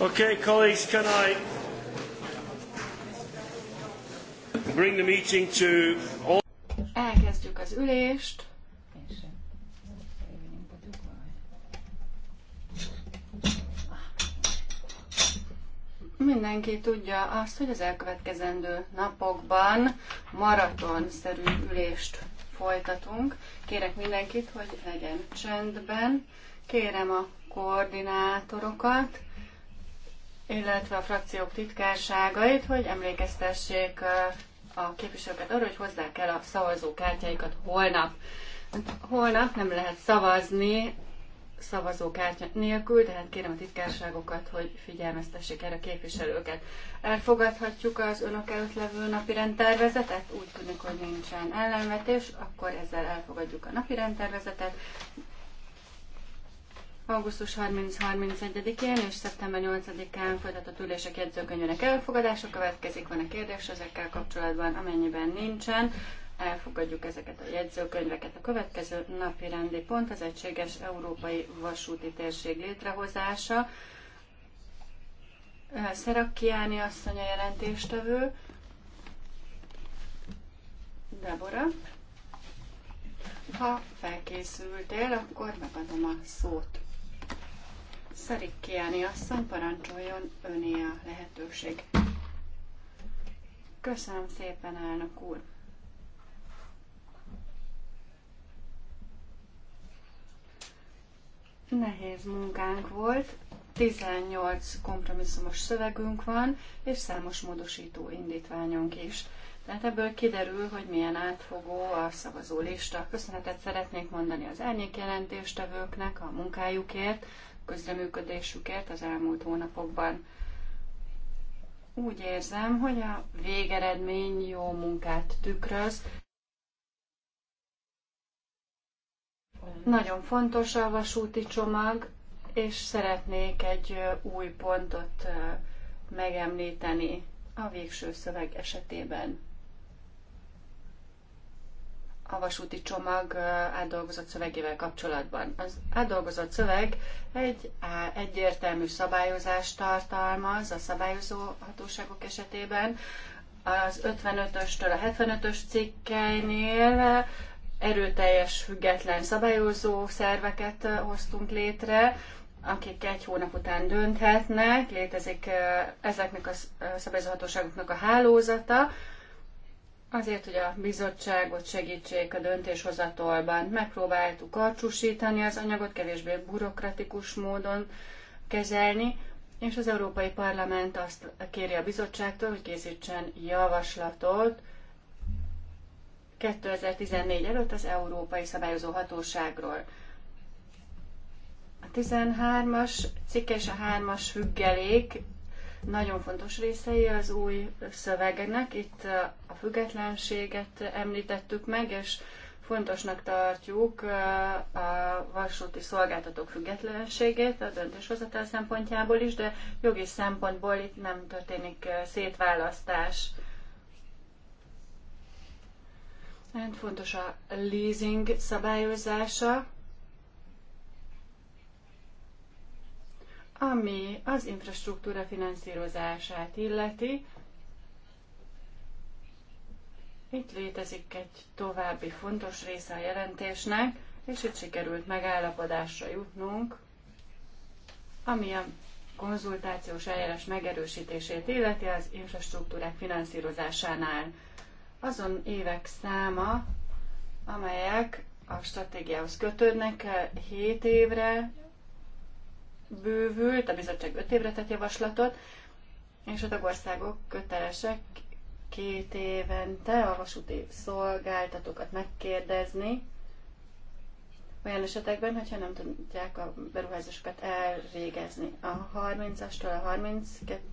Okay, colleagues, can I bring the meeting to all... Elkezdjük az ülést. Mindenki tudja azt, hogy az elkövetkezendő napokban maratonszerű ülést folytatunk. Kérek mindenkit, hogy legyen csendben. Kérem a koordinátorokat, illetve a frakciók titkárságait, hogy emlékeztessék a képviselőket arra, hogy hozzá kell a szavazókártyáikat holnap. Holnap nem lehet szavazni szavazókártya nélkül, tehát kérem a titkárságokat, hogy figyelmeztessék erre a képviselőket. Elfogadhatjuk az önök előtt levő napi rendtervezetet, úgy tűnik, hogy nincsen ellenvetés, akkor ezzel elfogadjuk a napi rendtervezetet. Augusztus 30-31-én és szeptember 8-án folytatott ülések jegyzőkönyvének elfogadása következik. Van-e kérdés ezekkel kapcsolatban? Amennyiben nincsen, elfogadjuk ezeket a jegyzőkönyveket. A következő napi rendi pont az egységes európai vasúti térség létrehozása. Szerakkiáni asszony a jelentéstevő. Debora. Ha felkészültél, akkor megadom a szót. Szarik Kiáni asszony, parancsoljon öné a lehetőség. Köszönöm szépen, elnök úr. Nehéz munkánk volt, 18 kompromisszumos szövegünk van, és számos módosító indítványunk is. Tehát ebből kiderül, hogy milyen átfogó a szavazó lista. Köszönetet szeretnék mondani az árnyék jelentéstevőknek a munkájukért, közreműködésükért az elmúlt hónapokban. Úgy érzem, hogy a végeredmény jó munkát tükröz. Nagyon fontos a vasúti csomag, és szeretnék egy új pontot megemlíteni a végső szöveg esetében a vasúti csomag átdolgozott szövegével kapcsolatban. Az átdolgozott szöveg egy egyértelmű szabályozást tartalmaz a szabályozó hatóságok esetében. Az 55-östől a 75-ös cikkeinél erőteljes, független szabályozó szerveket hoztunk létre, akik egy hónap után dönthetnek, létezik ezeknek a szabályozó hatóságoknak a hálózata, Azért, hogy a bizottságot segítsék a döntéshozatolban, megpróbáltuk karcsúsítani az anyagot, kevésbé bürokratikus módon kezelni, és az Európai Parlament azt kéri a bizottságtól, hogy készítsen javaslatot 2014 előtt az Európai Szabályozó Hatóságról. A 13-as cikk és a 3-as függelék nagyon fontos részei az új szövegeknek. Itt a függetlenséget említettük meg, és fontosnak tartjuk a vasúti szolgáltatók függetlenségét a döntéshozatal szempontjából is, de jogi szempontból itt nem történik szétválasztás. Nagyon fontos a leasing szabályozása, Ami az infrastruktúra finanszírozását illeti, itt létezik egy további fontos része a jelentésnek, és itt sikerült megállapodásra jutnunk, ami a konzultációs eljárás megerősítését illeti az infrastruktúrák finanszírozásánál. Azon évek száma, amelyek a stratégiához kötődnek 7 évre, bővült, a bizottság öt évre tett javaslatot, és a tagországok kötelesek két évente a vasúti szolgáltatókat megkérdezni, olyan esetekben, hogyha nem tudják a beruházásokat elvégezni. A 30-astól a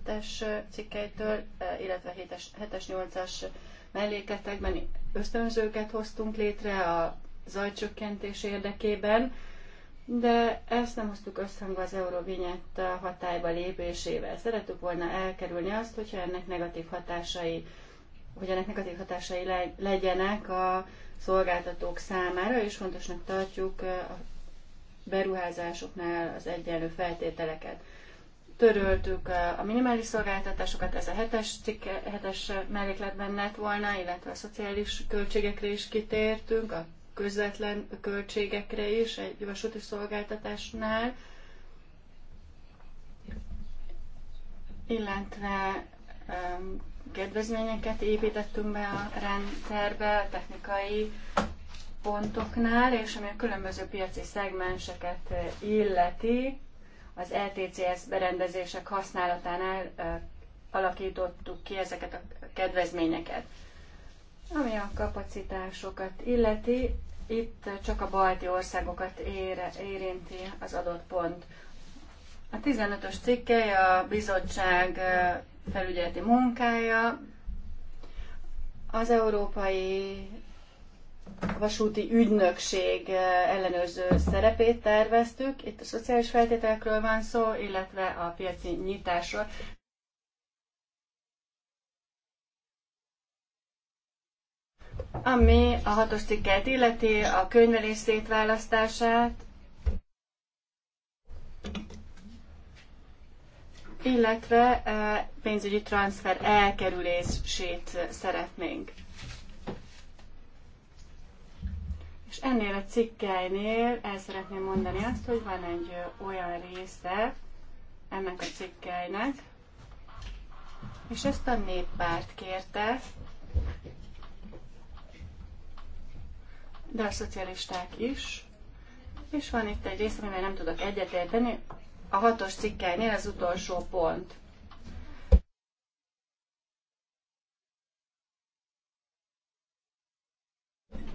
32-es cikkeitől, eh, illetve 7-es, 7-es 8-as mellékletekben ösztönzőket hoztunk létre a zajcsökkentés érdekében, de ezt nem hoztuk összhangba az Eurovinyett hatályba lépésével. Szerettük volna elkerülni azt, hogyha ennek negatív hatásai, hogy ennek negatív hatásai legyenek a szolgáltatók számára, és fontosnak tartjuk a beruházásoknál az egyenlő feltételeket. Töröltük a minimális szolgáltatásokat, ez a hetes, cikke, hetes mellékletben lett volna, illetve a szociális költségekre is kitértünk, a közvetlen költségekre is egy vasúti szolgáltatásnál, illetve um, kedvezményeket építettünk be a rendszerbe, a technikai pontoknál, és ami a különböző piaci szegmenseket eh, illeti, az LTCS berendezések használatánál eh, alakítottuk ki ezeket a kedvezményeket. Ami a kapacitásokat illeti, itt csak a balti országokat ére, érinti az adott pont. A 15-ös cikke a bizottság felügyeleti munkája. Az Európai Vasúti Ügynökség ellenőrző szerepét terveztük. Itt a szociális feltételekről van szó, illetve a piaci nyitásról. Ami a hatos cikket illeti, a könyvelés szétválasztását, illetve pénzügyi transfer elkerülését szeretnénk. És ennél a cikkelynél el szeretném mondani azt, hogy van egy olyan része ennek a cikkelynek, és ezt a néppárt kérte, de a szocialisták is. És van itt egy rész, amivel nem tudok egyetérteni. A hatos cikkelnél az utolsó pont.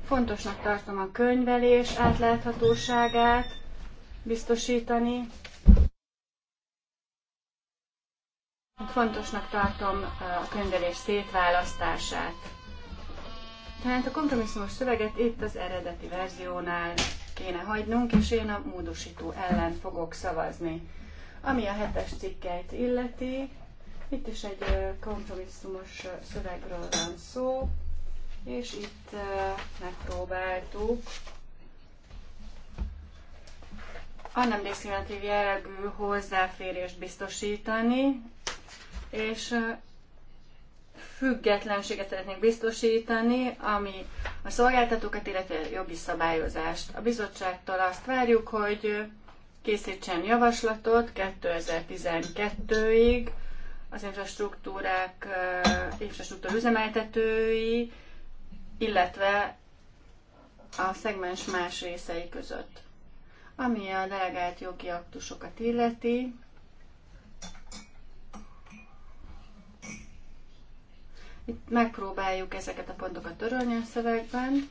Fontosnak tartom a könyvelés átláthatóságát biztosítani. Fontosnak tartom a könyvelés szétválasztását. Tehát a kompromisszumos szöveget itt az eredeti verziónál kéne hagynunk, és én a módosító ellen fogok szavazni. Ami a hetes cikkeit illeti, itt is egy kompromisszumos szövegről van szó, és itt megpróbáltuk a nem diszkriminatív jellegű hozzáférést biztosítani, és függetlenséget szeretnénk biztosítani, ami a szolgáltatókat, illetve a jogi szabályozást. A bizottságtól azt várjuk, hogy készítsen javaslatot 2012-ig az infrastruktúrák, infrastruktúra üzemeltetői, illetve a szegmens más részei között. Ami a delegált jogi aktusokat illeti, Itt megpróbáljuk ezeket a pontokat törölni a szövegben.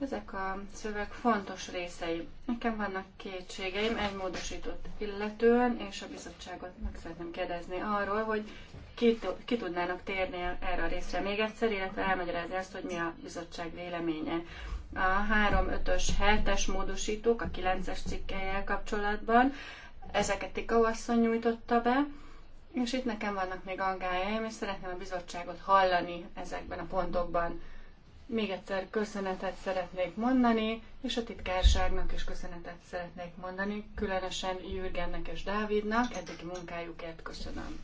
Ezek a szöveg fontos részei. Nekem vannak kétségeim egy módosított illetően, és a bizottságot meg szeretném kérdezni arról, hogy ki, ki tudnának térni erre a részre még egyszer, illetve elmagyarázni azt, hogy mi a bizottság véleménye. A 3, 5-ös, 7-es módosítók a 9-es cikkelyel kapcsolatban, ezeket Tikau asszony nyújtotta be, és itt nekem vannak még angájaim, és szeretném a bizottságot hallani ezekben a pontokban. Még egyszer köszönetet szeretnék mondani, és a titkárságnak is köszönetet szeretnék mondani, különösen Jürgennek és Dávidnak, eddigi munkájukért köszönöm.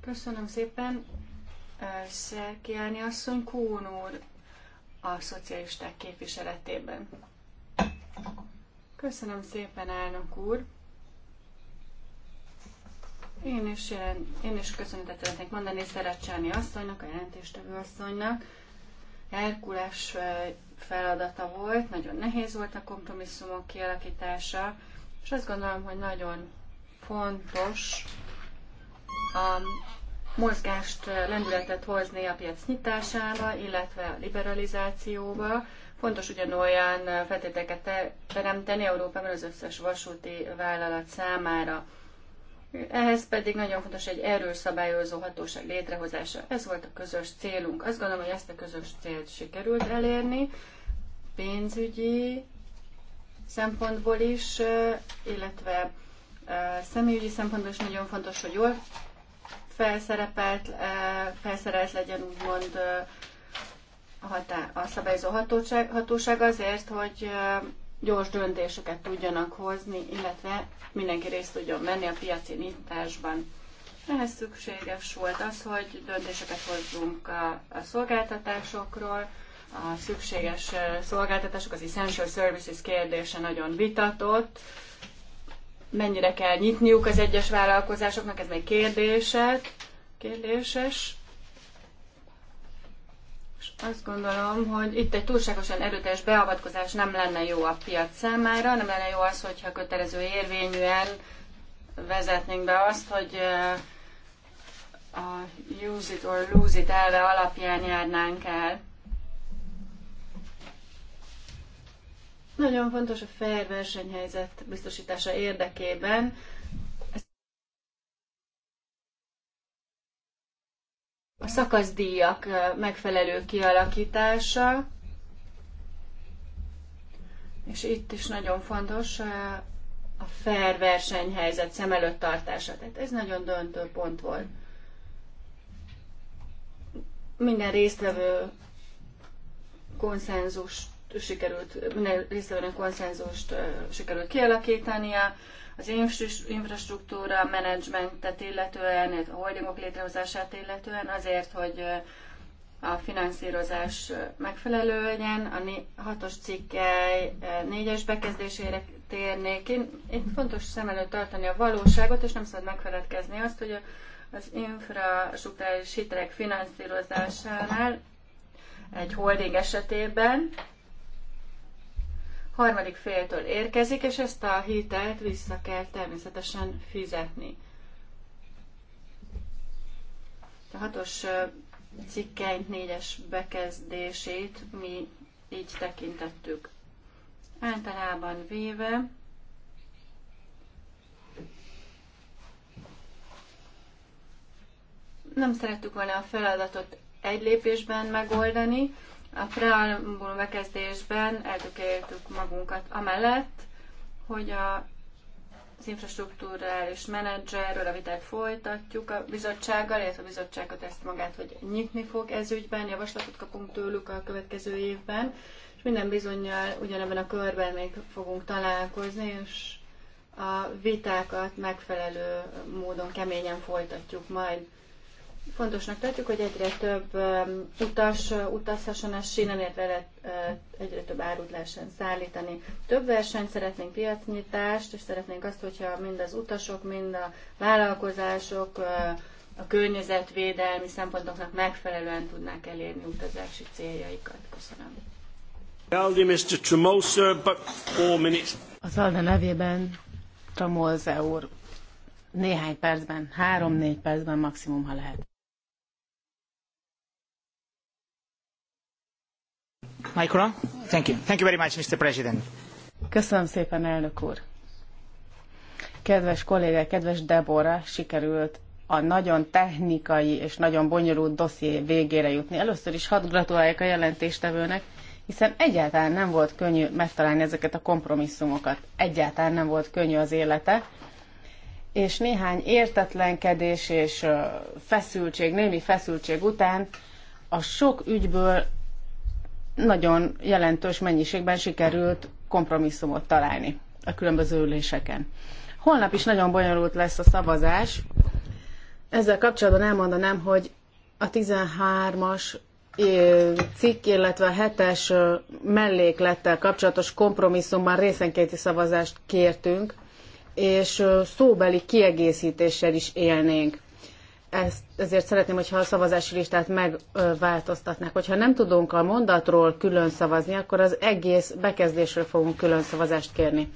Köszönöm szépen. Szerkiáni asszony Kún úr a szocialisták képviseletében. Köszönöm szépen, elnök úr. Én is, én is köszönetet szeretnék mondani Szerecsáni asszonynak, a jelentéstevő asszonynak. Herkules feladata volt, nagyon nehéz volt a kompromisszumok kialakítása, és azt gondolom, hogy nagyon fontos a mozgást, lendületet hozni a piac nyitásába, illetve a liberalizációba. Fontos ugyanolyan feltételeket teremteni Európában az összes vasúti vállalat számára. Ehhez pedig nagyon fontos egy erős szabályozó hatóság létrehozása. Ez volt a közös célunk. Azt gondolom, hogy ezt a közös célt sikerült elérni pénzügyi szempontból is, illetve személyügyi szempontból is nagyon fontos, hogy jól felszerepelt, felszerelt legyen úgymond a, hatá, a szabályozó hatóság, hatóság azért, hogy gyors döntéseket tudjanak hozni, illetve mindenki részt tudjon venni a piaci nyitásban. Ehhez szükséges volt az, hogy döntéseket hozzunk a, a szolgáltatásokról, a szükséges szolgáltatások, az essential services kérdése nagyon vitatott, mennyire kell nyitniuk az egyes vállalkozásoknak, ez még kérdéses, kérdéses. Azt gondolom, hogy itt egy túlságosan erőteljes beavatkozás nem lenne jó a piac számára, nem lenne jó az, hogyha kötelező érvényűen vezetnénk be azt, hogy eh, a use it or lose it elve alapján járnánk el. Nagyon fontos a fair versenyhelyzet biztosítása érdekében, a szakaszdíjak megfelelő kialakítása, és itt is nagyon fontos a fair versenyhelyzet szem előtt tartása. Tehát ez nagyon döntő pont volt. Minden résztvevő konszenzust sikerült, minden résztvevőnek konszenzust sikerült kialakítania, az infrastruktúra menedzsmentet illetően, a holdingok létrehozását illetően azért, hogy a finanszírozás megfelelő legyen. A hatos cikkely négyes bekezdésére térnék. Én, én fontos szem előtt tartani a valóságot, és nem szabad megfeledkezni azt, hogy az infrastruktúrális hitelek finanszírozásánál egy holding esetében harmadik féltől érkezik, és ezt a hitelt vissza kell természetesen fizetni. A hatos cikkeink négyes bekezdését mi így tekintettük. Általában véve nem szerettük volna a feladatot egy lépésben megoldani, a preambul bekezdésben eltökéltük magunkat amellett, hogy a az infrastruktúrális menedzserről a vitát folytatjuk a bizottsággal, illetve a bizottságot ezt magát, hogy nyitni fog ez ügyben, javaslatot kapunk tőlük a következő évben, és minden bizonyal ugyanebben a körben még fogunk találkozni, és a vitákat megfelelő módon keményen folytatjuk majd. Fontosnak tartjuk, hogy egyre több um, utas uh, utazhasson a sínen, illetve uh, egyre több árut lehessen szállítani. Több versenyt szeretnénk, piacnyitást, és szeretnénk azt, hogyha mind az utasok, mind a vállalkozások uh, a környezetvédelmi szempontoknak megfelelően tudnák elérni utazási céljaikat. Köszönöm. Aldi, Mr. but four minutes. Az Alda nevében Tromolze úr néhány percben, három-négy percben maximum, ha lehet. Micro? Thank you. Thank you very much, Mr. President. Köszönöm szépen, elnök úr. Kedves kollégák, kedves Debora, sikerült a nagyon technikai és nagyon bonyolult dosszié végére jutni. Először is hadd gratuláljak a jelentéstevőnek, hiszen egyáltalán nem volt könnyű megtalálni ezeket a kompromisszumokat. Egyáltalán nem volt könnyű az élete. És néhány értetlenkedés és feszültség, némi feszültség után a sok ügyből nagyon jelentős mennyiségben sikerült kompromisszumot találni a különböző üléseken. Holnap is nagyon bonyolult lesz a szavazás. Ezzel kapcsolatban elmondanám, hogy a 13-as cikk, illetve a 7-es melléklettel kapcsolatos kompromisszumban részenkéti szavazást kértünk, és szóbeli kiegészítéssel is élnénk ezt, ezért szeretném, hogyha a szavazási listát megváltoztatnák. Hogyha nem tudunk a mondatról külön szavazni, akkor az egész bekezdésről fogunk külön szavazást kérni.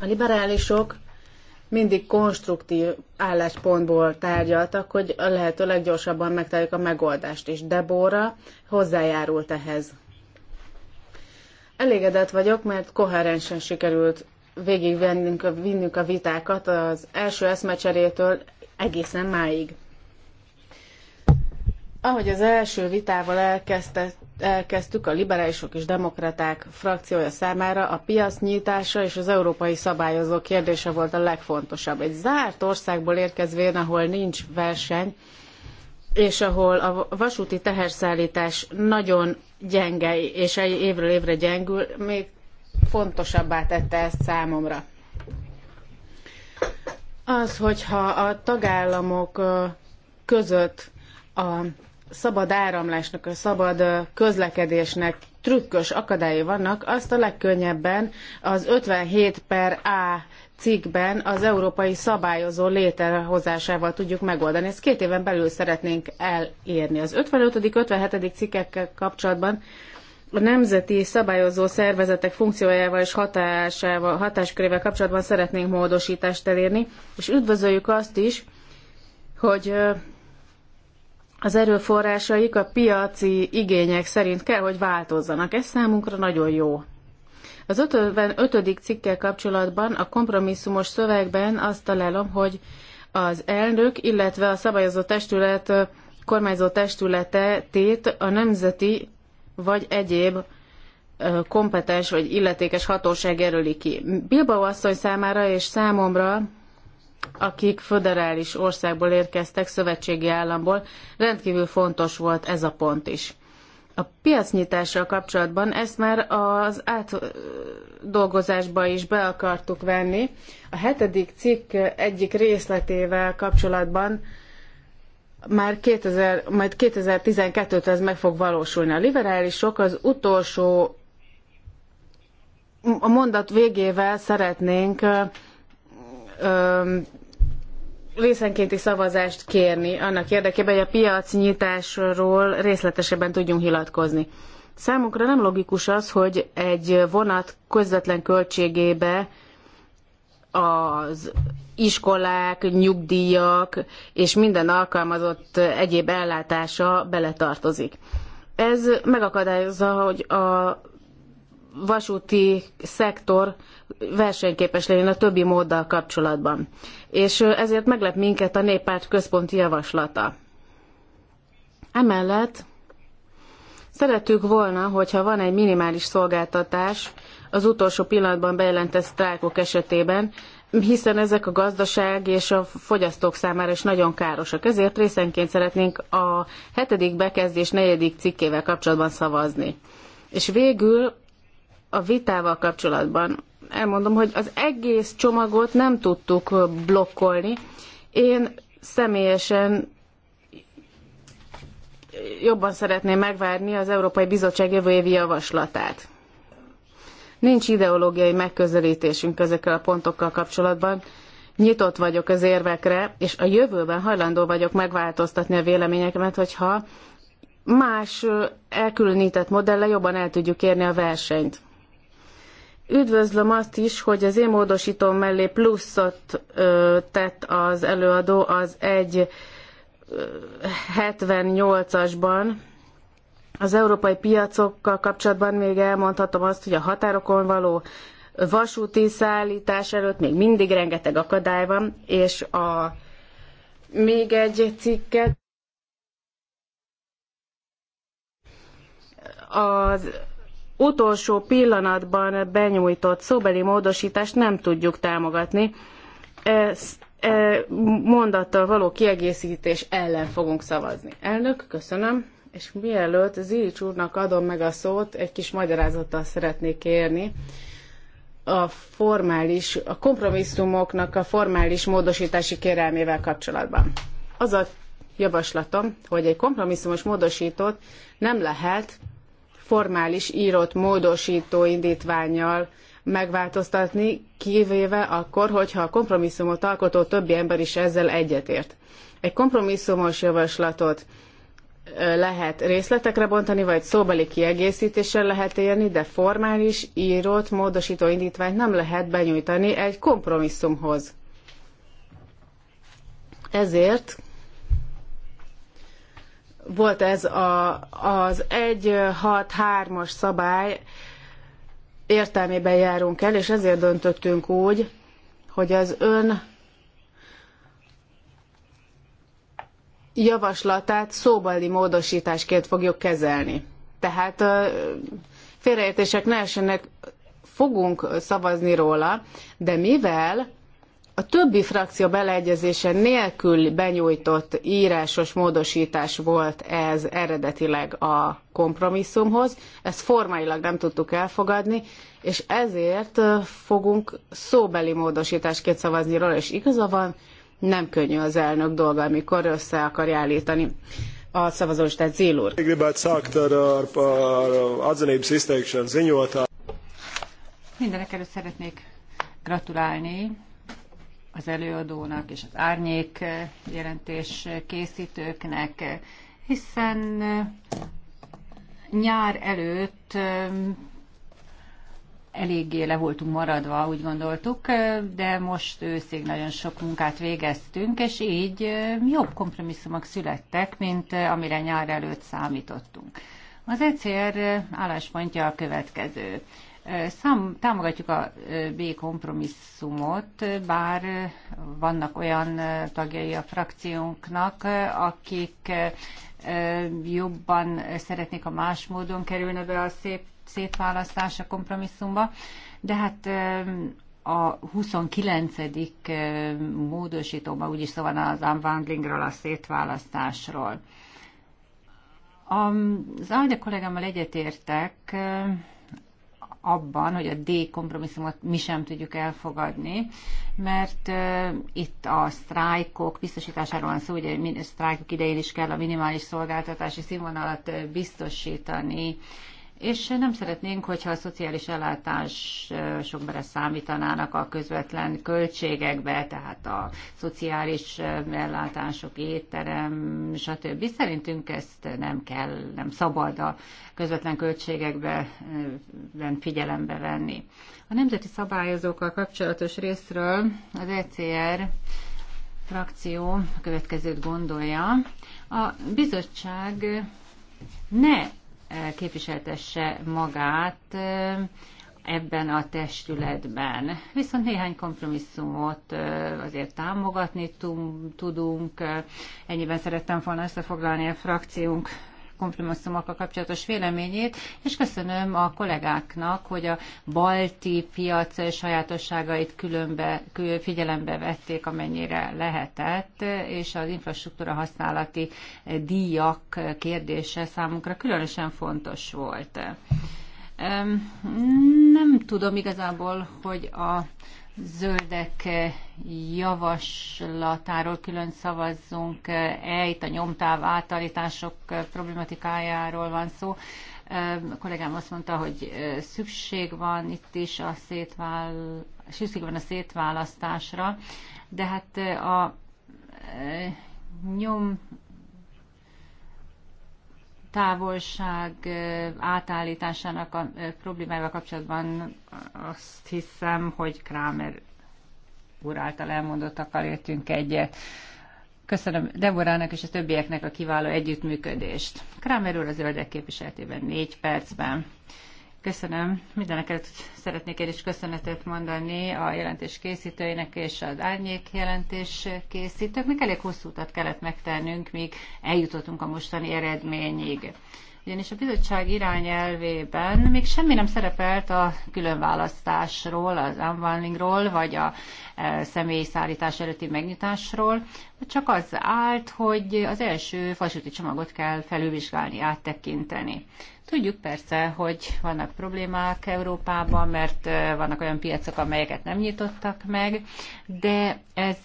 A liberálisok mindig konstruktív álláspontból tárgyaltak, hogy a lehető leggyorsabban megtaláljuk a megoldást is. Debora hozzájárult ehhez. Elégedett vagyok, mert koherensen sikerült végigvinnünk a vitákat az első eszmecserétől egészen máig. Ahogy az első vitával elkezdte, elkezdtük, a liberálisok és demokraták frakciója számára a piac nyitása és az európai szabályozó kérdése volt a legfontosabb. Egy zárt országból érkezvén, ahol nincs verseny, és ahol a vasúti teherszállítás nagyon gyenge, és egy évről évre gyengül, még fontosabbá tette ezt számomra. Az, hogyha a tagállamok között a szabad áramlásnak, a szabad közlekedésnek trükkös akadályai vannak, azt a legkönnyebben az 57 per A cikkben az európai szabályozó létrehozásával tudjuk megoldani. Ezt két éven belül szeretnénk elérni. Az 55. 57. cikkekkel kapcsolatban a nemzeti szabályozó szervezetek funkciójával és hatásával, hatáskörével kapcsolatban szeretnénk módosítást elérni, és üdvözöljük azt is, hogy az erőforrásaik a piaci igények szerint kell, hogy változzanak. Ez számunkra nagyon jó. Az 55. cikkel kapcsolatban a kompromisszumos szövegben azt találom, hogy az elnök, illetve a szabályozó testület kormányzó testülete tét a nemzeti vagy egyéb kompetens vagy illetékes hatóság jelöli ki. Bilbao asszony számára és számomra, akik föderális országból érkeztek, szövetségi államból, rendkívül fontos volt ez a pont is. A piacnyitással kapcsolatban ezt már az átdolgozásba is be akartuk venni. A hetedik cikk egyik részletével kapcsolatban már 2000, majd 2012 t ez meg fog valósulni. A liberálisok az utolsó a mondat végével szeretnénk ö, részenkénti szavazást kérni annak érdekében, hogy a piac nyitásról részletesebben tudjunk hilatkozni. Számunkra nem logikus az, hogy egy vonat közvetlen költségébe az iskolák, nyugdíjak és minden alkalmazott egyéb ellátása beletartozik. Ez megakadályozza, hogy a vasúti szektor versenyképes legyen a többi móddal kapcsolatban. És ezért meglep minket a néppárt központi javaslata. Emellett szerettük volna, hogyha van egy minimális szolgáltatás az utolsó pillanatban bejelentett sztrájkok esetében, hiszen ezek a gazdaság és a fogyasztók számára is nagyon károsak. Ezért részenként szeretnénk a hetedik bekezdés negyedik cikkével kapcsolatban szavazni. És végül a vitával kapcsolatban elmondom, hogy az egész csomagot nem tudtuk blokkolni. Én személyesen jobban szeretném megvárni az Európai Bizottság jövő évi javaslatát. Nincs ideológiai megközelítésünk ezekkel a pontokkal kapcsolatban. Nyitott vagyok az érvekre, és a jövőben hajlandó vagyok megváltoztatni a véleményemet, hogyha más elkülönített modellel jobban el tudjuk érni a versenyt. Üdvözlöm azt is, hogy az én módosítom mellé pluszot ö, tett az előadó az 78 asban az európai piacokkal kapcsolatban még elmondhatom azt, hogy a határokon való vasúti szállítás előtt még mindig rengeteg akadály van, és a még egy cikket az utolsó pillanatban benyújtott szóbeli módosítást nem tudjuk támogatni. Ez e, mondattal való kiegészítés ellen fogunk szavazni. Elnök, köszönöm és mielőtt Zilics úrnak adom meg a szót, egy kis magyarázattal szeretnék kérni. A formális, a kompromisszumoknak a formális módosítási kérelmével kapcsolatban. Az a javaslatom, hogy egy kompromisszumos módosítót nem lehet formális írott módosító indítványjal megváltoztatni, kivéve akkor, hogyha a kompromisszumot alkotó többi ember is ezzel egyetért. Egy kompromisszumos javaslatot lehet részletekre bontani, vagy szóbeli kiegészítéssel lehet élni, de formális, írott, módosító indítványt nem lehet benyújtani egy kompromisszumhoz. Ezért volt ez a, az 1-6-3-as szabály értelmében járunk el, és ezért döntöttünk úgy, hogy az ön javaslatát szóbeli módosításként fogjuk kezelni. Tehát félreértések ne essenek, fogunk szavazni róla, de mivel a többi frakció beleegyezése nélkül benyújtott írásos módosítás volt ez eredetileg a kompromisszumhoz, ezt formailag nem tudtuk elfogadni, és ezért fogunk szóbeli módosításként szavazni róla, és igaza van, nem könnyű az elnök dolga, amikor össze akarja állítani a szavazólistát Zél úr. Gribētu Mindenek előtt szeretnék gratulálni az előadónak és az árnyék jelentés készítőknek, hiszen nyár előtt eléggé le voltunk maradva, úgy gondoltuk, de most őszig nagyon sok munkát végeztünk, és így jobb kompromisszumok születtek, mint amire nyár előtt számítottunk. Az ECR álláspontja a következő. Szám, támogatjuk a B kompromisszumot, bár vannak olyan tagjai a frakciónknak, akik jobban szeretnék, a más módon kerülne be a szép szétválasztás a kompromisszumba, de hát a 29. módosítóban úgyis szóval van az unbundlingről, a szétválasztásról. Az Alde kollégámmal egyetértek abban, hogy a D kompromisszumot mi sem tudjuk elfogadni, mert itt a sztrájkok biztosításáról van szó, ugye sztrájkok idején is kell a minimális szolgáltatási színvonalat biztosítani, és nem szeretnénk, hogyha a szociális ellátások bele számítanának a közvetlen költségekbe, tehát a szociális ellátások, étterem, stb. Szerintünk ezt nem kell, nem szabad a közvetlen költségekbe figyelembe venni. A nemzeti szabályozókkal kapcsolatos részről az ECR frakció következőt gondolja. A bizottság ne képviseltesse magát eh, ebben a testületben. Viszont néhány kompromisszumot eh, azért támogatni tudunk. Ennyiben szerettem volna összefoglalni a frakciónk kompromisszumokkal kapcsolatos véleményét, és köszönöm a kollégáknak, hogy a balti piac sajátosságait különbe, figyelembe vették, amennyire lehetett, és az infrastruktúra használati díjak kérdése számunkra különösen fontos volt. Nem tudom igazából, hogy a zöldek eh, javaslatáról külön szavazzunk. E, eh, itt a nyomtáv átállítások eh, problematikájáról van szó. A kollégám azt mondta, hogy szükség van itt is a szétvál, szükség van a szétválasztásra, de hát a nyom távolság átállításának a problémával kapcsolatban azt hiszem, hogy Kramer úr által elmondottakkal értünk egyet. Köszönöm Deborának és a többieknek a kiváló együttműködést. Kramer úr az öldek képviseletében négy percben. Köszönöm. Mindenekelőtt szeretnék én is köszönetet mondani a jelentés készítőinek és az árnyék jelentés készítőknek. Elég hosszú utat kellett megtennünk, míg eljutottunk a mostani eredményig. Ugyanis a bizottság irányelvében még semmi nem szerepelt a különválasztásról, az unbundlingról, vagy a e, személyszállítás előtti megnyitásról, csak az állt, hogy az első vasúti csomagot kell felülvizsgálni, áttekinteni. Tudjuk persze, hogy vannak problémák Európában, mert vannak olyan piacok, amelyeket nem nyitottak meg, de ez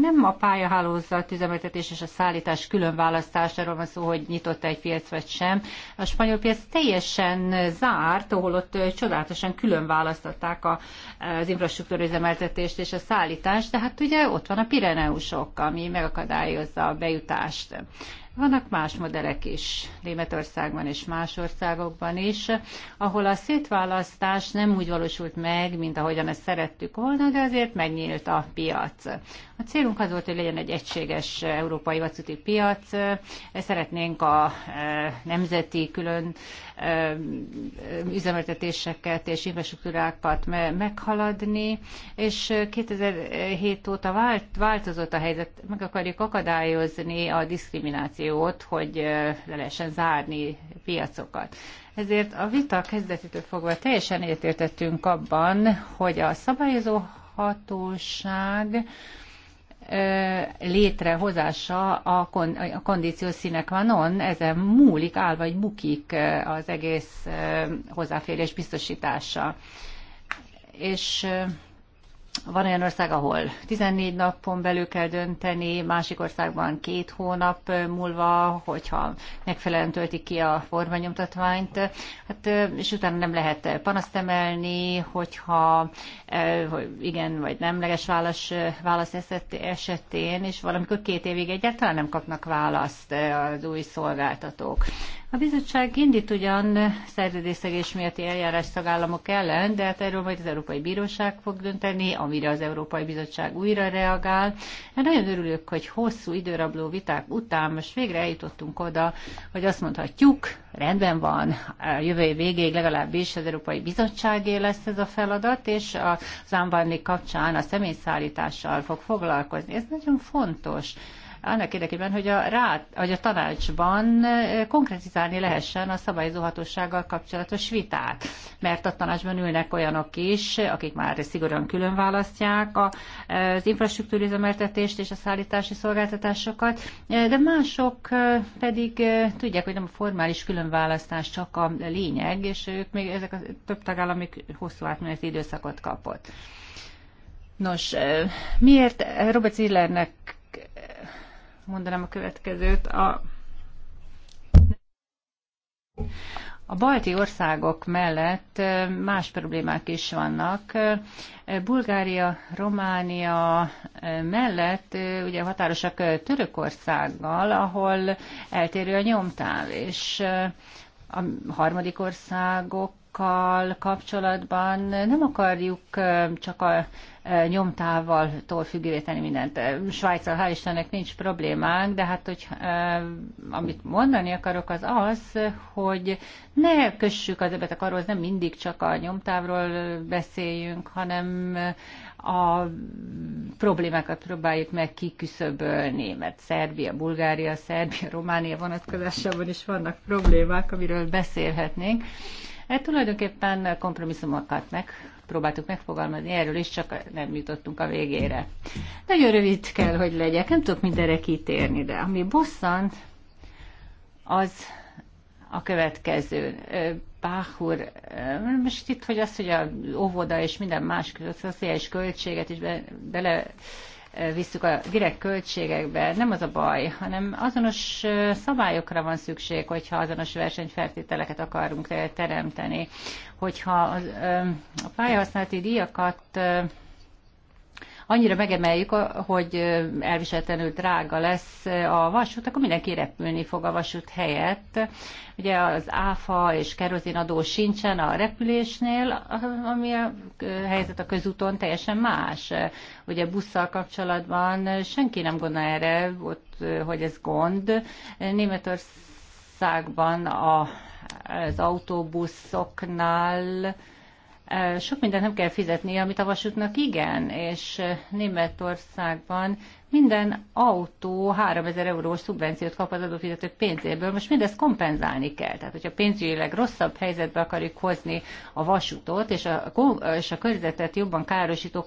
nem a pályahálózat üzemeltetés és a szállítás külön választásáról van szó, hogy nyitott egy piac vagy sem. A spanyol piac teljesen zárt, ahol ott csodálatosan külön választották az infrastruktúra üzemeltetést és a szállítást, de hát ugye ott van a Pireneusok, ami megakadályozza a bejutást. Vannak más modellek is, Németországban és más országokban is, ahol a szétválasztás nem úgy valósult meg, mint ahogyan ezt szerettük volna, de azért megnyílt a piac. A célunk az volt, hogy legyen egy egységes európai vacuti piac. Szeretnénk a e, nemzeti külön üzemeltetéseket és infrastruktúrákat meghaladni, és 2007 óta vált, változott a helyzet, meg akarjuk akadályozni a diszkriminációt, hogy le lehessen zárni piacokat. Ezért a vita kezdetétől fogva teljesen értettünk abban, hogy a szabályozó hatóság létrehozása a, kon, a kondíció színek van on, ezen múlik, áll vagy bukik az egész hozzáférés biztosítása. És van olyan ország, ahol 14 napon belül kell dönteni, másik országban két hónap múlva, hogyha megfelelően töltik ki a formanyomtatványt, hát, és utána nem lehet panaszt emelni, hogyha igen vagy nemleges válasz, válasz esetén, és valamikor két évig egyáltalán nem kapnak választ az új szolgáltatók. A bizottság indít ugyan szerződésszegés miatti eljárás tagállamok ellen, de hát erről majd az Európai Bíróság fog dönteni, amire az Európai Bizottság újra reagál. Én hát nagyon örülök, hogy hosszú időrabló viták után most végre eljutottunk oda, hogy azt mondhatjuk, rendben van, a jövő év végéig legalábbis az Európai Bizottságé lesz ez a feladat, és a Zambani kapcsán a személyszállítással fog foglalkozni. Ez nagyon fontos annak érdekében, hogy a, rá, vagy a tanácsban konkretizálni lehessen a szabályozóhatósággal kapcsolatos vitát. Mert a tanácsban ülnek olyanok is, akik már szigorúan külön választják az infrastruktúrizemeltetést és a szállítási szolgáltatásokat, de mások pedig tudják, hogy nem a formális különválasztás csak a lényeg, és ők még ezek a több tagállamik hosszú átmeneti időszakot kapott. Nos, miért Robert Zillernek mondanám a következőt. A, a balti országok mellett más problémák is vannak. Bulgária, Románia mellett ugye határosak Törökországgal, ahol eltérő a nyomtáv, és a harmadik országok kapcsolatban nem akarjuk csak a nyomtával függővé tenni mindent. Svájccal hál' Istennek nincs problémánk, de hát hogy, eh, amit mondani akarok az az, hogy ne kössük az ebet a karhoz, nem mindig csak a nyomtávról beszéljünk, hanem a problémákat próbáljuk meg kiküszöbölni, mert Szerbia, Bulgária, Szerbia, Románia vonatkozásában is vannak problémák, amiről beszélhetnénk. Hát tulajdonképpen kompromisszumokat meg próbáltuk megfogalmazni erről is, csak nem jutottunk a végére. Nagyon rövid kell, hogy legyek, nem tudok mindenre kitérni, de ami bosszant, az a következő. Bach úr, most itt, hogy az, hogy a óvoda és minden más között, a szociális költséget is bele visszük a direkt költségekbe, nem az a baj, hanem azonos szabályokra van szükség, hogyha azonos versenyfertételeket akarunk teremteni, hogyha a pályahasználati díjakat annyira megemeljük, hogy elviseltenül drága lesz a vasút, akkor mindenki repülni fog a vasút helyett. Ugye az áfa és kerozinadó sincsen a repülésnél, ami a helyzet a közúton teljesen más. Ugye busszal kapcsolatban senki nem gondol erre, ott, hogy ez gond. Németországban a, az autóbuszoknál sok mindent nem kell fizetni, amit a vasútnak igen, és Németországban minden autó 3000 eurós szubvenciót kap az adófizetők pénzéből, most mindezt kompenzálni kell. Tehát, hogyha pénzügyileg rosszabb helyzetbe akarjuk hozni a vasútot, és a, és a környezetet jobban károsító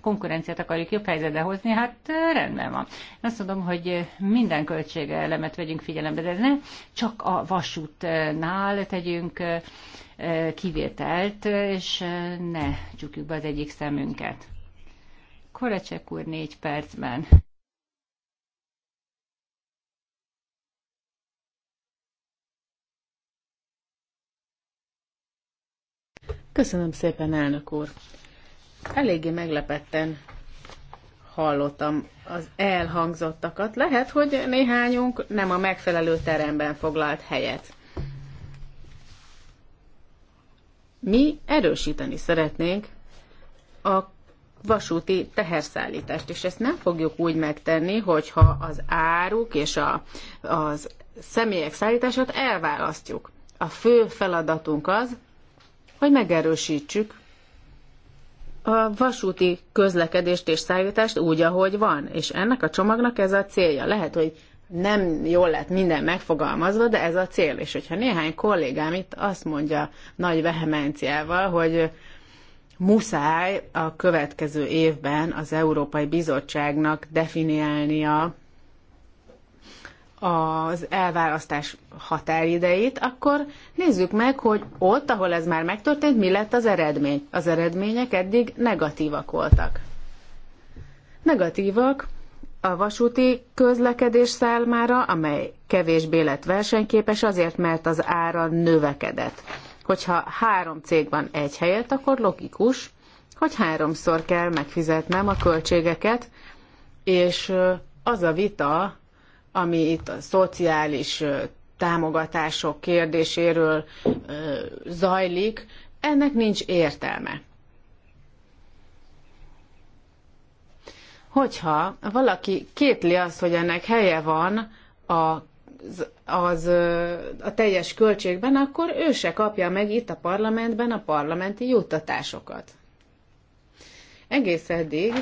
konkurenciát akarjuk jobb helyzetbe hozni, hát rendben van. Én azt mondom, hogy minden költségelemet vegyünk figyelembe, de ne csak a vasútnál tegyünk kivételt, és ne csukjuk be az egyik szemünket. Koracsek úr négy percben. Köszönöm szépen, elnök úr. Eléggé meglepetten hallottam az elhangzottakat. Lehet, hogy néhányunk nem a megfelelő teremben foglalt helyet. Mi erősíteni szeretnénk a vasúti teherszállítást, és ezt nem fogjuk úgy megtenni, hogyha az áruk és a, az személyek szállítását elválasztjuk. A fő feladatunk az, hogy megerősítsük a vasúti közlekedést és szállítást úgy, ahogy van, és ennek a csomagnak ez a célja. Lehet, hogy nem jól lett minden megfogalmazva, de ez a cél. És hogyha néhány kollégám itt azt mondja nagy vehemenciával, hogy muszáj a következő évben az Európai Bizottságnak definiálnia az elválasztás határideit, akkor nézzük meg, hogy ott, ahol ez már megtörtént, mi lett az eredmény. Az eredmények eddig negatívak voltak. Negatívak a vasúti közlekedés számára, amely kevésbé lett versenyképes azért, mert az ára növekedett. Hogyha három cég van egy helyet, akkor logikus, hogy háromszor kell megfizetnem a költségeket, és az a vita, ami itt a szociális támogatások kérdéséről zajlik, ennek nincs értelme. hogyha valaki kétli azt, hogy ennek helye van a az, az, a teljes költségben, akkor ő se kapja meg itt a parlamentben a parlamenti juttatásokat. Egész eddig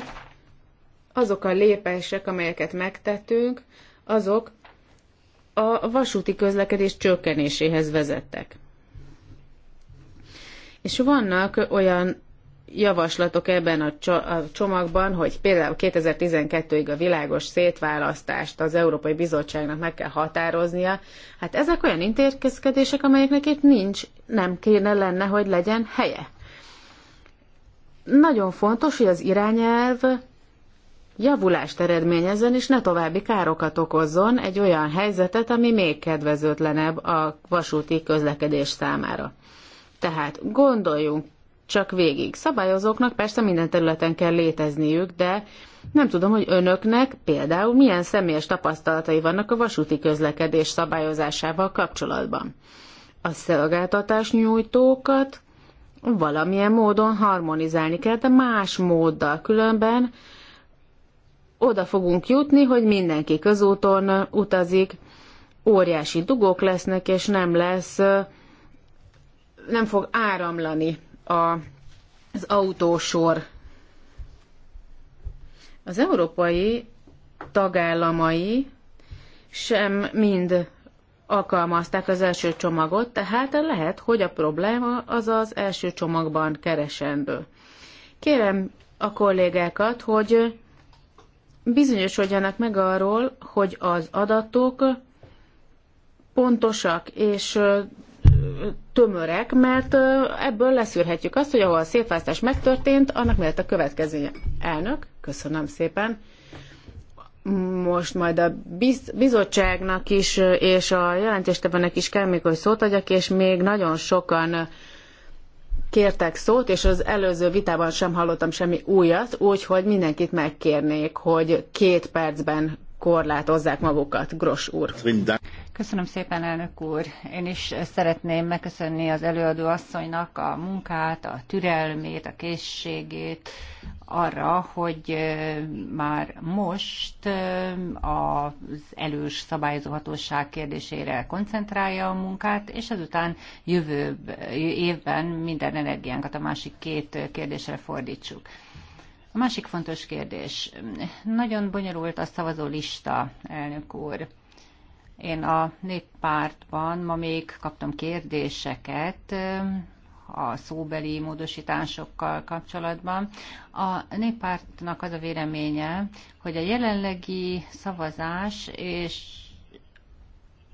azok a lépések, amelyeket megtettünk, azok a vasúti közlekedés csökkenéséhez vezettek. És vannak olyan javaslatok ebben a csomagban, hogy például 2012-ig a világos szétválasztást az Európai Bizottságnak meg kell határoznia, hát ezek olyan intézkedések, amelyeknek itt nincs, nem kéne lenne, hogy legyen helye. Nagyon fontos, hogy az irányelv javulást eredményezzen, és ne további károkat okozzon egy olyan helyzetet, ami még kedvezőtlenebb a vasúti közlekedés számára. Tehát gondoljunk csak végig. Szabályozóknak persze minden területen kell létezniük, de nem tudom, hogy önöknek például milyen személyes tapasztalatai vannak a vasúti közlekedés szabályozásával kapcsolatban. A szolgáltatás nyújtókat valamilyen módon harmonizálni kell, de más móddal különben oda fogunk jutni, hogy mindenki közúton utazik, óriási dugók lesznek, és nem lesz, nem fog áramlani a, az autósor. Az európai tagállamai sem mind alkalmazták az első csomagot, tehát lehet, hogy a probléma az az első csomagban keresendő. Kérem a kollégákat, hogy bizonyosodjanak meg arról, hogy az adatok pontosak és tömörek, mert ebből leszűrhetjük azt, hogy ahol a szétválasztás megtörtént, annak mellett a következő elnök. Köszönöm szépen. Most majd a biz- bizottságnak is, és a jelentéstevőnek is kell még, hogy szót adjak, és még nagyon sokan kértek szót, és az előző vitában sem hallottam semmi újat, úgyhogy mindenkit megkérnék, hogy két percben korlátozzák magukat, Gros úr. Köszönöm szépen, elnök úr. Én is szeretném megköszönni az előadó asszonynak a munkát, a türelmét, a készségét arra, hogy már most az elős szabályozóhatóság kérdésére koncentrálja a munkát, és azután jövő évben minden energiánkat a másik két kérdésre fordítsuk. A másik fontos kérdés. Nagyon bonyolult a szavazó lista, elnök úr. Én a néppártban ma még kaptam kérdéseket a szóbeli módosításokkal kapcsolatban. A néppártnak az a véleménye, hogy a jelenlegi szavazás és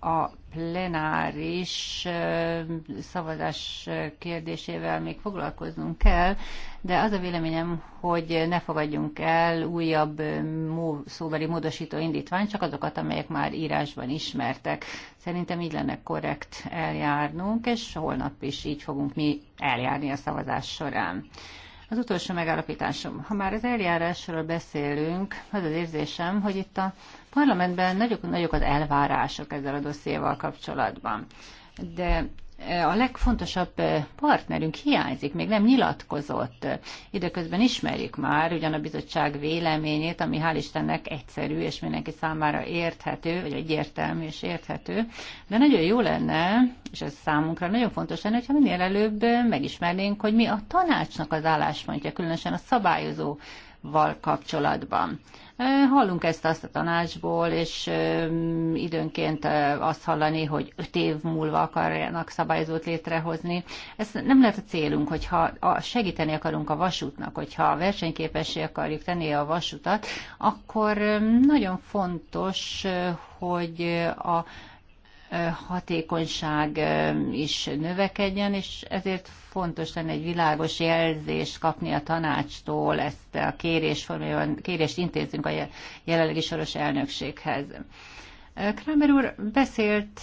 a plenáris szavazás kérdésével még foglalkoznunk kell, de az a véleményem, hogy ne fogadjunk el újabb szóbeli módosító indítványt, csak azokat, amelyek már írásban ismertek. Szerintem így lenne korrekt eljárnunk, és holnap is így fogunk mi eljárni a szavazás során. Az utolsó megállapításom. Ha már az eljárásról beszélünk, az az érzésem, hogy itt a parlamentben nagyok, nagyok az elvárások ezzel a dossziéval kapcsolatban. De e, a legfontosabb e, partnerünk hiányzik, még nem nyilatkozott. Időközben ismerjük már ugyan a bizottság véleményét, ami hál' Istennek egyszerű és mindenki számára érthető, vagy egyértelmű és érthető, de nagyon jó lenne, és ez számunkra nagyon fontos lenne, hogyha minél előbb megismernénk, hogy mi a tanácsnak az álláspontja, különösen a szabályozó val kapcsolatban. Hallunk ezt azt a tanácsból, és időnként azt hallani, hogy öt év múlva akarjanak szabályozót létrehozni. Ez nem lehet a célunk, hogyha segíteni akarunk a vasútnak, hogyha versenyképessé akarjuk tenni a vasutat, akkor nagyon fontos, hogy a hatékonyság is növekedjen, és ezért fontos lenne egy világos jelzést kapni a tanácstól, ezt a kérés formájában, kérést intézünk a jelenlegi soros elnökséghez. Kramer úr beszélt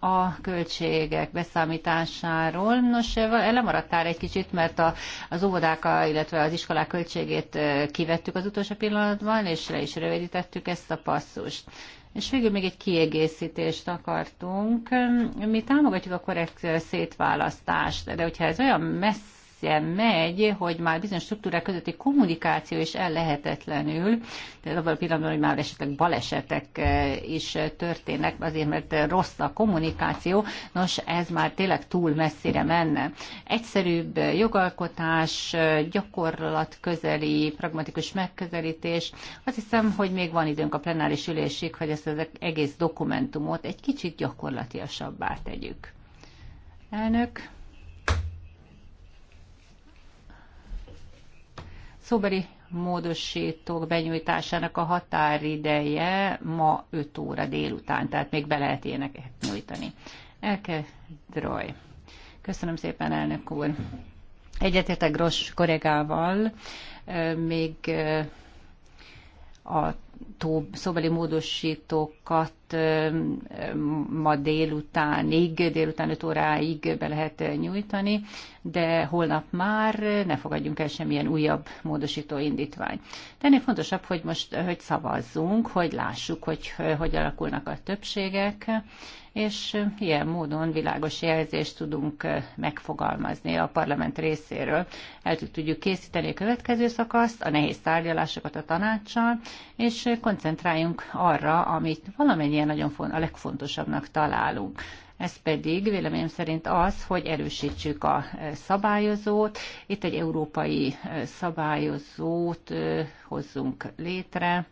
a költségek beszámításáról. Nos, lemaradtál egy kicsit, mert a, az óvodák, illetve az iskolák költségét kivettük az utolsó pillanatban, és le is rövidítettük ezt a passzust. És végül még egy kiegészítést akartunk. Mi támogatjuk a korrekt szétválasztást, de hogyha ez olyan messze messze megy, hogy már bizonyos struktúrák közötti kommunikáció is ellehetetlenül, tehát abban a pillanatban, hogy már esetleg balesetek eh, is történnek, azért mert rossz a kommunikáció, nos, ez már tényleg túl messzire menne. Egyszerűbb jogalkotás, gyakorlat közeli, pragmatikus megközelítés, azt hiszem, hogy még van időnk a plenáris ülésig, hogy ezt az egész dokumentumot egy kicsit gyakorlatilasabbá tegyük. Elnök. Szóbeli módosítók benyújtásának a határideje ma 5 óra délután, tehát még be lehet ilyeneket nyújtani. Elke Droj. Köszönöm szépen, elnök úr. Egyetértek Gross kollégával, még a szóbeli módosítókat javaslatot hát, ma délutánig, délután 5 óráig be lehet nyújtani, de holnap már ne fogadjunk el semmilyen újabb módosító indítvány. De ennél fontosabb, hogy most hogy szavazzunk, hogy lássuk, hogy hogy alakulnak a többségek, és ilyen módon világos jelzést tudunk megfogalmazni a parlament részéről. El tudjuk készíteni a következő szakaszt, a nehéz tárgyalásokat a tanácssal, és koncentráljunk arra, amit valamennyi mindannyian nagyon font a legfontosabbnak találunk. Ez pedig véleményem szerint az, hogy erősítsük a e, szabályozót. Itt egy európai e, szabályozót e, hozzunk létre.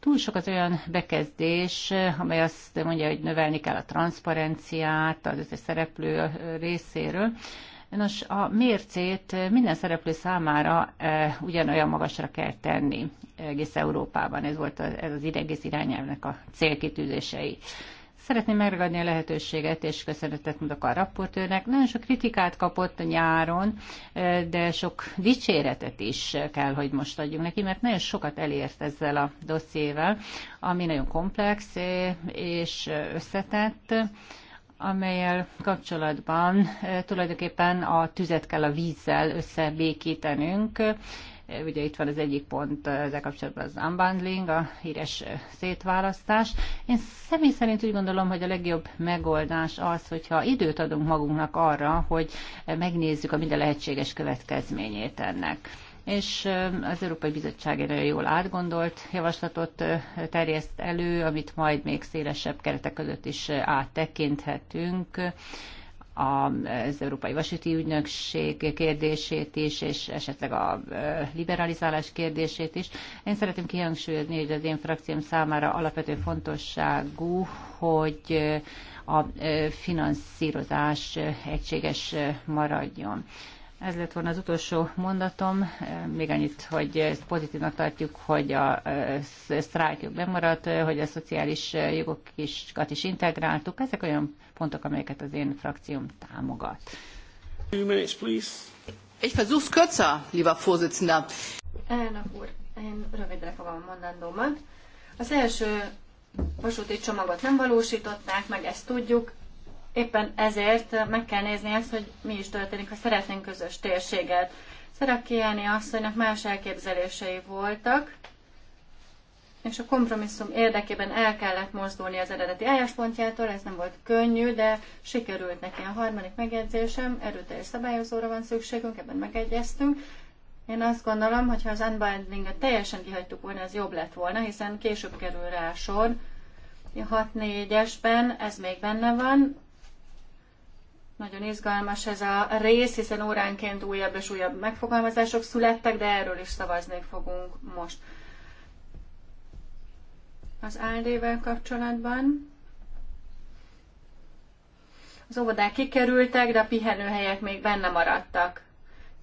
Túl sok az olyan bekezdés, amely azt mondja, hogy növelni kell a transzparenciát az összes szereplő részéről. Nos, a mércét minden szereplő számára e, ugyanolyan magasra kell tenni egész Európában. Ez volt az, ez az idegész irányelvnek a célkitűzései. Szeretném megragadni a lehetőséget, és köszönetet mondok a rapportőrnek. Nagyon sok kritikát kapott nyáron, e, de sok dicséretet is kell, hogy most adjunk neki, mert nagyon sokat elért ezzel a dossziével, ami nagyon komplex e, és összetett amelyel kapcsolatban tulajdonképpen a tüzet kell a vízzel összebékítenünk. Ugye itt van az egyik pont ezzel kapcsolatban az unbundling, a híres szétválasztás. Én személy szerint úgy gondolom, hogy a legjobb megoldás az, hogyha időt adunk magunknak arra, hogy megnézzük a minden lehetséges következményét ennek és az Európai Bizottság egy nagyon jól átgondolt javaslatot terjeszt elő, amit majd még szélesebb keretek között is áttekinthetünk az Európai Vasúti Ügynökség kérdését is, és esetleg a liberalizálás kérdését is. Én szeretném kihangsúlyozni, hogy az én frakcióm számára alapvető fontosságú, hogy a finanszírozás egységes maradjon. Ez lett volna az utolsó mondatom. Még annyit, hogy pozitívnak tartjuk, hogy a e, sztrájkjuk bemaradt, hogy a szociális jogokat is integráltuk. Ezek olyan pontok, amelyeket az én frakcióm támogat. Two minutes, please. Ich versuch's kürzer, lieber Vorsitzender. Elnök úr, én rövidre fogom a mondandómat. Az első vasúti csomagot nem valósították, meg ezt tudjuk, Éppen ezért meg kell nézni azt, hogy mi is történik, ha szeretnénk közös térséget. Szerakiáni asszonynak más elképzelései voltak, és a kompromisszum érdekében el kellett mozdulni az eredeti álláspontjától, ez nem volt könnyű, de sikerült neki a harmadik megjegyzésem, erőteljes szabályozóra van szükségünk, ebben megegyeztünk. Én azt gondolom, hogy ha az unbindinget teljesen kihagytuk volna, ez jobb lett volna, hiszen később kerül rá sor. 6-4-esben ez még benne van, nagyon izgalmas ez a rész, hiszen óránként újabb és újabb megfogalmazások születtek, de erről is szavazni fogunk most. Az ALD-vel kapcsolatban az óvodák kikerültek, de a pihenőhelyek még benne maradtak.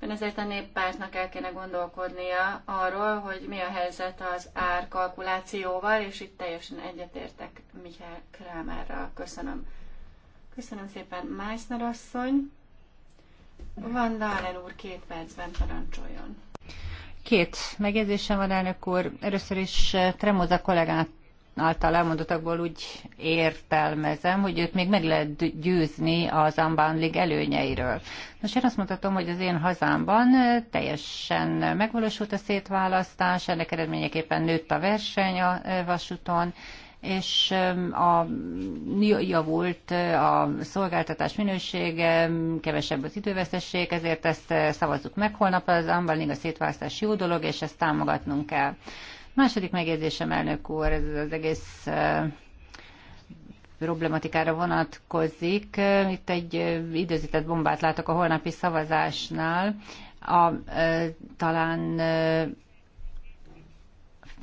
Én ezért a néppártnak el kéne gondolkodnia arról, hogy mi a helyzet az árkalkulációval, és itt teljesen egyetértek Mihály Krámerral. Köszönöm. Köszönöm szépen, Meissner asszony. Van Dálen úr, két percben parancsoljon. Két megjegyzésem van, elnök úr. Először is eh, Tremoza kollégát által elmondottakból úgy értelmezem, hogy őt még meg lehet győzni az unbundling előnyeiről. Most én azt mondhatom, hogy az én hazámban eh, teljesen megvalósult a szétválasztás, ennek eredményeképpen nőtt a verseny a eh, vasúton, és a, javult a szolgáltatás minősége, kevesebb az idővesztesség, ezért ezt szavazzuk meg holnap, az unbundling a szétválasztás jó dolog, és ezt támogatnunk kell. Második megjegyzésem, elnök úr, ez az egész problematikára vonatkozik. Itt egy időzített bombát látok a holnapi szavazásnál. A, talán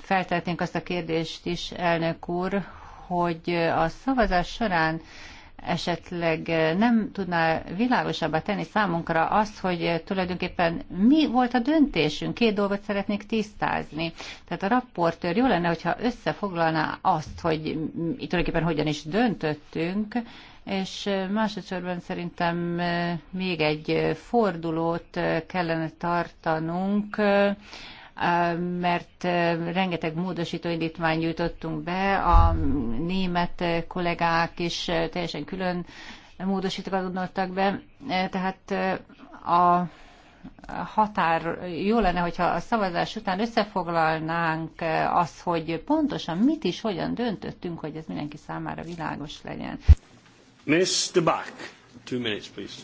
feltetnénk azt a kérdést is, elnök úr, hogy a szavazás során esetleg nem tudná világosabbá tenni számunkra azt, hogy tulajdonképpen mi volt a döntésünk. Két dolgot szeretnék tisztázni. Tehát a rapportőr jó lenne, hogyha összefoglalná azt, hogy tulajdonképpen hogyan is döntöttünk, és másodszorban szerintem még egy fordulót kellene tartanunk, mert rengeteg módosító indítványt nyújtottunk be, a német kollégák is teljesen külön módosítókat adottak be, tehát a határ, jó lenne, hogyha a szavazás után összefoglalnánk az, hogy pontosan mit is, hogyan döntöttünk, hogy ez mindenki számára világos legyen. Mr. Bach, two minutes, please.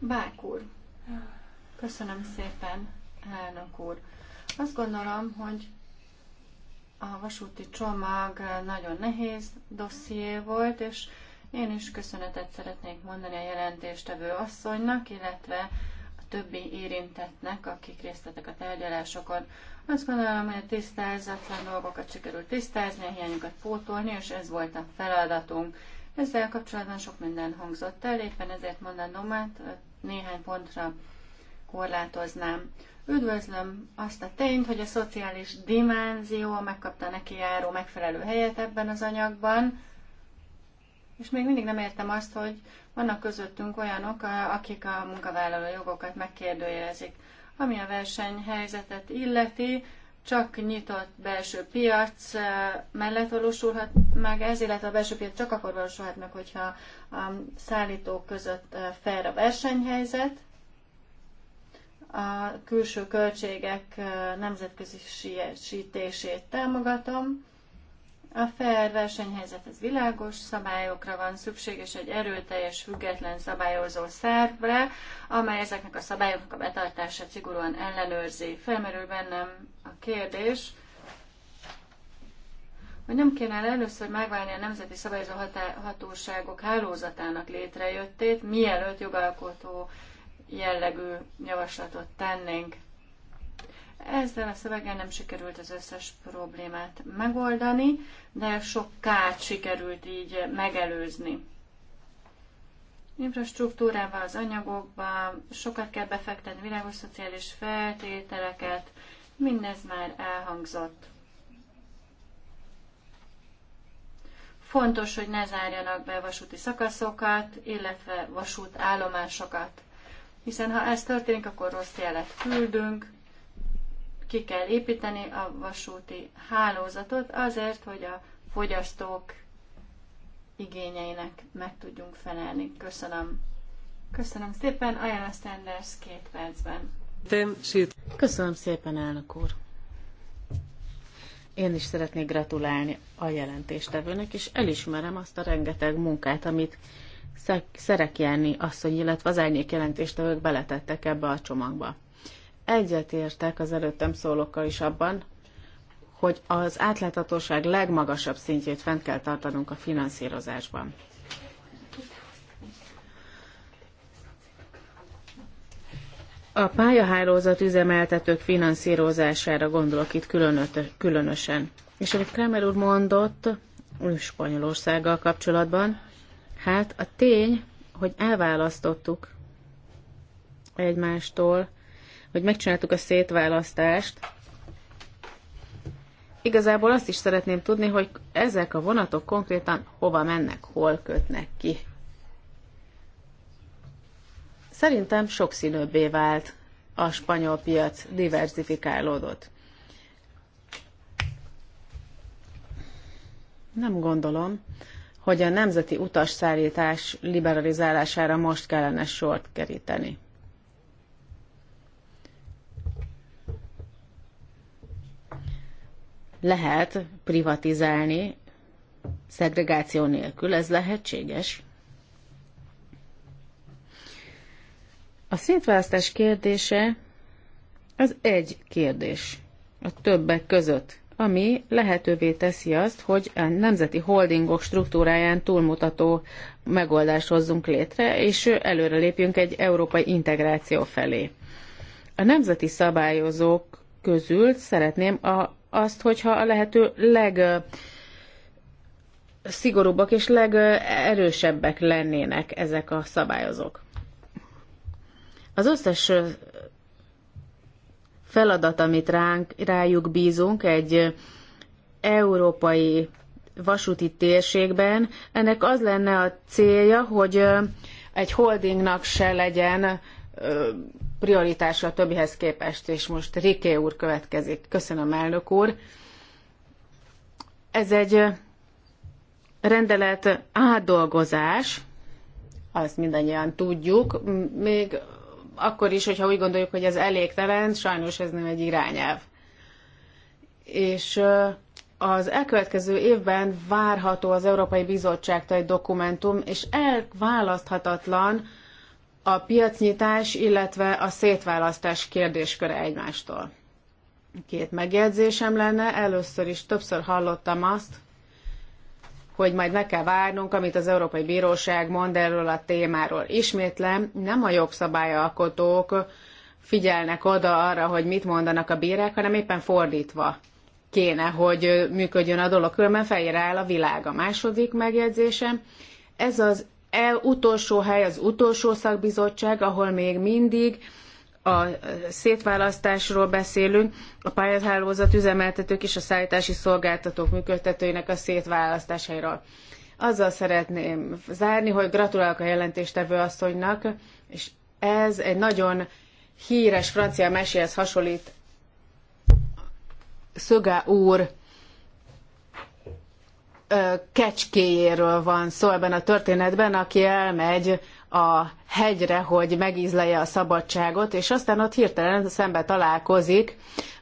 Bach úr, köszönöm szépen, elnök úr. Azt gondolom, hogy a vasúti csomag nagyon nehéz dosszié volt, és én is köszönetet szeretnék mondani a jelentéstevő asszonynak, illetve a többi érintettnek, akik részt vettek a tárgyalásokon. Azt gondolom, hogy a tisztázatlan dolgokat sikerült tisztázni, a hiányokat pótolni, és ez volt a feladatunk. Ezzel kapcsolatban sok minden hangzott el, éppen ezért mondanom át néhány pontra korlátoznám. Üdvözlöm azt a tényt, hogy a szociális dimenzió megkapta neki járó megfelelő helyet ebben az anyagban, és még mindig nem értem azt, hogy vannak közöttünk olyanok, akik a munkavállaló jogokat megkérdőjelezik. Ami a versenyhelyzetet illeti, csak nyitott belső piac mellett valósulhat meg ez, illetve a belső piac csak akkor valósulhat meg, hogyha a szállítók között fair a versenyhelyzet, a külső költségek nemzetközi sietését támogatom. A fair az világos szabályokra van szükség, és egy erőteljes, független szabályozó szervre, amely ezeknek a szabályoknak a betartását szigorúan ellenőrzi. Felmerül bennem a kérdés, hogy nem kéne először megválni a Nemzeti Szabályozó Hatóságok hálózatának létrejöttét, mielőtt jogalkotó jellegű javaslatot tennénk. Ezzel a szöveggel nem sikerült az összes problémát megoldani, de sok kárt sikerült így megelőzni. Infrastruktúrával, az anyagokba, sokat kell befektetni, világos szociális feltételeket, mindez már elhangzott. Fontos, hogy ne zárjanak be vasúti szakaszokat, illetve vasútállomásokat hiszen ha ez történik, akkor rossz jelet küldünk, ki kell építeni a vasúti hálózatot azért, hogy a fogyasztók igényeinek meg tudjunk felelni. Köszönöm. Köszönöm szépen. a Sanders két percben. Köszönöm szépen, elnök úr. Én is szeretnék gratulálni a jelentéstevőnek, és elismerem azt a rengeteg munkát, amit Szerekjelni asszony, illetve az árnyék jelentéstevők beletettek ebbe a csomagba. Egyetértek az előttem szólókkal is abban, hogy az átláthatóság legmagasabb szintjét fent kell tartanunk a finanszírozásban. A pályahálózat üzemeltetők finanszírozására gondolok itt különösen. És amit Kramer úr mondott, Spanyolországgal kapcsolatban, Hát a tény, hogy elválasztottuk egymástól, hogy megcsináltuk a szétválasztást, Igazából azt is szeretném tudni, hogy ezek a vonatok konkrétan hova mennek, hol kötnek ki. Szerintem sokszínűbbé vált a spanyol piac, diversifikálódott. Nem gondolom, hogy a nemzeti utasszállítás liberalizálására most kellene sort keríteni. Lehet privatizálni szegregáció nélkül, ez lehetséges. A szétválasztás kérdése az egy kérdés a többek között ami lehetővé teszi azt, hogy a nemzeti holdingok struktúráján túlmutató megoldást hozzunk létre, és előre lépjünk egy európai integráció felé. A nemzeti szabályozók közül szeretném a, azt, hogyha a lehető leg szigorúbbak és legerősebbek lennének ezek a szabályozók. Az összes feladat, amit ránk, rájuk bízunk, egy európai vasúti térségben. Ennek az lenne a célja, hogy egy holdingnak se legyen prioritása a többihez képest, és most Riké úr következik. Köszönöm, elnök úr. Ez egy rendelet átdolgozás, azt mindannyian tudjuk, még akkor is, hogyha úgy gondoljuk, hogy ez elégtelen, sajnos ez nem egy irányelv. És az elkövetkező évben várható az Európai Bizottságtól egy dokumentum, és elválaszthatatlan a piacnyitás, illetve a szétválasztás kérdésköre egymástól. Két megjegyzésem lenne, először is többször hallottam azt, hogy majd meg kell várnunk, amit az Európai Bíróság mond erről a témáról. Ismétlem, nem a jogszabályalkotók figyelnek oda arra, hogy mit mondanak a bírák, hanem éppen fordítva kéne, hogy működjön a dolog, különben fejére áll a világ. A második megjegyzésem, ez az el utolsó hely, az utolsó szakbizottság, ahol még mindig a szétválasztásról beszélünk, a pályázhálózat üzemeltetők és a szállítási szolgáltatók működtetőinek a szétválasztásairól. Azzal szeretném zárni, hogy gratulálok a jelentéstevő asszonynak, és ez egy nagyon híres francia meséhez hasonlít Szöga úr kecskéjéről van szó ebben a történetben, aki elmegy a hegyre, hogy megízleje a szabadságot, és aztán ott hirtelen szembe találkozik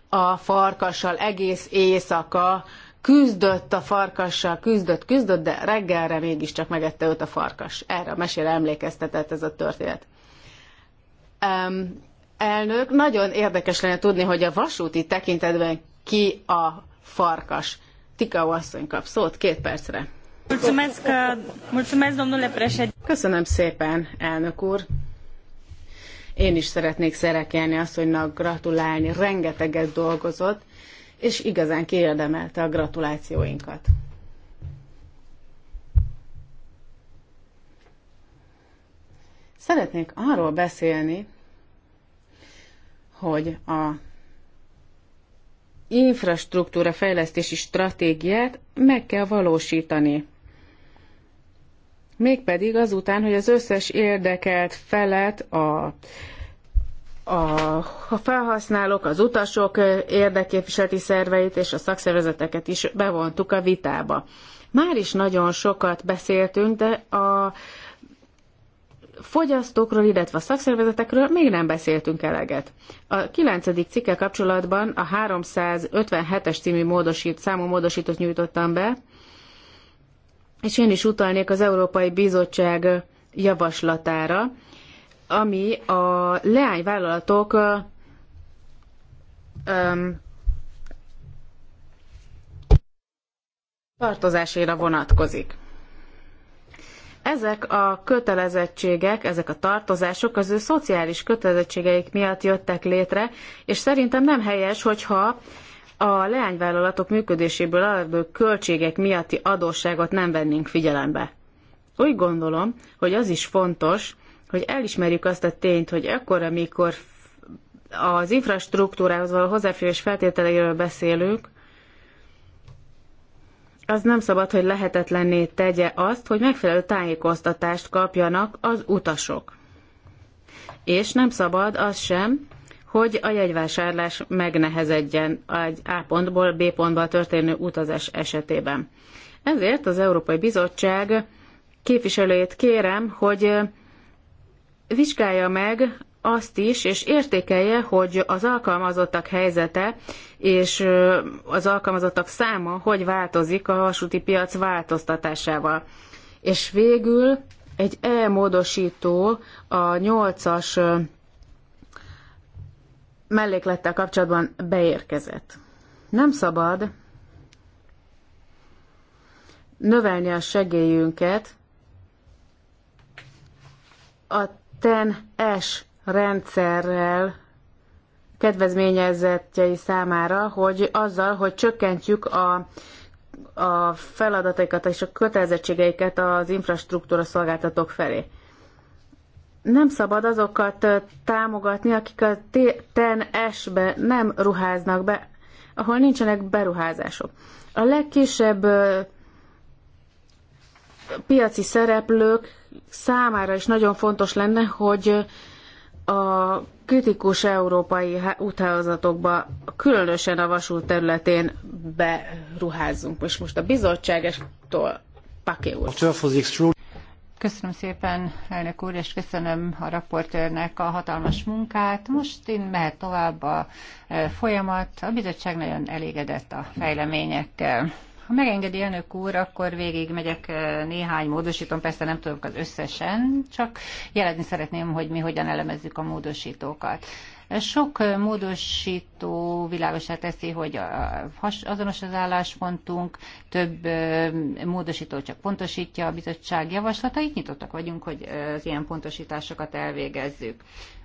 a farkassal egész éjszaka, küzdött a farkassal, küzdött, küzdött, de reggelre mégiscsak megette őt a farkas. Erre a mesére emlékeztetett ez a történet. Um, elnök, nagyon érdekes lenne tudni, hogy a vasúti tekintetben ki a farkas. Tikau asszony kap szót két percre. Mulțumesc, uh, mulțumesc, domnule președinte. Köszönöm szépen, elnök úr. Én is szeretnék szerekelni asszonynak gratulálni, rengeteget dolgozott, és igazán kiérdemelte a gratulációinkat. Szeretnék arról beszélni, hogy a infrastruktúra fejlesztési stratégiát meg kell valósítani. Mégpedig azután, hogy az összes érdekelt felet a a felhasználók, az utasok érdekképviseleti szerveit és a szakszervezeteket is bevontuk a vitába. Már is nagyon sokat beszéltünk, de a fogyasztókról, illetve a szakszervezetekről még nem beszéltünk eleget. A 9. cikke kapcsolatban a 357-es című módosít, számú módosítót nyújtottam be, és én is utalnék az Európai Bizottság javaslatára, ami a leányvállalatok tartozására vonatkozik. Ezek a kötelezettségek, ezek a tartozások az ő szociális kötelezettségeik miatt jöttek létre, és szerintem nem helyes, hogyha a leányvállalatok működéséből adó költségek miatti adósságot nem vennénk figyelembe. Úgy gondolom, hogy az is fontos, hogy elismerjük azt a tényt, hogy akkor, amikor az infrastruktúrához való hozzáférés feltételeiről beszélünk, az nem szabad, hogy lehetetlenné tegye azt, hogy megfelelő tájékoztatást kapjanak az utasok. És nem szabad az sem, hogy a jegyvásárlás megnehezedjen egy A pontból B pontba történő utazás esetében. Ezért az Európai Bizottság képviselőjét kérem, hogy vizsgálja meg azt is, és értékelje, hogy az alkalmazottak helyzete és az alkalmazottak száma hogy változik a vasúti piac változtatásával. És végül egy e-módosító a 8-as melléklettel kapcsolatban beérkezett. Nem szabad növelni a segélyünket a TEN-S rendszerrel kedvezményezettjei számára, hogy azzal, hogy csökkentjük a, a feladataikat és a kötelezettségeiket az infrastruktúra szolgáltatók felé nem szabad azokat támogatni, akik a ten esbe be nem ruháznak be, ahol nincsenek beruházások. A legkisebb piaci szereplők számára is nagyon fontos lenne, hogy a kritikus európai utazatokba, különösen a vasút területén beruházzunk. És most a bizottságestól Paké úr. Köszönöm szépen, elnök úr, és köszönöm a raportőrnek a hatalmas munkát. Most én mehet tovább a e, folyamat. A bizottság nagyon elégedett a fejleményekkel. Ha megengedi elnök úr, akkor végig megyek e, néhány módosítom, persze nem tudok az összesen, csak jelezni szeretném, hogy mi hogyan elemezzük a módosítókat. Sok módosító világosá teszi, hogy azonos az álláspontunk, több módosító csak pontosítja a bizottság javaslatait, nyitottak vagyunk, hogy az ilyen pontosításokat elvégezzük.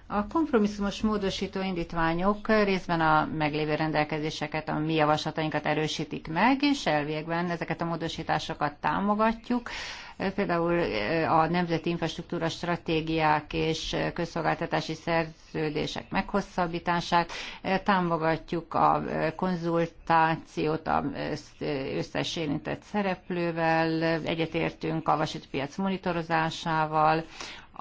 A kompromisszumos módosító indítványok részben a meglévő rendelkezéseket, a mi javaslatainkat erősítik meg, és elvégben ezeket a módosításokat támogatjuk. Például eh, a nemzeti infrastruktúra stratégiák és eh, közszolgáltatási szerződések meghosszabbítását, eh, támogatjuk a konzultációt az összes érintett szereplővel, egyetértünk a vasúti piac monitorozásával,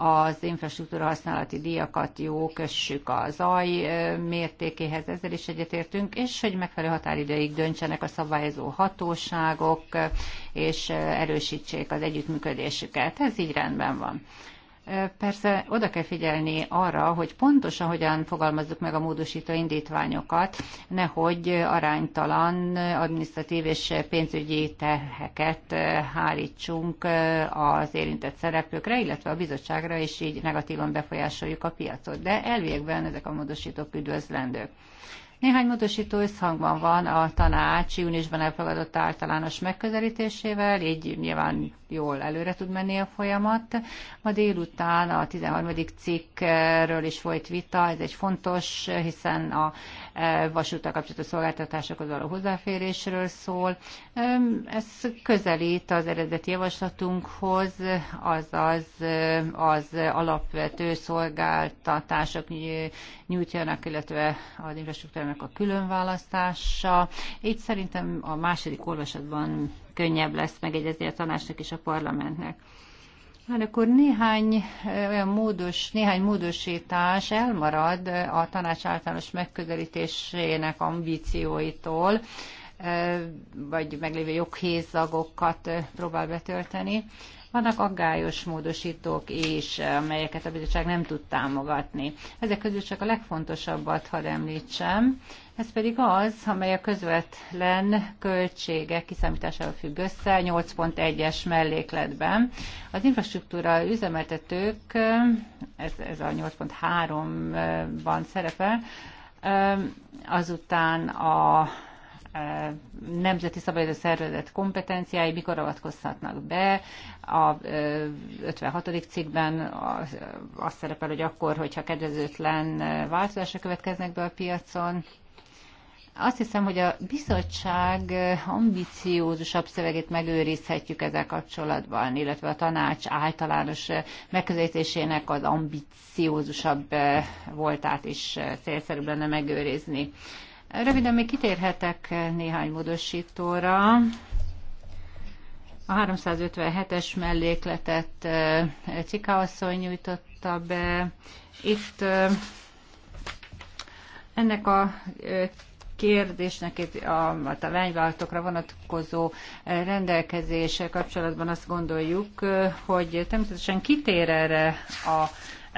az infrastruktúra használati díjakat jó kössük a zaj mértékéhez, ezzel is egyetértünk, és hogy megfelelő határidőig döntsenek a szabályozó hatóságok, és erősítsék az együttműködésüket. Ez így rendben van. Persze oda kell figyelni arra, hogy pontosan hogyan fogalmazzuk meg a módosító indítványokat, nehogy aránytalan adminisztratív és pénzügyi teheket eh, hárítsunk eh, az érintett szereplőkre, illetve a bizottságra, és így negatívan befolyásoljuk a piacot. De elvégben ezek a módosítók üdvözlendők. Néhány módosító összhangban van a tanács júniusban elfogadott általános megközelítésével, így nyilván jól előre tud menni a folyamat. Ma délután a 13. cikkről is folyt vita, ez egy fontos, hiszen a E, vasúttal kapcsolatos szolgáltatásokhoz való hozzáférésről szól. E, ez közelít az eredeti javaslatunkhoz, azaz e, az alapvető szolgáltatások nyújtjanak, illetve az infrastruktúrának a különválasztása. Így szerintem a második olvasatban könnyebb lesz megegyezni a tanácsnak és a parlamentnek. Hát akkor néhány olyan módos, néhány módosítás elmarad a tanács általános megközelítésének ambícióitól, vagy meglévő joghézagokat próbál betölteni. Vannak aggályos módosítók is, amelyeket a bizottság nem tud támogatni. Ezek közül csak a legfontosabbat hadd említsem. Ez pedig az, amely a közvetlen költségek kiszámításával függ össze, 8.1-es mellékletben. Az infrastruktúra üzemeltetők, ez, ez a 8.3-ban szerepel, azután a nemzeti szabályozó szervezet kompetenciái mikor avatkozhatnak be. A 56. cikkben az szerepel, hogy akkor, hogyha kedvezőtlen változások következnek be a piacon, azt hiszem, hogy a bizottság eh, ambiciózusabb szövegét megőrizhetjük ezzel kapcsolatban, illetve a tanács általános eh, megközelítésének az ambiciózusabb eh, voltát is célszerűbb lenne megőrizni. Röviden még kitérhetek néhány módosítóra. A 357-es mellékletet Csika asszony nyújtotta be. Itt ennek a kérdésnek, a, hát a lányvállalatokra vonatkozó eh, rendelkezése kapcsolatban azt gondoljuk, eh, hogy természetesen kitér erre a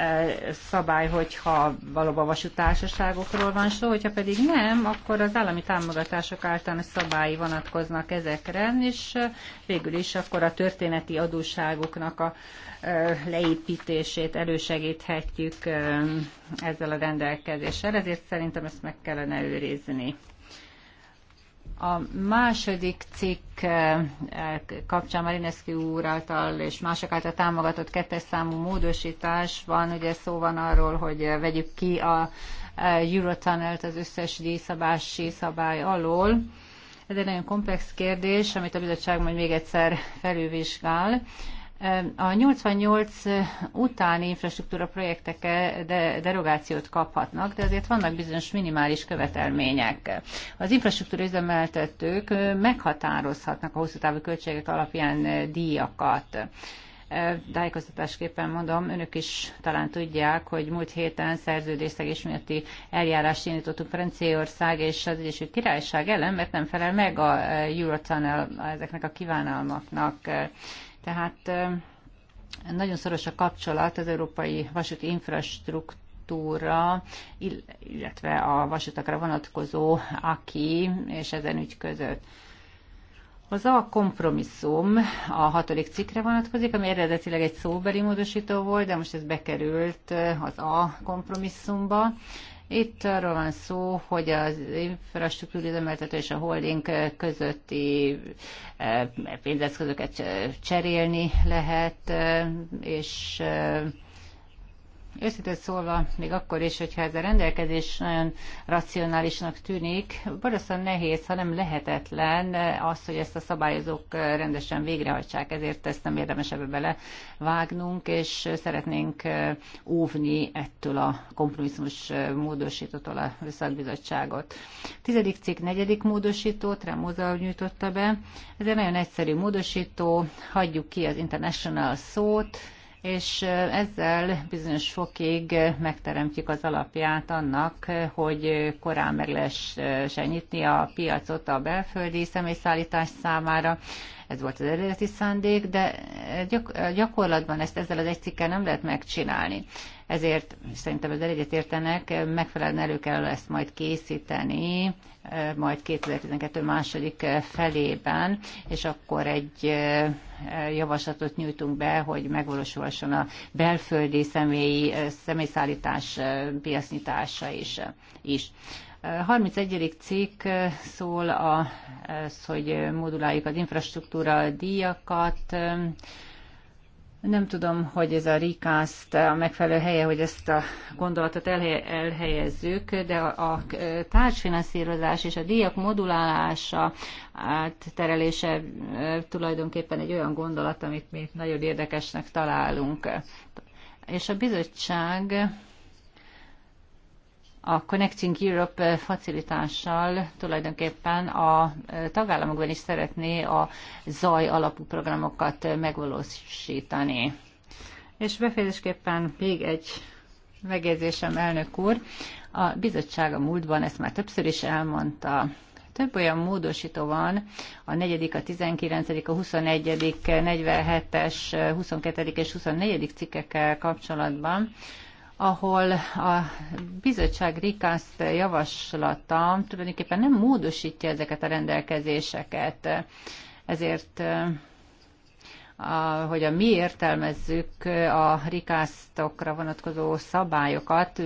E, szabály, hogyha valóban vasútársaságokról van szó, hogyha pedig nem, akkor az állami támogatások általános szabályi vonatkoznak ezekre, és e, végül is akkor a történeti adósságuknak a e, leépítését elősegíthetjük ezzel a rendelkezéssel, ezért szerintem ezt meg kellene őrizni. A második cikk eh, eh, kapcsán Marineszki úr által és mások által támogatott kettes számú van, ugye szó van arról, hogy eh, vegyük ki a Eurotunnelt az összes díjszabási szabály alól. Ez egy nagyon komplex kérdés, amit a bizottság majd még egyszer felülvizsgál. A 88 utáni infrastruktúra projektek de, derogációt kaphatnak, de azért vannak bizonyos minimális követelmények. Az infrastruktúra üzemeltetők meghatározhatnak a hosszú távú költségek alapján díjakat tájékoztatásképpen mondom, önök is talán tudják, hogy múlt héten szerződésszegés miatti eljárást indítottuk Franciaország és az Egyesült Királyság ellen, mert nem felel meg a Eurotunnel ezeknek a kívánalmaknak. Tehát nagyon szoros a kapcsolat az európai vasúti infrastruktúra, illetve a vasutakra vonatkozó aki és ezen ügy között. Az a kompromisszum a hatodik cikkre vonatkozik, ami eredetileg egy szóbeli módosító volt, de most ez bekerült az a kompromisszumba. Itt arról van szó, hogy az üzemeltető és a holding közötti eh, pénzeszközöket cserélni lehet, eh, és eh, Őszintén szólva, még akkor is, hogyha ez a rendelkezés nagyon racionálisnak tűnik, valószínűleg nehéz, hanem lehetetlen az, hogy ezt a szabályozók rendesen végrehajtsák, ezért ezt nem érdemes ebbe vágnunk, és szeretnénk óvni ettől a kompromisszumos módosítótól a szakbizottságot. Tizedik cikk, negyedik módosítót Remóza nyújtotta be. Ez egy nagyon egyszerű módosító, hagyjuk ki az international szót, és ezzel bizonyos fokig megteremtjük az alapját annak, hogy korán meg lehessen nyitni a piacot a belföldi személyszállítás számára. Ez volt az eredeti szándék, de gyakorlatban ezt ezzel az egy cikkel nem lehet megcsinálni. Ezért szerintem az eredet értenek, megfelelően elő kell ezt majd készíteni, majd 2012 második felében, és akkor egy javaslatot nyújtunk be, hogy megvalósulhasson a belföldi személyi személyszállítás piasznyitása is. is. 31. cikk szól az, hogy moduláljuk az infrastruktúra díjakat, nem tudom, hogy ez a recast a megfelelő helye, hogy ezt a gondolatot elhelyezzük, de a társfinanszírozás és a díjak modulálása, átterelése tulajdonképpen egy olyan gondolat, amit mi nagyon érdekesnek találunk. És a bizottság a Connecting Europe eh, facilitással tulajdonképpen a eh, tagállamokban is szeretné a zaj alapú programokat eh, megvalósítani. És befejezésképpen még egy megjegyzésem, elnök úr. A bizottság a múltban ezt már többször is elmondta, több olyan módosító van, a 4., a 19., a 21., 47-es, 22. és 24. cikkekkel kapcsolatban, ahol a bizottság Rikaszt javaslata tulajdonképpen nem módosítja ezeket a rendelkezéseket. Ezért a, hogyan mi értelmezzük a rikásztokra vonatkozó szabályokat,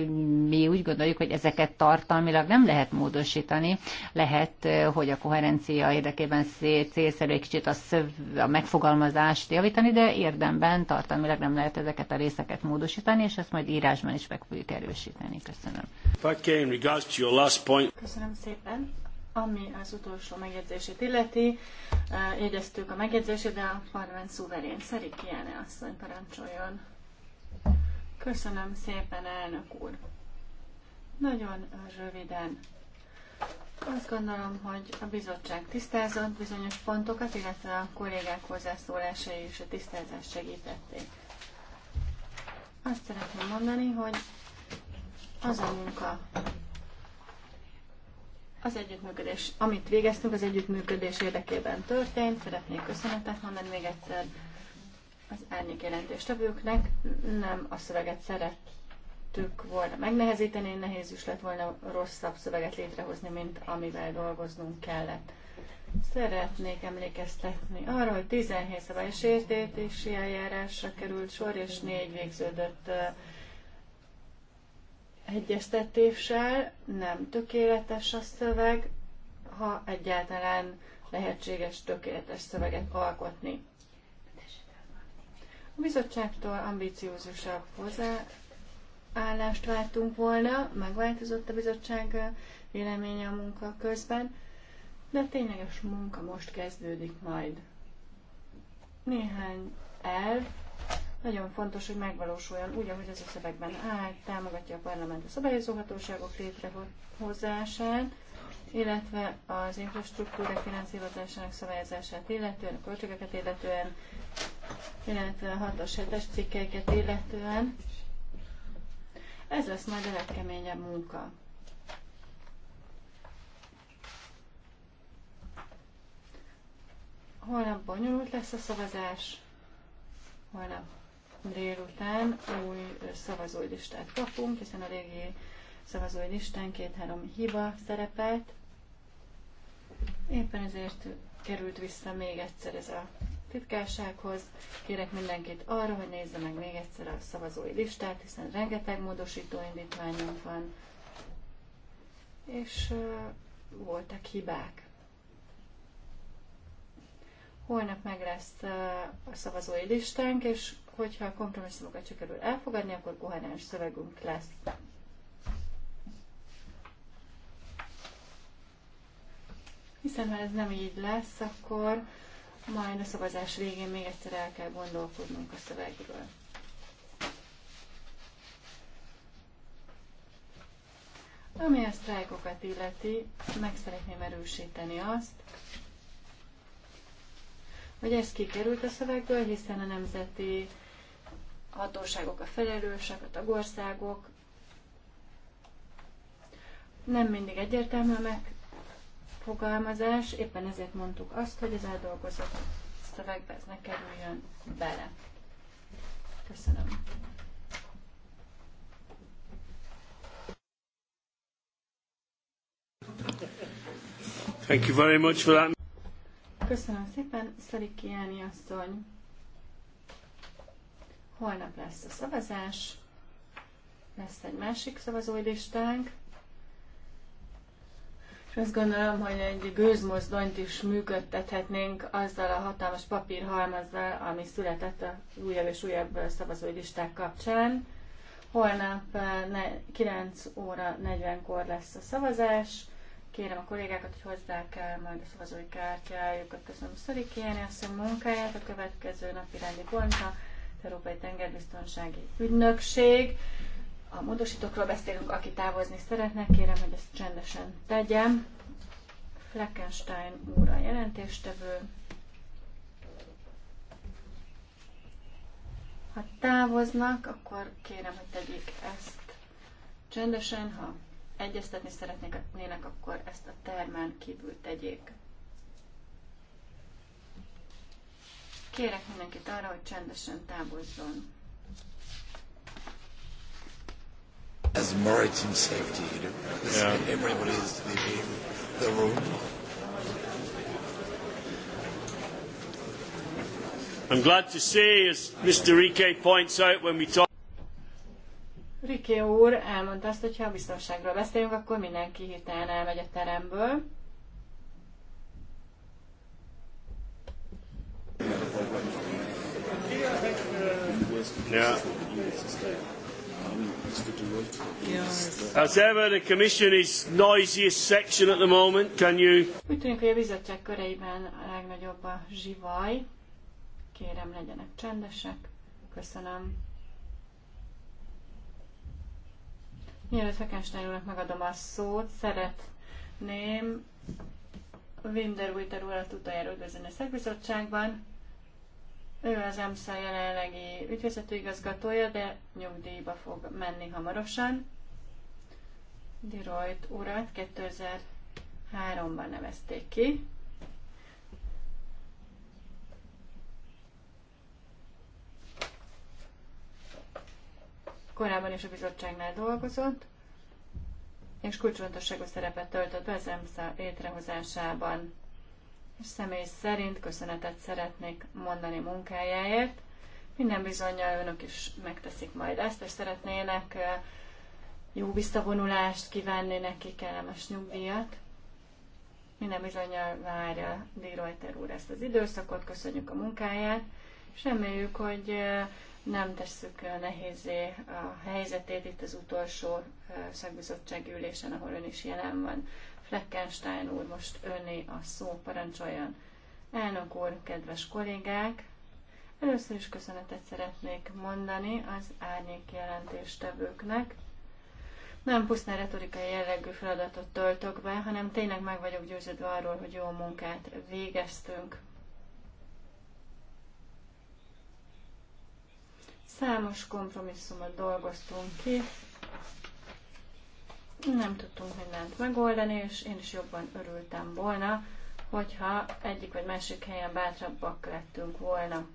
mi úgy gondoljuk, hogy ezeket tartalmilag nem lehet módosítani. Lehet, hogy a koherencia érdekében célszerű egy kicsit a, szöv, a megfogalmazást javítani, de érdemben tartalmilag nem lehet ezeket a részeket módosítani, és ezt majd írásban is meg fogjuk erősíteni. Köszönöm. Köszönöm szépen. Ami az utolsó megjegyzését illeti, jegyeztük a megjegyzését, de a parlament szuverén. Szerik Kiene asszony parancsoljon. Köszönöm szépen, elnök úr. Nagyon röviden. Azt gondolom, hogy a bizottság tisztázott bizonyos pontokat, illetve a kollégák hozzászólásai és a tisztázást segítették. Azt szeretném mondani, hogy az a munka, az együttműködés, amit végeztünk, az együttműködés érdekében történt. Szeretnék köszönetet mondani még egyszer az árnyék jelentéstevőknek. Nem a szöveget szerettük volna megnehezíteni, nehéz is lett volna rosszabb szöveget létrehozni, mint amivel dolgoznunk kellett. Szeretnék emlékeztetni arra, hogy 17 szabálysértési eljárásra került sor, és négy végződött uh, egyeztetéssel, nem tökéletes a szöveg, ha egyáltalán lehetséges tökéletes szöveget alkotni. A bizottságtól ambiciózusabb hozzáállást vártunk volna, megváltozott a bizottság véleménye a munka közben, de a tényleges munka most kezdődik majd. Néhány elv, nagyon fontos, hogy megvalósuljon úgy, ahogy az a szövegben áll, támogatja a parlament a szabályozóhatóságok létrehozását, illetve az infrastruktúra finanszírozásának szabályozását illetően, a költségeket illetően, illetve a 6 7-es cikkeiket illetően. Ez lesz majd a legkeményebb munka. Holnap bonyolult lesz a szavazás, holnap délután új szavazói listát kapunk, hiszen a régi szavazói listán két-három hiba szerepelt. Éppen ezért került vissza még egyszer ez a titkársághoz. Kérek mindenkit arra, hogy nézze meg még egyszer a szavazói listát, hiszen rengeteg módosító indítványunk van, és voltak hibák. Holnap meg lesz a szavazói listánk, és hogyha a kompromisszumokat sikerül elfogadni, akkor koherens szövegünk lesz. Hiszen ha ez nem így lesz, akkor majd a szavazás végén még egyszer el kell gondolkodnunk a szövegről. Ami a sztrájkokat illeti, meg szeretném erősíteni azt, hogy ez kikerült a szövegből, hiszen a nemzeti a hatóságok a felelősek, a tagországok. Nem mindig egyértelmű a megfogalmazás, éppen ezért mondtuk azt, hogy az eldolgozott szövegbe ez ne kerüljön bele. Köszönöm. Thank you very much for that. Köszönöm szépen, Szeri Jáni asszony. Holnap lesz a szavazás, lesz egy másik szavazólistánk, és azt gondolom, hogy egy gőzmozdonyt is működtethetnénk azzal a hatalmas papírhalmazzal, ami született a újabb és újabb szavazólisták kapcsán. Holnap 9 eh, óra 40-kor lesz a szavazás. Kérem a kollégákat, hogy hozzák el majd a szavazói kártyájukat. Köszönöm Szori Kiáni a munkáját. A következő napi rendi pontra az Európai Tengerbiztonsági Ügynökség. A módosítókról beszélünk, aki távozni szeretne, kérem, hogy ezt csendesen tegyem. Fleckenstein úr a jelentéstevő. Ha távoznak, akkor kérem, hogy tegyék ezt csendesen. Ha egyeztetni szeretnének, akkor ezt a termen kívül tegyék. Kérek mindenkit arra, hogy csendesen távozzon. As maritime safety, you know, yeah. everybody is leaving the room. I'm glad to see, as Mr. Rike points out when we talk. Rike úr elmondta azt, hogy ha biztonságra biztonságról beszélünk, akkor mindenki hirtelen elmegy a teremből. Ja. As ever, the Commission is noisiest section at the moment. Can you? Úgy tűnik, hogy a bizottság köreiben a legnagyobb a zsivaj. Kérem, legyenek csendesek. Köszönöm. Mielőtt Fekenstein úrnak megadom a szót, szeretném Winder Witter urat utoljára üdvözlni a szakbizottságban. Ő az EMSZA jelenlegi ügyvezető igazgatója, de nyugdíjba fog menni hamarosan. Dirojt urat 2003-ban nevezték ki. Korábban is a bizottságnál dolgozott, és kulcsfontosságú szerepet töltött be az EMSZA létrehozásában és Személy szerint köszönetet szeretnék mondani munkájáért. Minden bizonyja önök is megteszik majd ezt, és szeretnének eh, jó visszavonulást kívánni neki, kellemes nyugdíjat. Minden bizonyja várja Dírojter úr ezt az időszakot, köszönjük a munkáját, és reméljük, hogy eh, nem tesszük eh, nehézé a helyzetét itt az utolsó szakbizottsági ülésen, ahol ön is jelen van. Fleckenstein úr, most önné a szó, parancsoljon. Elnök úr, kedves kollégák, először is köszönetet szeretnék mondani az árnyék jelentéstevőknek. Nem pusztán retorikai jellegű feladatot töltök be, hanem tényleg meg vagyok győződve arról, hogy jó munkát végeztünk. Számos kompromisszumot dolgoztunk ki, nem tudtunk mindent megoldani, és én is jobban örültem volna, hogyha egyik vagy másik helyen bátrabbak lettünk volna.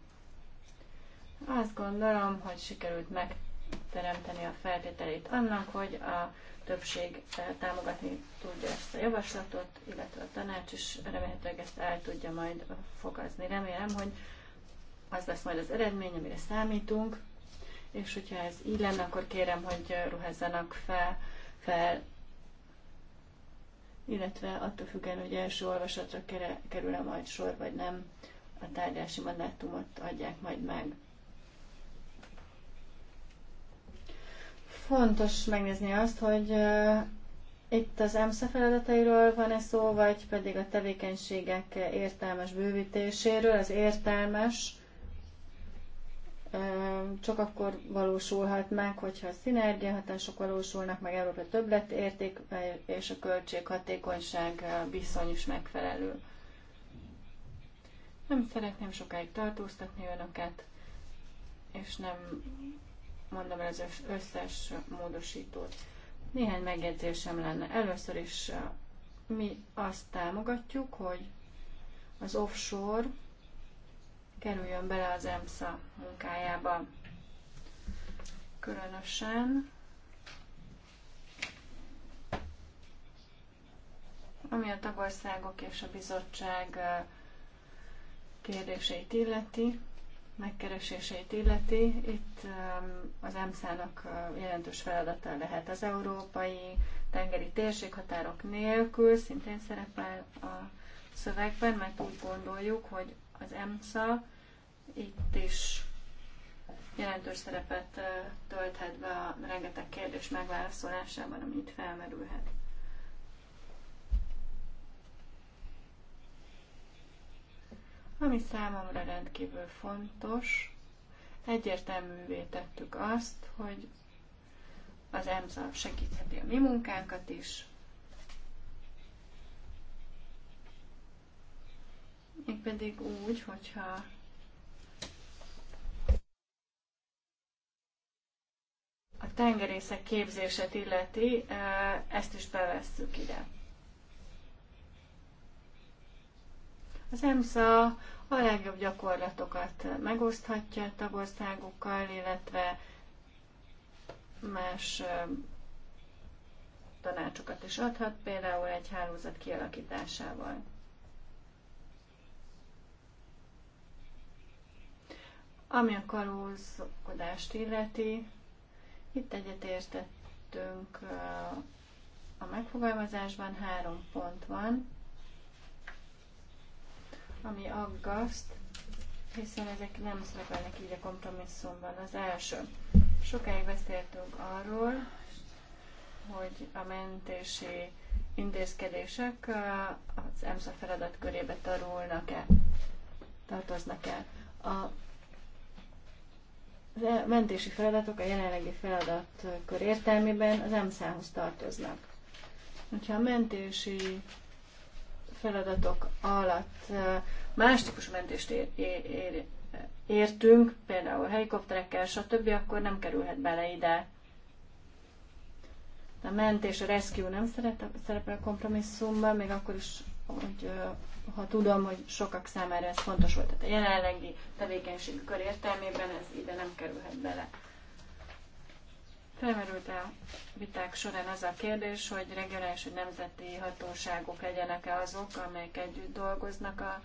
Azt gondolom, hogy sikerült megteremteni a feltételét annak, hogy a többség eh, támogatni tudja ezt a javaslatot, illetve a tanács is remélhetőleg ezt el tudja majd fogazni. Remélem, hogy az lesz majd az eredmény, amire számítunk, és hogyha ez így lenne, akkor kérem, hogy eh, ruházzanak fel fel, illetve attól függően, hogy első olvasatra kerül-e majd sor, vagy nem, a tárgyási mandátumot adják majd meg. Fontos megnézni azt, hogy itt az EMSZA feladatairól van-e szó, vagy pedig a tevékenységek értelmes bővítéséről, az értelmes csak akkor valósulhat meg, hogyha a szinergiahatások valósulnak, meg Európa többletérték és a költséghatékonyság viszony is megfelelő. Nem szeretném sokáig tartóztatni önöket, és nem mondom ez az összes módosítót. Néhány megjegyzésem lenne. Először is mi azt támogatjuk, hogy az offshore kerüljön bele az EMSZA munkájába. Különösen ami a tagországok és a bizottság kérdéseit illeti, megkereséseit illeti, itt az EMSZ-nak jelentős feladata lehet az európai tengeri térséghatárok nélkül, szintén szerepel a szövegben, mert úgy gondoljuk, hogy az EMSA itt is jelentős szerepet tölthet be a rengeteg kérdés megválaszolásában, ami itt felmerülhet. Ami számomra rendkívül fontos, egyértelművé tettük azt, hogy az EMSA segítheti a mi munkánkat is, Mégpedig úgy, hogyha a tengerészek képzését illeti, ezt is bevesszük ide. Az EMSZA a legjobb gyakorlatokat megoszthatja tagországokkal, illetve más tanácsokat is adhat, például egy hálózat kialakításával. Ami a kalózkodást illeti, itt egyetértettünk a megfogalmazásban, három pont van, ami aggaszt, hiszen ezek nem szerepelnek így a kompromisszumban. Az első. Sokáig beszéltünk arról, hogy a mentési intézkedések az EMSZA feladat körébe tarulnak-e, tartoznak-e. A mentési feladatok a jelenlegi feladatkör értelmében az EMSZ-hoz tartoznak. Hogyha a mentési feladatok alatt más típusú mentést ér, ér, értünk, például helikopterekkel, stb., akkor nem kerülhet bele ide. A mentés, a rescue nem szerepel a kompromisszumban, még akkor is, hogy ha tudom, hogy sokak számára ez fontos volt, tehát a jelenlegi kör értelmében ez ide nem kerülhet bele. Felmerült a viták során az a kérdés, hogy regionális vagy nemzeti hatóságok legyenek-e azok, amelyek együtt dolgoznak a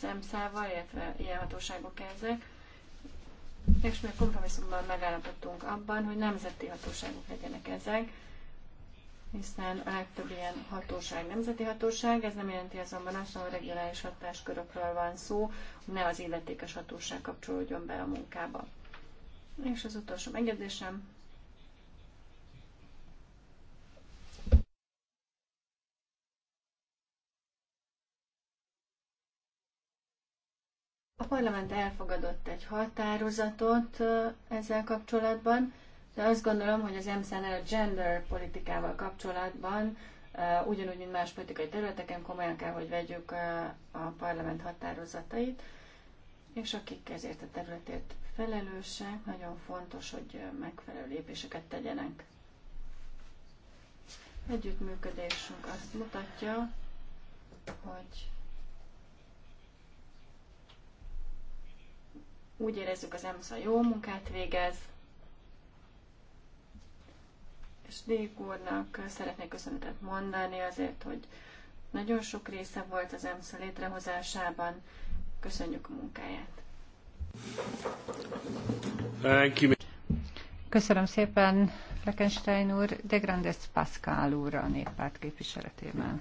szemszával, illetve ilyen hatóságok ezek. És mi a kompromisszumban megállapodtunk abban, hogy nemzeti hatóságok legyenek ezek, hiszen a legtöbb ilyen hatóság nemzeti hatóság, ez nem jelenti azonban azt, hogy regionális hatáskörökről van szó, hogy ne az illetékes hatóság kapcsolódjon be a munkába. És az utolsó megjegyzésem. A parlament elfogadott egy határozatot ezzel kapcsolatban, de azt gondolom, hogy az emsz a gender politikával kapcsolatban, ugyanúgy, mint más politikai területeken, komolyan kell, hogy vegyük a parlament határozatait, és akik ezért a területért felelősek, nagyon fontos, hogy megfelelő lépéseket tegyenek. Együttműködésünk azt mutatja, hogy úgy érezzük, az EMSZA jó munkát végez, Snék úrnak szeretnék köszönetet mondani azért, hogy nagyon sok része volt az EMSZ létrehozásában. Köszönjük a munkáját. Köszönöm szépen Lekenstein úr, de Grandes Pascal úr a néppárt képviseletében.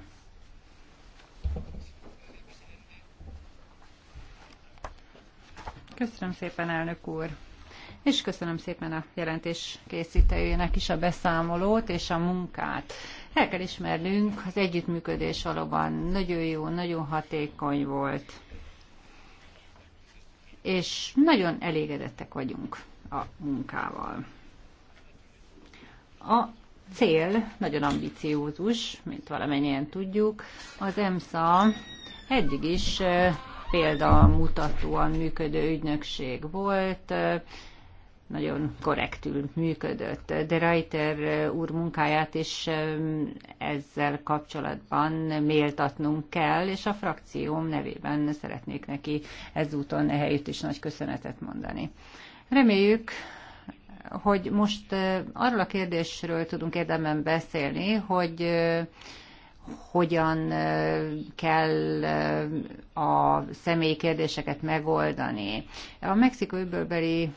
Köszönöm szépen, elnök úr! és köszönöm szépen a jelentés készítőjének is a beszámolót és a munkát. El kell ismernünk, az együttműködés valóban nagyon jó, nagyon hatékony volt, és nagyon elégedettek vagyunk a munkával. A cél nagyon ambiciózus, mint valamennyien tudjuk. Az EMSA eddig is példamutatóan működő ügynökség volt, nagyon korrektül működött. De Reiter úr munkáját is ezzel kapcsolatban méltatnunk kell, és a frakcióm nevében szeretnék neki ezúton ehelyütt is nagy köszönetet mondani. Reméljük, hogy most eh, arról a kérdésről tudunk érdemben beszélni, hogy eh, hogyan eh, kell a személyi kérdéseket megoldani. A Mexikó beli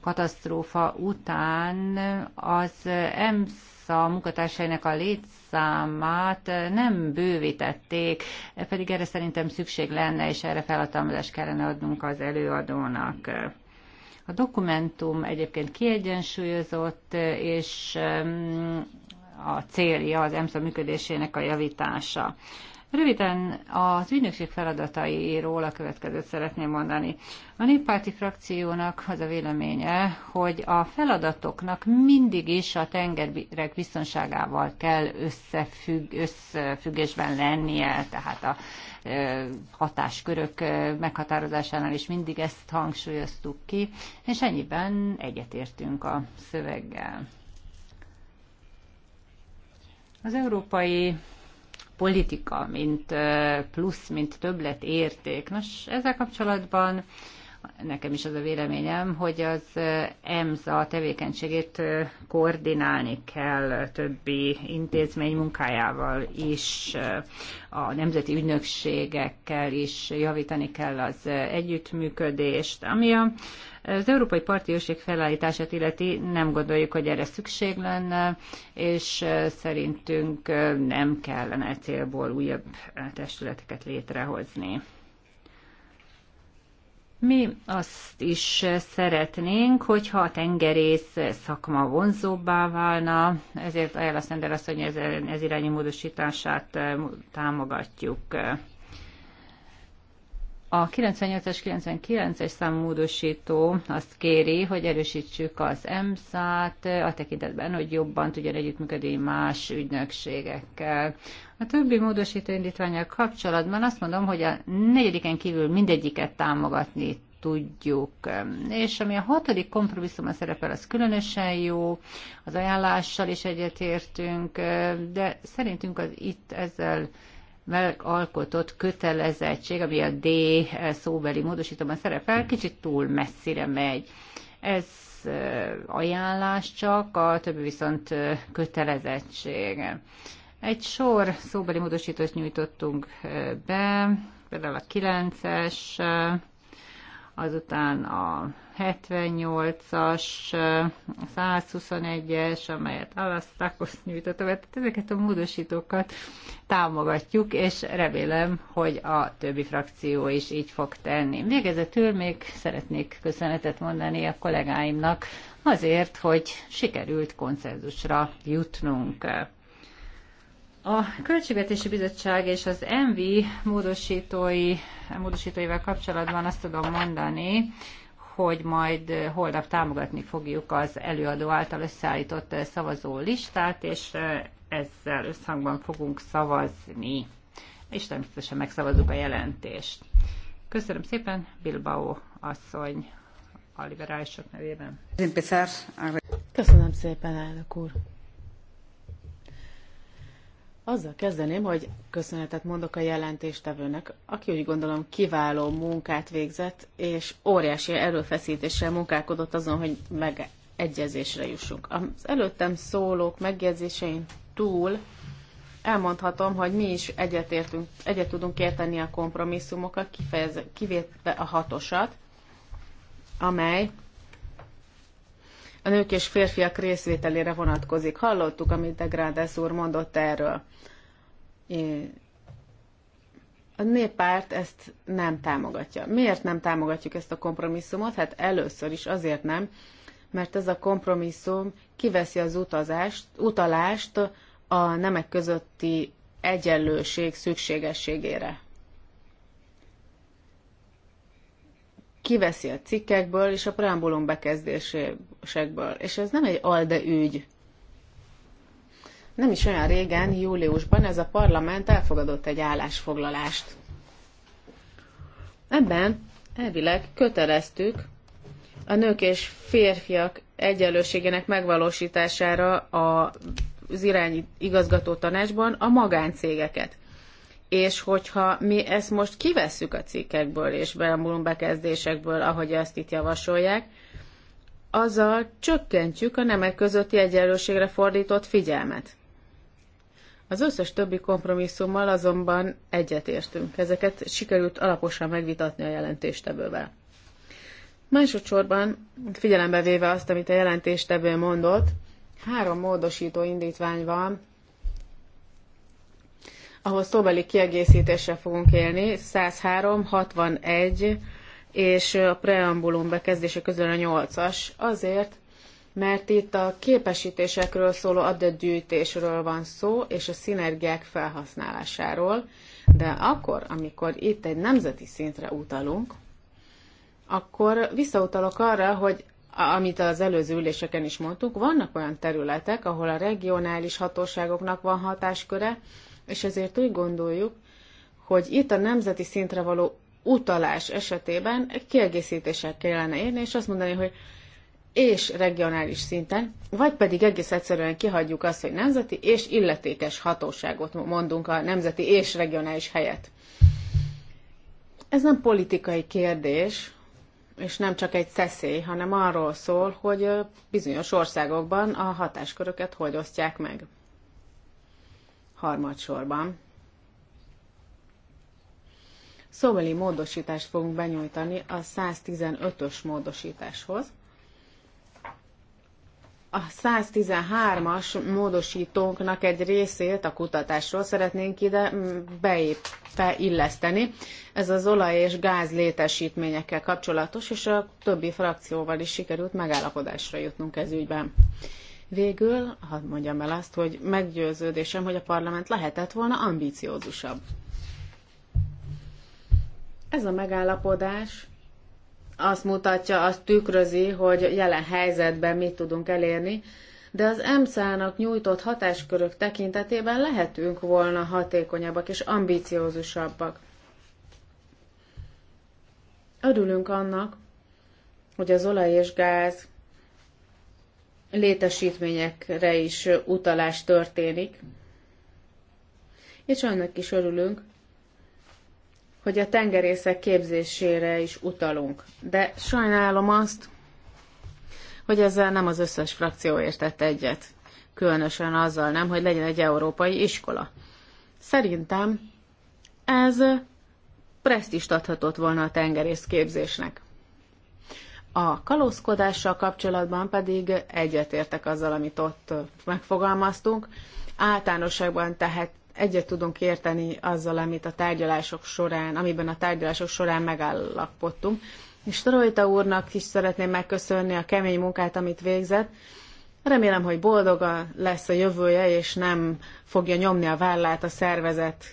katasztrófa után az EMSZA munkatársainak a létszámát nem bővítették, pedig erre szerintem szükség lenne, és erre felhatalmazást kellene adnunk az előadónak. A dokumentum egyébként kiegyensúlyozott, és mm, a célja az EMSZA működésének a javítása. Röviden az ügynökség feladatairól a következőt szeretném mondani. A néppárti frakciónak az a véleménye, hogy a feladatoknak mindig is a tengerek biztonságával kell összefügg, összefüggésben lennie, tehát a hatáskörök meghatározásánál is mindig ezt hangsúlyoztuk ki, és ennyiben egyetértünk a szöveggel. Az európai politika, mint plusz, mint többlet érték. Nos, ezzel kapcsolatban nekem is az a véleményem, hogy az EMSA tevékenységét koordinálni kell többi intézmény munkájával is, a nemzeti ügynökségekkel is javítani kell az együttműködést, ami a az Európai Parti Őrség felállítását illeti nem gondoljuk, hogy erre szükség lenne, és szerintünk nem kellene e célból újabb testületeket létrehozni. Mi azt is szeretnénk, hogyha a tengerész szakma vonzóbbá válna, ezért Ajala Szender asszony ez, ez irányú módosítását támogatjuk. A 98-es, 99-es számú módosító azt kéri, hogy erősítsük az EMSZ-t a tekintetben, hogy jobban tudjon együttműködni más ügynökségekkel. A többi módosító indítványal kapcsolatban azt mondom, hogy a negyediken kívül mindegyiket támogatni tudjuk. És ami a hatodik a szerepel, az különösen jó, az ajánlással is egyetértünk, de szerintünk az itt ezzel megalkotott kötelezettség, ami a D szóbeli módosítóban szerepel, kicsit túl messzire megy. Ez ajánlás csak, a többi viszont kötelezettség. Egy sor szóbeli módosítót nyújtottunk be, például a 9-es, azután a 78-as, 121-es, amelyet Alasztákos nyújtott, tehát ezeket a módosítókat támogatjuk, és remélem, hogy a többi frakció is így fog tenni. Végezetül még szeretnék köszönetet mondani a kollégáimnak azért, hogy sikerült konszenzusra jutnunk. A Költségvetési Bizottság és az ENVI módosítói, módosítóival kapcsolatban azt tudom mondani, hogy majd holnap támogatni fogjuk az előadó által összeállított szavazó listát, és ezzel összhangban fogunk szavazni. És természetesen megszavazunk a jelentést. Köszönöm szépen, Bilbao asszony a liberálisok nevében. Köszönöm szépen, elnök úr. Azzal kezdeném, hogy köszönetet mondok a jelentéstevőnek, aki úgy gondolom kiváló munkát végzett, és óriási erőfeszítéssel munkálkodott azon, hogy megegyezésre jussunk. Az előttem szólók megjegyzésein túl elmondhatom, hogy mi is egyetértünk, egyet tudunk érteni a kompromisszumokat, kifejez, kivétve a hatosat, amely a nők és férfiak részvételére vonatkozik. Hallottuk, amit Degrádes úr mondott erről. A néppárt ezt nem támogatja. Miért nem támogatjuk ezt a kompromisszumot? Hát először is azért nem, mert ez a kompromisszum kiveszi az utazást, utalást a nemek közötti egyenlőség szükségességére. kiveszi a cikkekből és a preambulum bekezdésekből. És ez nem egy alde ügy. Nem is olyan régen, júliusban ez a parlament elfogadott egy állásfoglalást. Ebben elvileg köteleztük a nők és férfiak egyenlőségének megvalósítására az irányi igazgató tanácsban a magáncégeket és hogyha mi ezt most kivesszük a cikkekből és belemúlunk bekezdésekből, ahogy azt itt javasolják, azzal csökkentjük a nemek közötti egyenlőségre fordított figyelmet. Az összes többi kompromisszummal azonban egyetértünk. Ezeket sikerült alaposan megvitatni a jelentéstevővel. Másodszorban, figyelembe véve azt, amit a jelentéstevő mondott, három módosító indítvány van, ahol szóbeli kiegészítéssel fogunk élni, 103, 61 és a preambulum bekezdése közül a 8-as, azért, mert itt a képesítésekről szóló adatgyűjtésről van szó, és a szinergiák felhasználásáról, de akkor, amikor itt egy nemzeti szintre utalunk, akkor visszautalok arra, hogy amit az előző üléseken is mondtuk, vannak olyan területek, ahol a regionális hatóságoknak van hatásköre, és ezért úgy gondoljuk, hogy itt a nemzeti szintre való utalás esetében egy kiegészítéssel kellene érni, és azt mondani, hogy és regionális szinten, vagy pedig egész egyszerűen kihagyjuk azt, hogy nemzeti és illetékes hatóságot mondunk a nemzeti és regionális helyet. Ez nem politikai kérdés, és nem csak egy szeszély, hanem arról szól, hogy bizonyos országokban a hatásköröket hogy osztják meg. Harmadsorban szóbeli módosítást fogunk benyújtani a 115-ös módosításhoz. A 113-as módosítónknak egy részét a kutatásról szeretnénk ide beilleszteni. Ez az olaj és gáz létesítményekkel kapcsolatos, és a többi frakcióval is sikerült megállapodásra jutnunk ez ügyben. Végül, hadd mondjam el azt, hogy meggyőződésem, hogy a parlament lehetett volna ambíciózusabb. Ez a megállapodás azt mutatja, azt tükrözi, hogy jelen helyzetben mit tudunk elérni, de az EMSZ-nak nyújtott hatáskörök tekintetében lehetünk volna hatékonyabbak és ambíciózusabbak. Örülünk annak, hogy az olaj és gáz létesítményekre is utalás történik, és annak is örülünk, hogy a tengerészek képzésére is utalunk. De sajnálom azt, hogy ezzel nem az összes frakció értett egyet. Különösen azzal nem, hogy legyen egy európai iskola. Szerintem ez presztist adhatott volna a tengerész képzésnek. A kalózkodással kapcsolatban pedig egyetértek azzal, amit ott megfogalmaztunk. Általánosságban tehát egyet tudunk érteni azzal, amit a tárgyalások során, amiben a tárgyalások során megállapodtunk. És Torojta úrnak is szeretném megköszönni a kemény munkát, amit végzett. Remélem, hogy boldoga lesz a jövője, és nem fogja nyomni a vállát a szervezet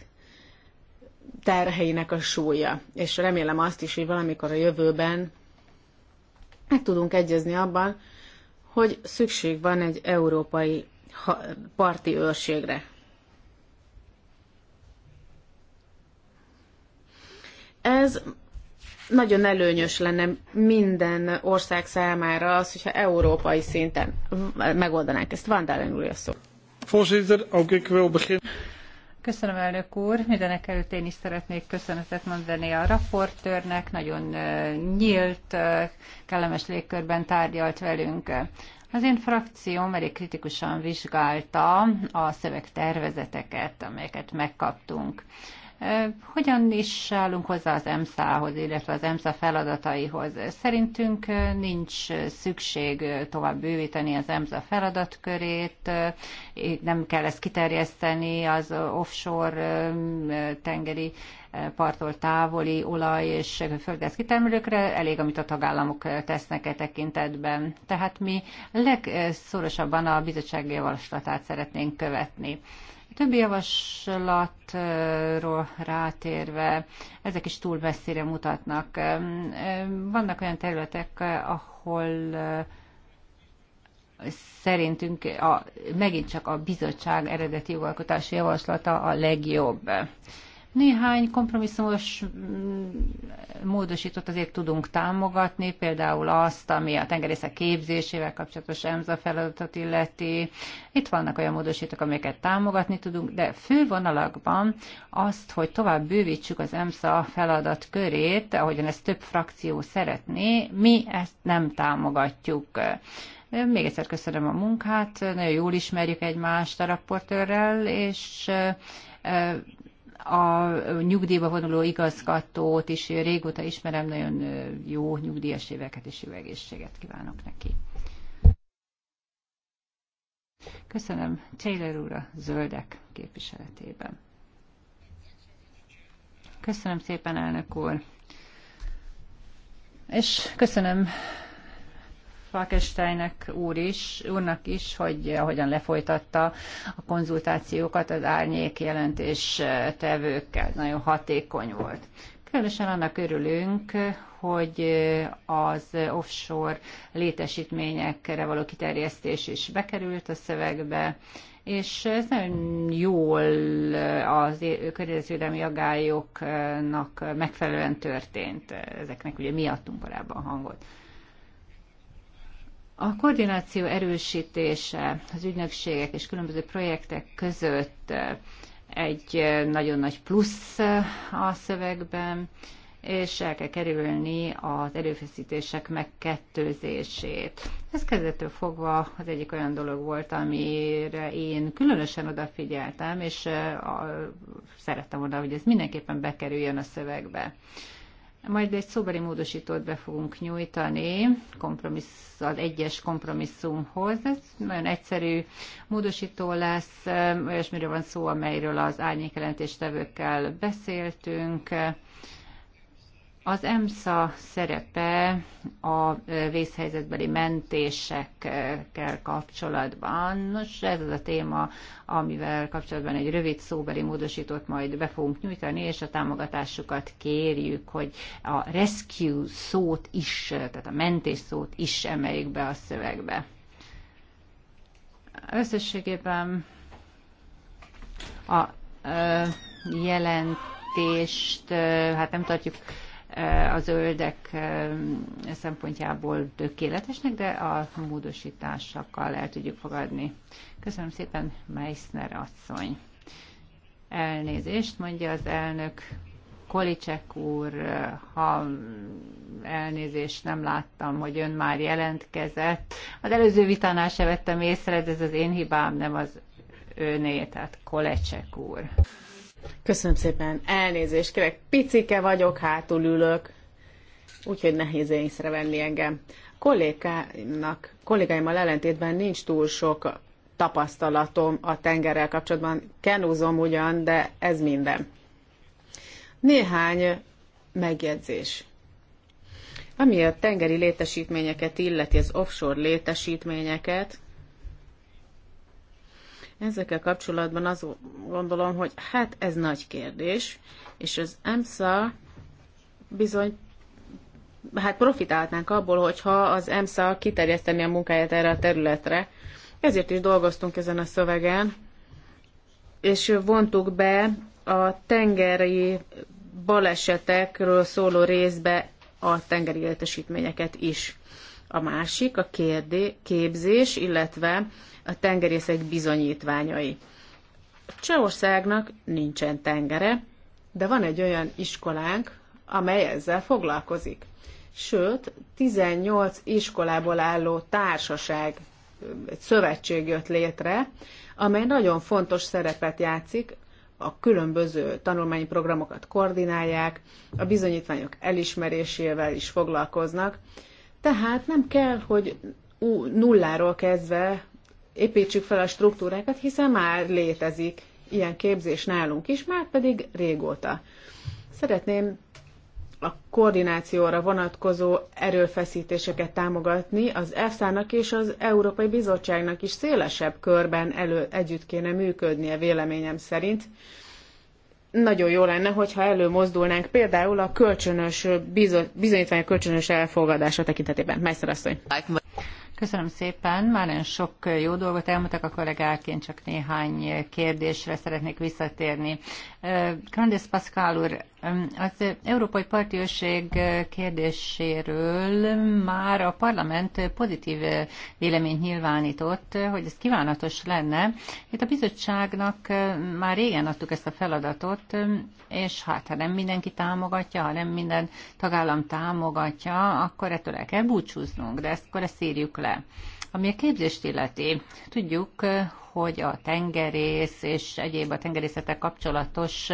terheinek a súlya. És remélem azt is, hogy valamikor a jövőben meg tudunk egyezni abban, hogy szükség van egy európai parti őrségre. Ez nagyon előnyös lenne minden ország számára az, hogyha európai szinten megoldanánk ezt. Van Dálen úr, szó. Voorzitter, ook ik wil beginnen. Köszönöm, elnök úr. Mindenek előtt én is szeretnék köszönetet mondani a raportőrnek. Nagyon nyílt, kellemes légkörben tárgyalt velünk. Az én frakcióm elég kritikusan vizsgálta a szövegtervezeteket, amelyeket megkaptunk. Hogyan is állunk hozzá az EMSZ-hoz, illetve az EMSZ feladataihoz? Szerintünk nincs szükség tovább bővíteni az EMSZ feladatkörét, nem kell ezt kiterjeszteni az offshore tengeri parttól távoli olaj és földgáz kitermelőkre, elég, amit a tagállamok tesznek e tekintetben. Tehát mi legszorosabban a bizottsági javaslatát szeretnénk követni. Többi javaslatról rátérve, ezek is túl messzire mutatnak. Vannak olyan területek, ahol eh, szerintünk a, megint csak a bizottság eredeti jogalkotási javaslata a legjobb. Néhány kompromisszumos mm, módosított azért tudunk támogatni, például azt, ami a tengerészek képzésével kapcsolatos EMSA feladatot illeti. Itt vannak olyan módosítók, amiket támogatni tudunk, de fővonalakban azt, hogy tovább bővítsük az EMSA feladat körét, ahogyan ezt több frakció szeretné, mi ezt nem támogatjuk. Még egyszer köszönöm a munkát, nagyon jól ismerjük egymást a raportőrrel, és a nyugdíjba vonuló igazgatót is régóta ismerem, nagyon jó nyugdíjas éveket és jó egészséget kívánok neki. Köszönöm Taylor úr a zöldek képviseletében. Köszönöm szépen, elnök úr. És köszönöm Falkensteinnek úr is, úrnak is, hogy hogyan lefolytatta a konzultációkat az árnyék jelentés tevőkkel. Nagyon hatékony volt. Különösen annak örülünk, hogy az offshore létesítményekre való kiterjesztés is bekerült a szövegbe, és ez nagyon jól az környezetvédelmi agályoknak megfelelően történt. Ezeknek ugye miattunk korábban hangot. A koordináció erősítése az ügynökségek és különböző projektek között egy nagyon nagy plusz a szövegben, és el kell kerülni az erőfeszítések megkettőzését. Ez kezdettől fogva az egyik olyan dolog volt, amire én különösen odafigyeltem, és szerettem oda, hogy ez mindenképpen bekerüljön a szövegbe. Majd egy szóbeli módosítót be fogunk nyújtani kompromissz, az egyes kompromisszumhoz. Ez nagyon egyszerű módosító lesz, olyasmiről van szó, amelyről az árnyékelentéstevőkkel beszéltünk. Az EMSZA szerepe a vészhelyzetbeli mentésekkel kapcsolatban. Nos, ez az a téma, amivel kapcsolatban egy rövid szóbeli módosítót majd be fogunk nyújtani, és a támogatásukat kérjük, hogy a rescue szót is, tehát a mentés szót is emeljük be a szövegbe. Összességében a jelentést, hát nem tartjuk Eh, a zöldek eh, szempontjából tökéletesnek, de a módosításakkal el tudjuk fogadni. Köszönöm szépen, Meissner asszony. Elnézést, mondja az elnök. Kolicek úr, eh, ha elnézést nem láttam, hogy ön már jelentkezett. Az előző vitánál se vettem észre, de ez az én hibám, nem az öné, tehát Kolecek úr. Köszönöm szépen, elnézést kérek, picike vagyok, hátul ülök, úgyhogy nehéz észrevenni engem. Kollégáimnak, kollégáimmal ellentétben nincs túl sok tapasztalatom a tengerrel kapcsolatban. Kenúzom ugyan, de ez minden. Néhány megjegyzés. Ami a tengeri létesítményeket illeti, az offshore létesítményeket, Ezekkel kapcsolatban azt gondolom, hogy hát ez nagy kérdés, és az EMSA bizony hát profitálnánk abból, hogyha az EMSA kiterjeszteni a munkáját erre a területre. Ezért is dolgoztunk ezen a szövegen, és vontuk be a tengeri balesetekről szóló részbe a tengeri életesítményeket is. A másik a kérdé, képzés, illetve a tengerészek bizonyítványai. Csehországnak nincsen tengere, de van egy olyan iskolánk, amely ezzel foglalkozik. Sőt, 18 iskolából álló társaság, egy szövetség jött létre, amely nagyon fontos szerepet játszik, a különböző tanulmányi programokat koordinálják, a bizonyítványok elismerésével is foglalkoznak, tehát nem kell, hogy nulláról kezdve építsük fel a struktúrákat, hiszen már létezik ilyen képzés nálunk is, már pedig régóta. Szeretném a koordinációra vonatkozó erőfeszítéseket támogatni, az EFSA-nak és az Európai Bizottságnak is szélesebb körben elő, együtt kéne működnie véleményem szerint, nagyon jó lenne, hogyha előmozdulnánk például a kölcsönös bizonyítvány kölcsönös elfogadása tekintetében. Meister asszony. Köszönöm szépen. Már sok jó dolgot elmondtak a kollégák, én csak néhány kérdésre szeretnék visszatérni. Grandes Pascal úr, az Európai Partiőrség kérdéséről már a parlament pozitív véleményt nyilvánított, hogy ez kívánatos lenne. Itt a bizottságnak már régen adtuk ezt a feladatot, és hát ha nem mindenki támogatja, ha nem minden tagállam támogatja, akkor ettől el kell búcsúznunk, de ezt akkor ezt írjuk le. Ami a képzést illeti, tudjuk, hogy a tengerész és egyéb a tengerészetek kapcsolatos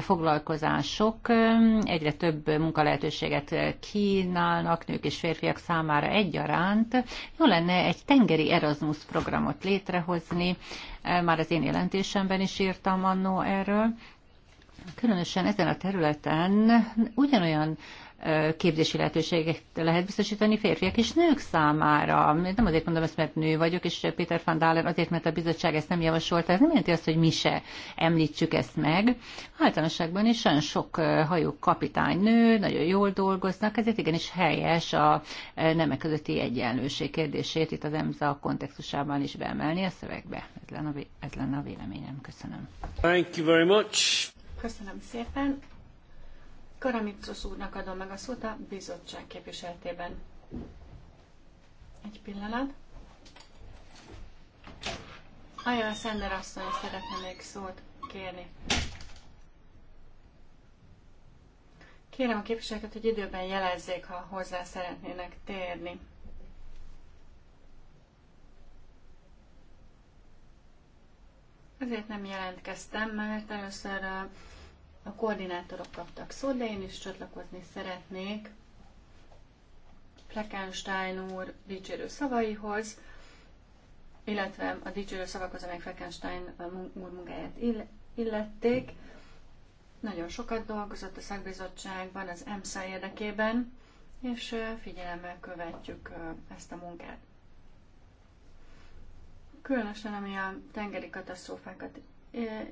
foglalkozások egyre több munkalehetőséget kínálnak nők és férfiak számára egyaránt. Jó lenne egy tengeri Erasmus programot létrehozni, már az én jelentésemben is írtam annó erről, Különösen ezen a területen ugyanolyan képzési lehetőségeket lehet biztosítani férfiak és nők számára. Nem azért mondom ezt, mert nő vagyok, és Péter van Dálen azért, mert a bizottság ezt nem javasolta. Ez nem jelenti azt, hogy mi se említsük ezt meg. Általánosságban is olyan sok hajó kapitány nő, nagyon jól dolgoznak, ezért igenis helyes a nemek közötti egyenlőség kérdését itt az EMSZA kontextusában is beemelni a szövegbe. Ez lenne a, vé- ez lenne a véleményem. Köszönöm. Thank you very much. Köszönöm szépen. Karamitros úrnak adom meg a szót a bizottság képviseletében. Egy pillanat. Ajaj, Szender asszony szeretne még szót kérni. Kérem a képviselőket, hogy időben jelezzék, ha hozzá szeretnének térni. Azért nem jelentkeztem, mert először a a koordinátorok kaptak szót, de én is csatlakozni szeretnék Fleckenstein úr dicsérő szavaihoz, illetve a dicsérő szavakhoz, amelyek Fleckenstein úr munkáját illették. Nagyon sokat dolgozott a szakbizottságban az EMSZA érdekében, és figyelemmel követjük ezt a munkát. Különösen, ami a tengeri katasztrófákat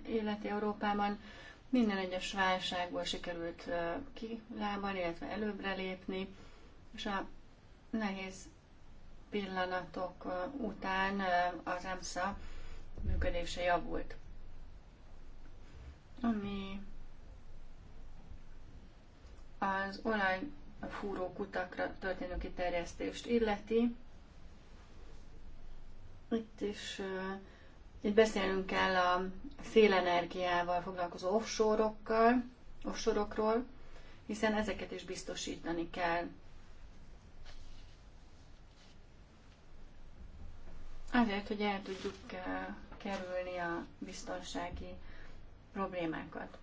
illeti Európában, minden egyes válságból sikerült kilábalni, illetve előbbre lépni, és a nehéz pillanatok után az EMSZA működése javult. Ami az olajfúró kutakra történő kiterjesztést illeti, itt is uh, itt beszélnünk kell a szélenergiával foglalkozó offshore-okkal, offshore hiszen ezeket is biztosítani kell. Azért, hogy el tudjuk eh, kerülni a biztonsági problémákat.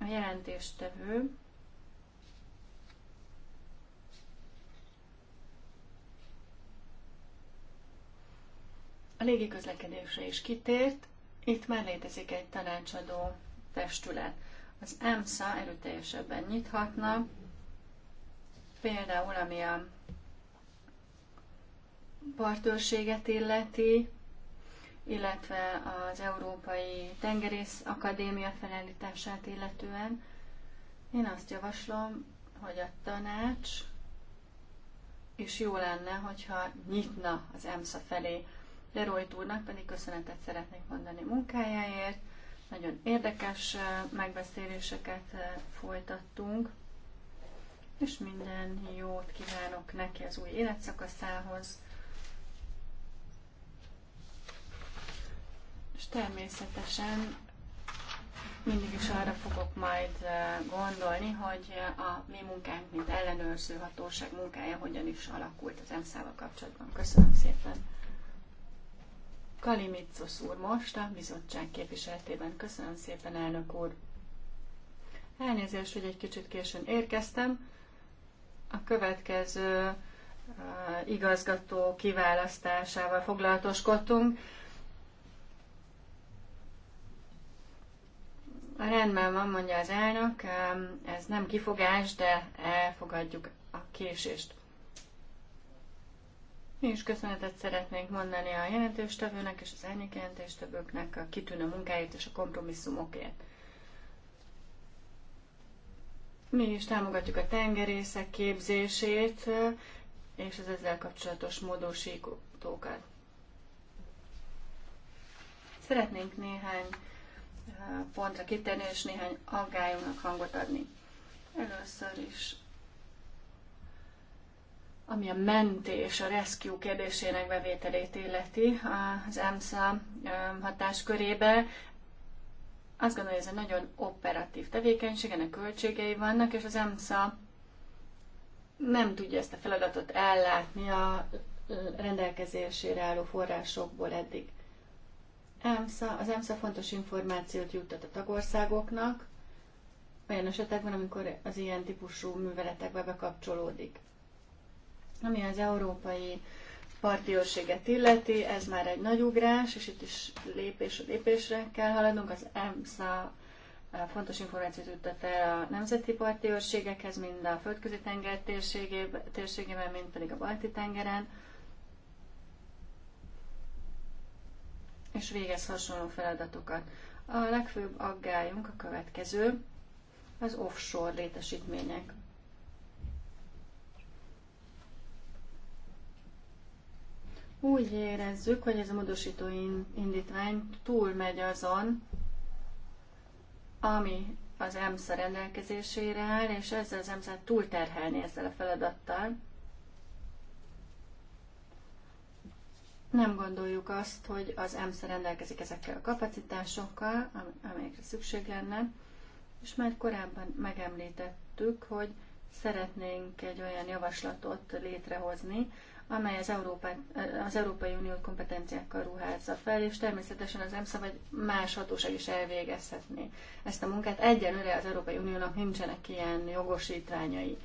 A jelentéstevő a légiközlekedésre is kitért, itt már létezik egy tanácsadó testület. Az EMSA erőteljesebben nyithatna, például ami a partőrséget illeti, illetve az Európai Tengerész Akadémia felállítását illetően. Én azt javaslom, hogy a tanács, és jó lenne, hogyha nyitna az EMSA felé de úrnak pedig köszönetet szeretnék mondani munkájáért. Nagyon érdekes megbeszéléseket folytattunk, és minden jót kívánok neki az új életszakaszához. És természetesen mindig is arra fogok majd gondolni, hogy a mi munkánk, mint ellenőrző hatóság munkája hogyan is alakult az emszával kapcsolatban. Köszönöm szépen! Kalimitsos úr most a bizottság képviseletében. Köszönöm szépen, elnök úr. Elnézést, hogy egy kicsit későn érkeztem. A következő uh, igazgató kiválasztásával foglalatoskodtunk. Rendben van, mondja az elnök, um, ez nem kifogás, de elfogadjuk a késést. Mi is köszönetet szeretnénk mondani a jelentéstevőnek és az elnök jelentéstevőknek a kitűnő munkáért és a kompromisszumokért. Mi is támogatjuk a tengerészek képzését és az ezzel kapcsolatos módosítókat. Szeretnénk néhány eh, pontra kitenni és néhány aggályunknak hangot adni. Először is ami a mentés, a rescue kérdésének bevételét illeti az EMSA hatáskörébe. Azt gondolom, hogy ez egy nagyon operatív tevékenység, ennek költségei vannak, és az EMSA nem tudja ezt a feladatot ellátni a rendelkezésére álló forrásokból eddig. EMSA, az EMSA fontos információt juttat a tagországoknak, olyan esetekben, amikor az ilyen típusú műveletekbe bekapcsolódik. Ami az európai parti őrséget illeti, ez már egy nagy ugrás, és itt is lépésről lépésre kell haladnunk. Az EMSA eh, fontos információt juttat el a nemzeti parti őrségekhez, mind a földközi tenger térségében, mind pedig a balti tengeren. És végez hasonló feladatokat. A legfőbb aggályunk a következő, az offshore létesítmények. Úgy érezzük, hogy ez a módosító indítvány túlmegy azon, ami az EMSZ rendelkezésére áll, és ezzel az EMSZ-t túlterhelni ezzel a feladattal. Nem gondoljuk azt, hogy az EMSZ rendelkezik ezekkel a kapacitásokkal, amelyekre szükség lenne, és már korábban megemlítettük, hogy szeretnénk egy olyan javaslatot létrehozni, amely az, az Európai Unió kompetenciákkal ruházza fel, és természetesen az EMSZA vagy más hatóság is elvégezhetné ezt a munkát. Egyelőre az Európai Uniónak nincsenek ilyen jogosítványai.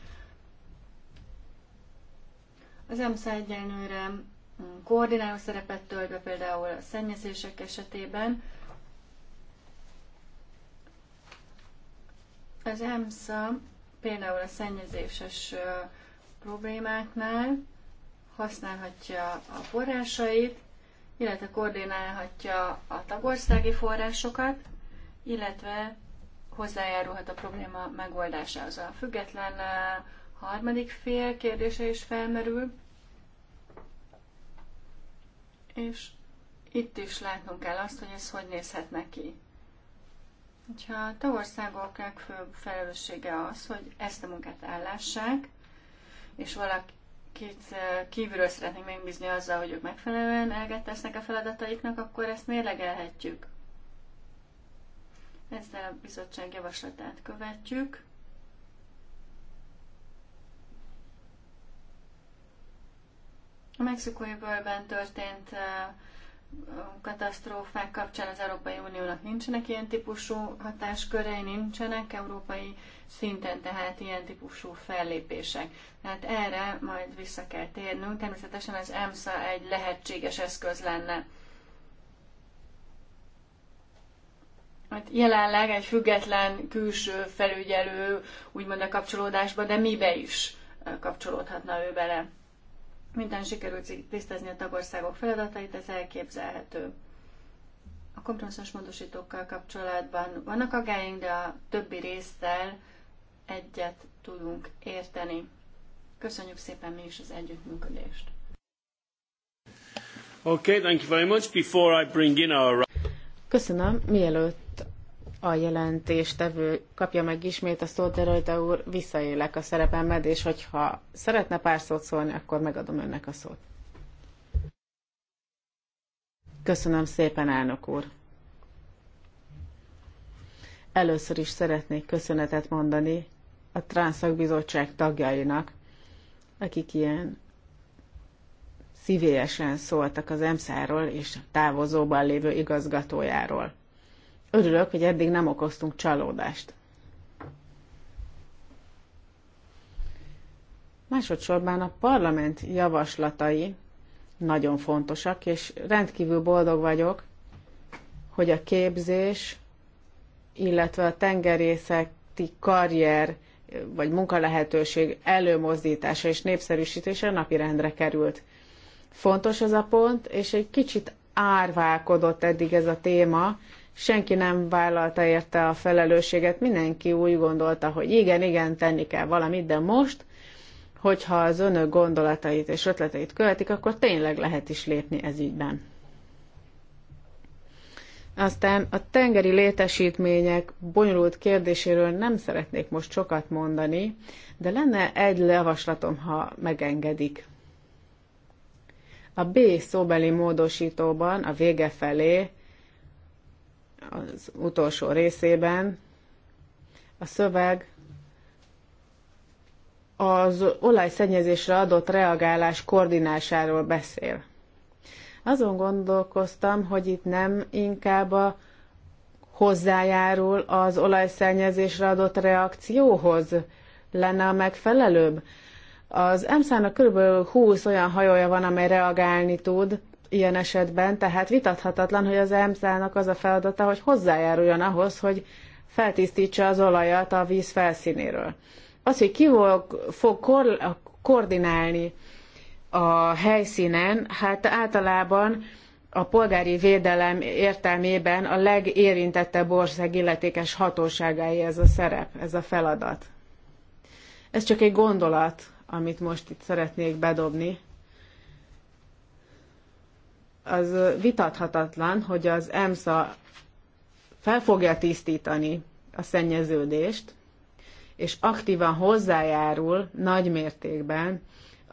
Az EMSZA egyenlőre mm, koordináló szerepet tölt be például a szennyezések esetében. Az EMSZA például a szennyezéses problémáknál használhatja a forrásait, illetve koordinálhatja a tagországi forrásokat, illetve hozzájárulhat a probléma megoldásához. A független harmadik fél kérdése is felmerül, és itt is látnunk kell azt, hogy ez hogy nézhet neki. Hogyha a tagországok legfőbb felelőssége az, hogy ezt a munkát ellássák, és valaki akit kívülről szeretnénk megbízni azzal, hogy ők megfelelően elget tesznek a feladataiknak, akkor ezt mérlegelhetjük. Ezzel a bizottság javaslatát követjük. A mexikói bőrben történt katasztrófák kapcsán az Európai Uniónak nincsenek ilyen típusú hatáskörei, nincsenek európai uh, szinten, tehát ilyen típusú fellépések. Tehát erre majd vissza kell térnünk. Természetesen az EMSA egy lehetséges eszköz lenne. Hát jelenleg egy független külső felügyelő úgymond a kapcsolódásba, de mibe is kapcsolódhatna ő bele. Minden sikerült tisztázni a tagországok feladatait, ez elképzelhető. A kompromisszos módosítókkal kapcsolatban vannak aggályunk, de a többi résztel egyet tudunk érteni. Köszönjük szépen mi is az együttműködést. Okay, thank you very much. Before I bring in our... Köszönöm. Mielőtt a jelentéstevő kapja meg ismét a szót, de rajta úr, visszaélek a szerepemed, és hogyha szeretne pár szót szólni, akkor megadom önnek a szót. Köszönöm szépen, elnök úr. Először is szeretnék köszönetet mondani a Transzakbizottság tagjainak, akik ilyen szívélyesen szóltak az EMSZ-ról és a távozóban lévő igazgatójáról. Örülök, hogy eddig nem okoztunk csalódást. Másodszorban a parlament javaslatai nagyon fontosak, és rendkívül boldog vagyok, hogy a képzés, illetve a tengerészeti karrier vagy munkalehetőség előmozdítása és népszerűsítése napirendre került. Fontos ez a pont, és egy kicsit árválkodott eddig ez a téma, senki nem vállalta érte a felelősséget, mindenki úgy gondolta, hogy igen, igen, tenni kell valamit, de most, hogyha az önök gondolatait és ötleteit követik, akkor tényleg lehet is lépni ez ügyben. Aztán a tengeri létesítmények bonyolult kérdéséről nem szeretnék most sokat mondani, de lenne egy javaslatom, ha megengedik. A B szóbeli módosítóban a vége felé, az utolsó részében a szöveg az olajszennyezésre adott reagálás koordinásáról beszél. Azon gondolkoztam, hogy itt nem inkább a hozzájárul az olajszennyezésre adott reakcióhoz lenne a megfelelőbb. Az EMSZ-nak kb. 20 olyan hajója van, amely reagálni tud ilyen esetben, tehát vitathatatlan, hogy az EMSZ-nak az a feladata, hogy hozzájáruljon ahhoz, hogy feltisztítsa az olajat a víz felszínéről. Az, hogy ki fog, fog kor, koordinálni a helyszínen, hát általában a polgári védelem értelmében a legérintettebb ország illetékes hatóságáé ez a szerep, ez a feladat. Ez csak egy gondolat, amit most itt szeretnék bedobni. Az vitathatatlan, hogy az EMSA fel fogja tisztítani a szennyeződést, és aktívan hozzájárul nagy mértékben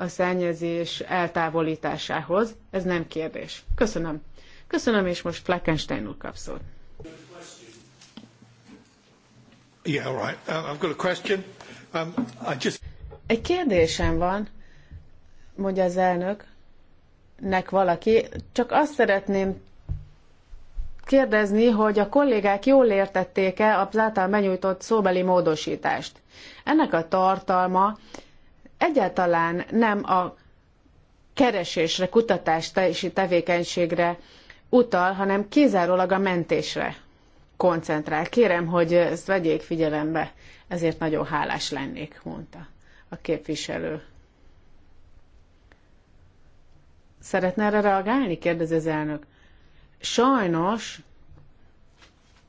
a szennyezés eltávolításához. Ez nem kérdés. Köszönöm. Köszönöm, és most Fleckenstein úr kap szót. Uh, um, Egy kérdésem van, mondja az elnök, nek valaki. Csak azt szeretném kérdezni, hogy a kollégák jól értették-e az által benyújtott szóbeli módosítást. Ennek a tartalma egyáltalán nem a keresésre, kutatási tevékenységre utal, hanem kizárólag a mentésre koncentrál. Kérem, hogy ezt vegyék figyelembe, ezért nagyon hálás lennék, mondta a képviselő. Szeretne erre reagálni? kérdezi az elnök. Sajnos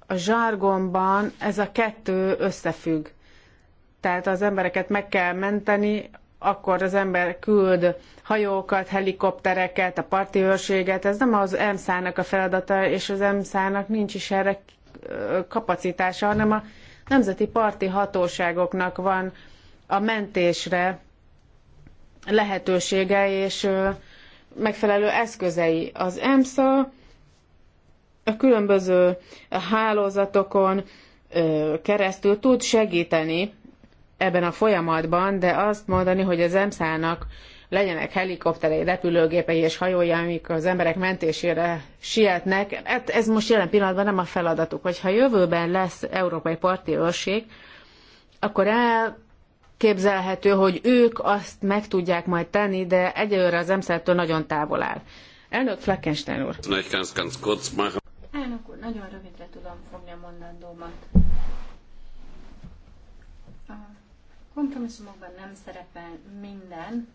a zsargonban ez a kettő összefügg. Tehát az embereket meg kell menteni, akkor az ember küld hajókat, helikoptereket, a parti őrséget, ez nem az EMSZ-nak a feladata, és az EMSZ-nak nincs is erre kapacitása, hanem a nemzeti parti hatóságoknak van a mentésre lehetősége és megfelelő eszközei. Az EMSZA a különböző hálózatokon keresztül tud segíteni ebben a folyamatban, de azt mondani, hogy az EMSZ-nak legyenek helikopterei, repülőgépei és hajói, amik az emberek mentésére sietnek. Hát ez most jelen pillanatban nem a feladatuk. Hogyha jövőben lesz európai parti őrség, akkor elképzelhető, hogy ők azt meg tudják majd tenni, de egyelőre az emszertől nagyon távol áll. Elnök Fleckenstein úr. Elnök úr, nagyon rövidre tudom fogni a mondandómat. kompromisszumokban nem szerepel minden,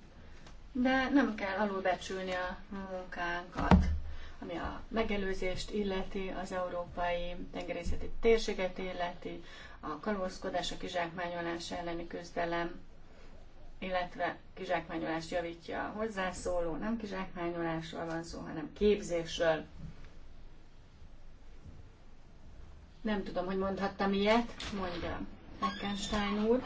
de nem kell alulbecsülni a munkánkat, ami a megelőzést illeti, az európai tengerészeti térséget illeti, a kalózkodás, a kizsákmányolás elleni küzdelem, illetve kizsákmányolást javítja a hozzászóló, nem kizsákmányolásról van szó, hanem képzésről. Nem tudom, hogy mondhattam ilyet, mondja Eckenstein úr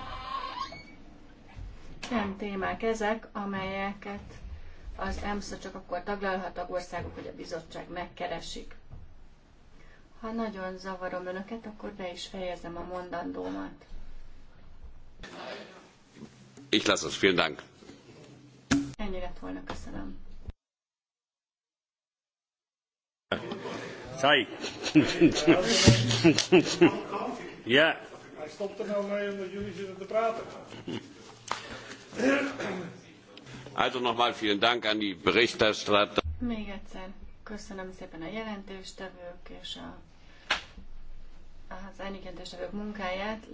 olyan témák ezek, amelyeket az EMSZ csak akkor taglalhat a országok, hogy a bizottság megkeresik. Ha nagyon zavarom önöket, akkor be is fejezem a mondandómat. Ich lasse es, vielen Dank. Ennyi volna, köszönöm. Sai. ja. Hij stopt er nou mee omdat jullie zitten te praten. Also nochmal vielen Dank an die Berichterstatter. Még egyszer köszönöm szépen a jelentéstevők és a, az elnökjelentéstevők munkáját.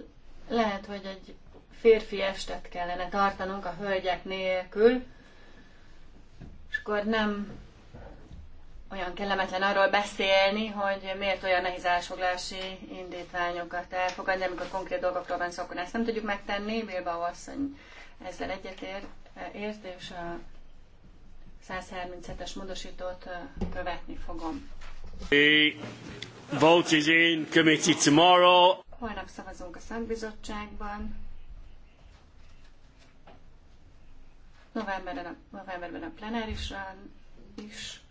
Lehet, hogy egy férfi estet kellene tartanunk a hölgyek nélkül, és akkor nem olyan kellemetlen arról beszélni, hogy miért olyan nehéz elfoglási indítványokat elfogadni, amikor konkrét dolgokról van szó, akkor ezt nem tudjuk megtenni. Bilbao asszony ezzel egyetért, e, ért, és a 137-es módosítót e, követni fogom. The vote is in committee tomorrow. Holnap szavazunk a szakbizottságban. Novemberben a, novemberben a plenárisra is,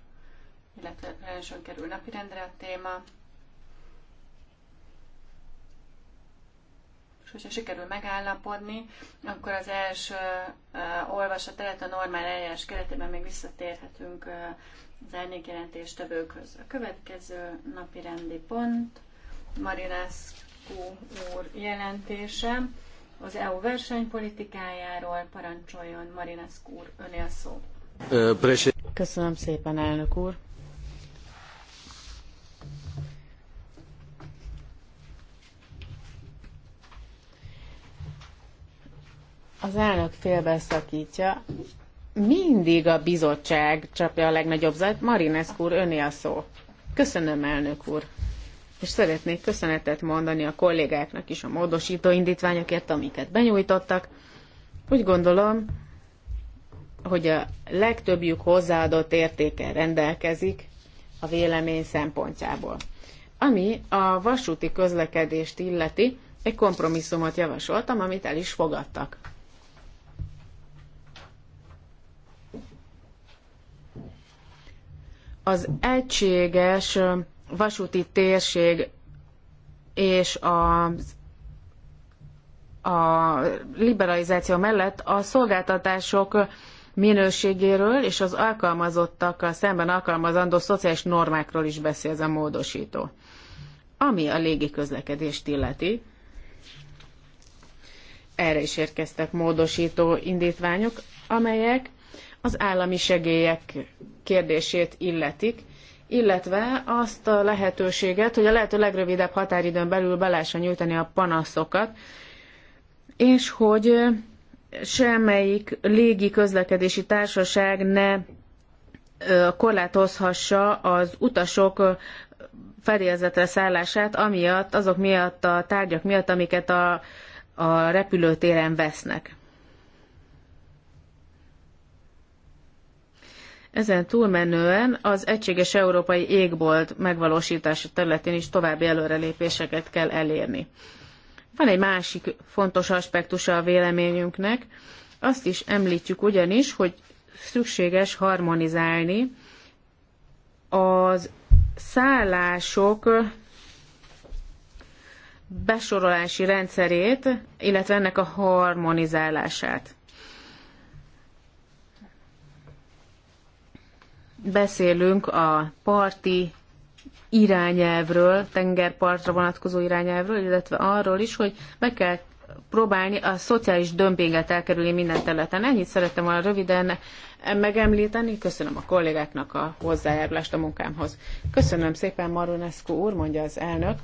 illetve plenárisan kerül napirendre a téma. és hogyha sikerül megállapodni, akkor az első olvasat tehát a normál eljárás keretében még visszatérhetünk az elnékjelentés tevőkhöz. A következő napi rendi pont Marinescu úr jelentése az EU versenypolitikájáról parancsoljon Marinescu úr önél szó. Köszönöm szépen, elnök úr! Az elnök félbeszakítja. Mindig a bizottság csapja a legnagyobb zajt. Marinescu úr, öné a szó. Köszönöm, elnök úr. És szeretnék köszönetet mondani a kollégáknak is a módosító indítványokért, amiket benyújtottak. Úgy gondolom, hogy a legtöbbjük hozzáadott értéken rendelkezik a vélemény szempontjából. Ami a vasúti közlekedést illeti, egy kompromisszumot javasoltam, amit el is fogadtak. Az egységes vasúti térség és a a liberalizáció mellett a szolgáltatások minőségéről és az alkalmazottakkal szemben alkalmazandó szociális normákról is beszél ez a módosító. Ami a légi közlekedést illeti, erre is érkeztek módosító indítványok, amelyek az állami segélyek kérdését illetik, illetve azt a lehetőséget, hogy a lehető legrövidebb határidőn belül be lehessen nyújtani a panaszokat, és hogy semmelyik légi közlekedési társaság ne korlátozhassa az utasok fedélzetre szállását, amiatt, azok miatt a tárgyak miatt, amiket a, a repülőtéren vesznek. Ezen túlmenően az egységes európai égbolt megvalósítása területén is további előrelépéseket kell elérni. Van egy másik fontos aspektusa a véleményünknek, azt is említjük ugyanis, hogy szükséges harmonizálni az szállások besorolási rendszerét, illetve ennek a harmonizálását. beszélünk a parti irányelvről, tengerpartra vonatkozó irányelvről, illetve arról is, hogy meg kell próbálni a szociális dömpinget elkerülni minden területen. Ennyit szerettem volna röviden megemlíteni. Köszönöm a kollégáknak a hozzájárulást a munkámhoz. Köszönöm szépen, Marunescu úr, mondja az elnök.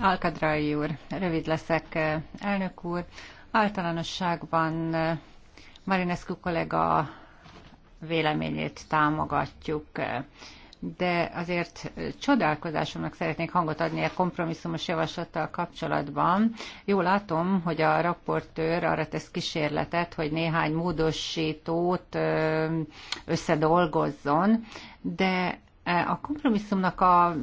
Alkadrai úr, rövid leszek, elnök úr. Általánosságban Marinescu kollega véleményét támogatjuk. De azért csodálkozásomnak szeretnék hangot adni a kompromisszumos javaslattal kapcsolatban. Jól látom, hogy a raportőr arra tesz kísérletet, hogy néhány módosítót összedolgozzon, de E, a kompromisszumnak a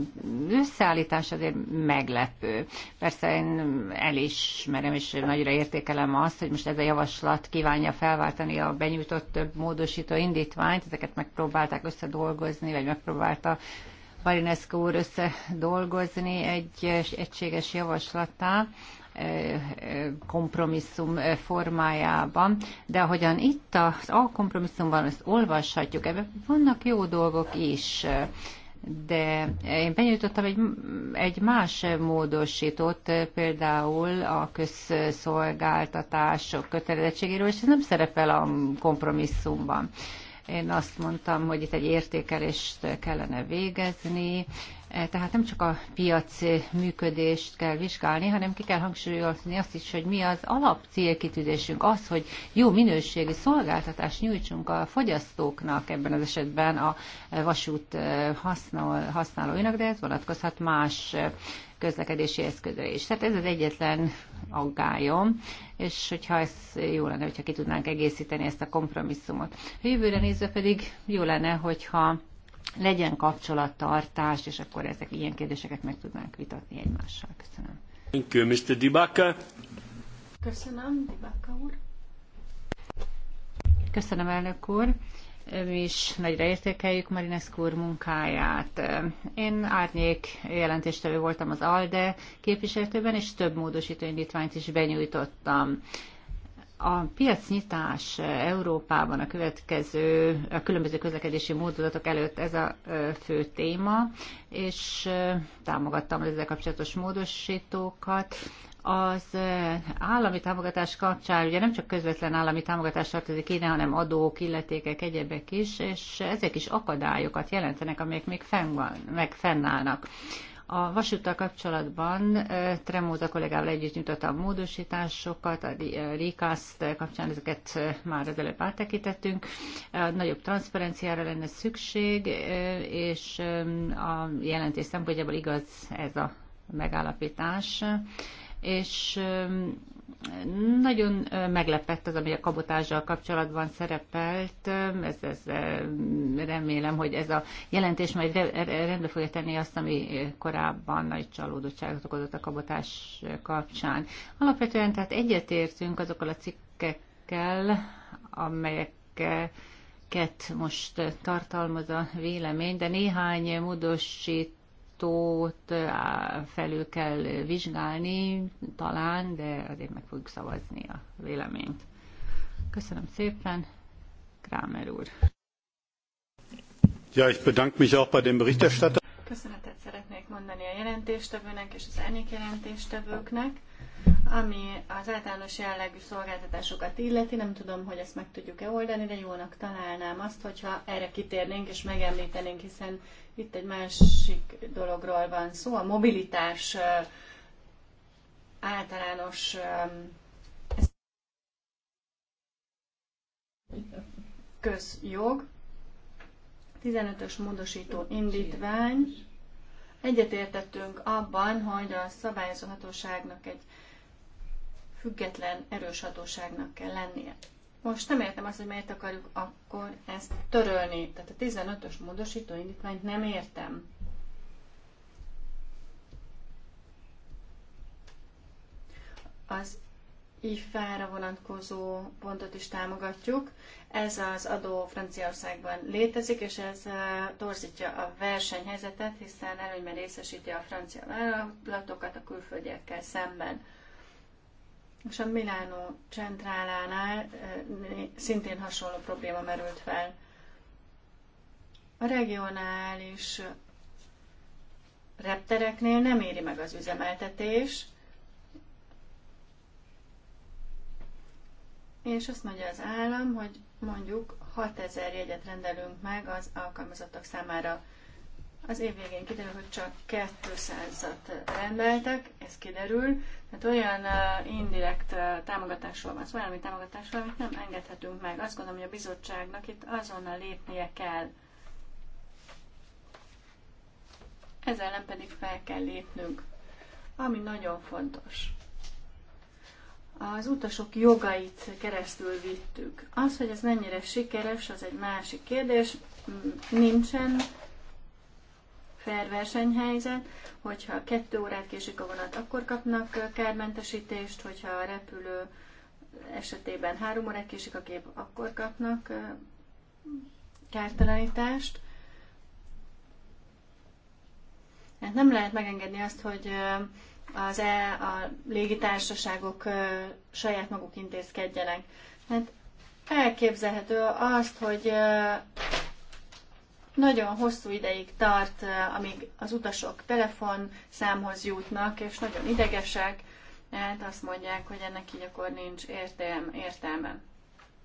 összeállítás azért meglepő. Persze én elismerem és nagyra értékelem azt, hogy most ez a javaslat kívánja felváltani a benyújtott több módosító indítványt, ezeket megpróbálták összedolgozni, vagy megpróbálta Marinescu úr összedolgozni egy egységes javaslattá kompromisszum formájában, de ahogyan itt az A kompromisszumban ezt olvashatjuk, ebben vannak jó dolgok is, de én benyújtottam egy, egy más módosítót, például a közszolgáltatások kötelezettségéről, és ez nem szerepel a kompromisszumban. Én azt mondtam, hogy itt egy értékelést kellene végezni, Eh, tehát nem csak a piac eh, működést kell vizsgálni, hanem ki kell hangsúlyozni azt is, hogy mi az alapcélkitűzésünk, az, hogy jó minőségi szolgáltatást nyújtsunk a fogyasztóknak, ebben az esetben a eh, vasút használ, használóinak, de ez vonatkozhat más közlekedési eszközre is. Tehát ez az egyetlen aggályom, és hogyha ez jó lenne, hogyha ki tudnánk egészíteni ezt a kompromisszumot. A jövőre nézve pedig jó lenne, hogyha legyen kapcsolattartás, és akkor ezek ilyen kérdéseket meg tudnánk vitatni egymással. Köszönöm. Thank you, Mr. Dibaka. Köszönöm, Dibaka úr. Köszönöm, elnök úr. Mi is nagyra értékeljük Marinescu úr munkáját. Én árnyék jelentéstevő voltam az ALDE képviseletőben, és több módosító indítványt is benyújtottam a piacnyitás Európában a következő, a különböző közlekedési módozatok előtt ez a fő téma, és támogattam ezzel kapcsolatos módosítókat. Az állami támogatás kapcsán ugye nem csak közvetlen állami támogatás tartozik ide, hanem adók, illetékek, egyebek is, és ezek is akadályokat jelentenek, amelyek még fenn van, meg fennállnak. A vasúttal kapcsolatban Tremóta kollégával együtt nyújtottam módosításokat, a Recast kapcsán ezeket már az előbb áttekintettünk. Nagyobb transzparenciára lenne szükség, és a jelentés szempontjából igaz ez a megállapítás és nagyon meglepett az, ami a kabotással kapcsolatban szerepelt. Ez, ez, remélem, hogy ez a jelentés majd rendbe fogja tenni azt, ami korábban nagy csalódottságot okozott a kabotás kapcsán. Alapvetően tehát egyetértünk azokkal a cikkekkel, amelyek ket most tartalmaz a vélemény, de néhány módosít választót felül kell vizsgálni, talán, de azért meg fogjuk szavazni a véleményt. Köszönöm szépen, Krámer úr. Ja, ich bedanke mich auch bei dem Berichterstatter. Köszönetet szeretnék mondani a jelentéstevőnek és az elnyék jelentéstevőknek, ami az általános jellegű szolgáltatásokat illeti. Nem tudom, hogy ezt meg tudjuk-e oldani, de jónak találnám azt, hogyha erre kitérnénk és megemlítenénk, hiszen itt egy másik dologról van szó, a mobilitás általános közjog. 15-ös módosító indítvány. Egyetértettünk abban, hogy a szabályozó hatóságnak egy független erős hatóságnak kell lennie. Most nem értem azt, hogy miért akarjuk akkor ezt törölni. Tehát a 15-ös módosító indítványt nem értem. Az IFA-ra vonatkozó pontot is támogatjuk. Ez az adó Franciaországban létezik, és ez eh, torzítja a versenyhelyzetet, hiszen előnyben részesíti a francia vállalatokat a külföldiekkel szemben. És a Milánó centrálánál eh, szintén hasonló probléma merült fel. A regionális reptereknél nem éri meg az üzemeltetés, és azt mondja az állam, hogy mondjuk 6000 jegyet rendelünk meg az alkalmazottak számára az év végén kiderül, hogy csak 200-at rendeltek, ez kiderül. Tehát olyan indirekt támogatásról van szó, szóval olyan támogatásról, amit nem engedhetünk meg. Azt gondolom, hogy a bizottságnak itt azonnal lépnie kell. Ezzel nem pedig fel kell lépnünk, ami nagyon fontos. Az utasok jogait keresztül vittük. Az, hogy ez mennyire sikeres, az egy másik kérdés. Mm, nincsen fair versenyhelyzet, hogyha kettő órát késik a vonat, akkor kapnak kármentesítést, hogyha a repülő esetében három órát késik a gép, akkor kapnak kártalanítást. Hát nem lehet megengedni azt, hogy az e, a légitársaságok saját maguk intézkedjenek. Hát elképzelhető azt, hogy nagyon hosszú ideig tart, eh, amíg az utasok telefonszámhoz jutnak, és nagyon idegesek, hát azt mondják, hogy ennek így akkor nincs értelme. értelme.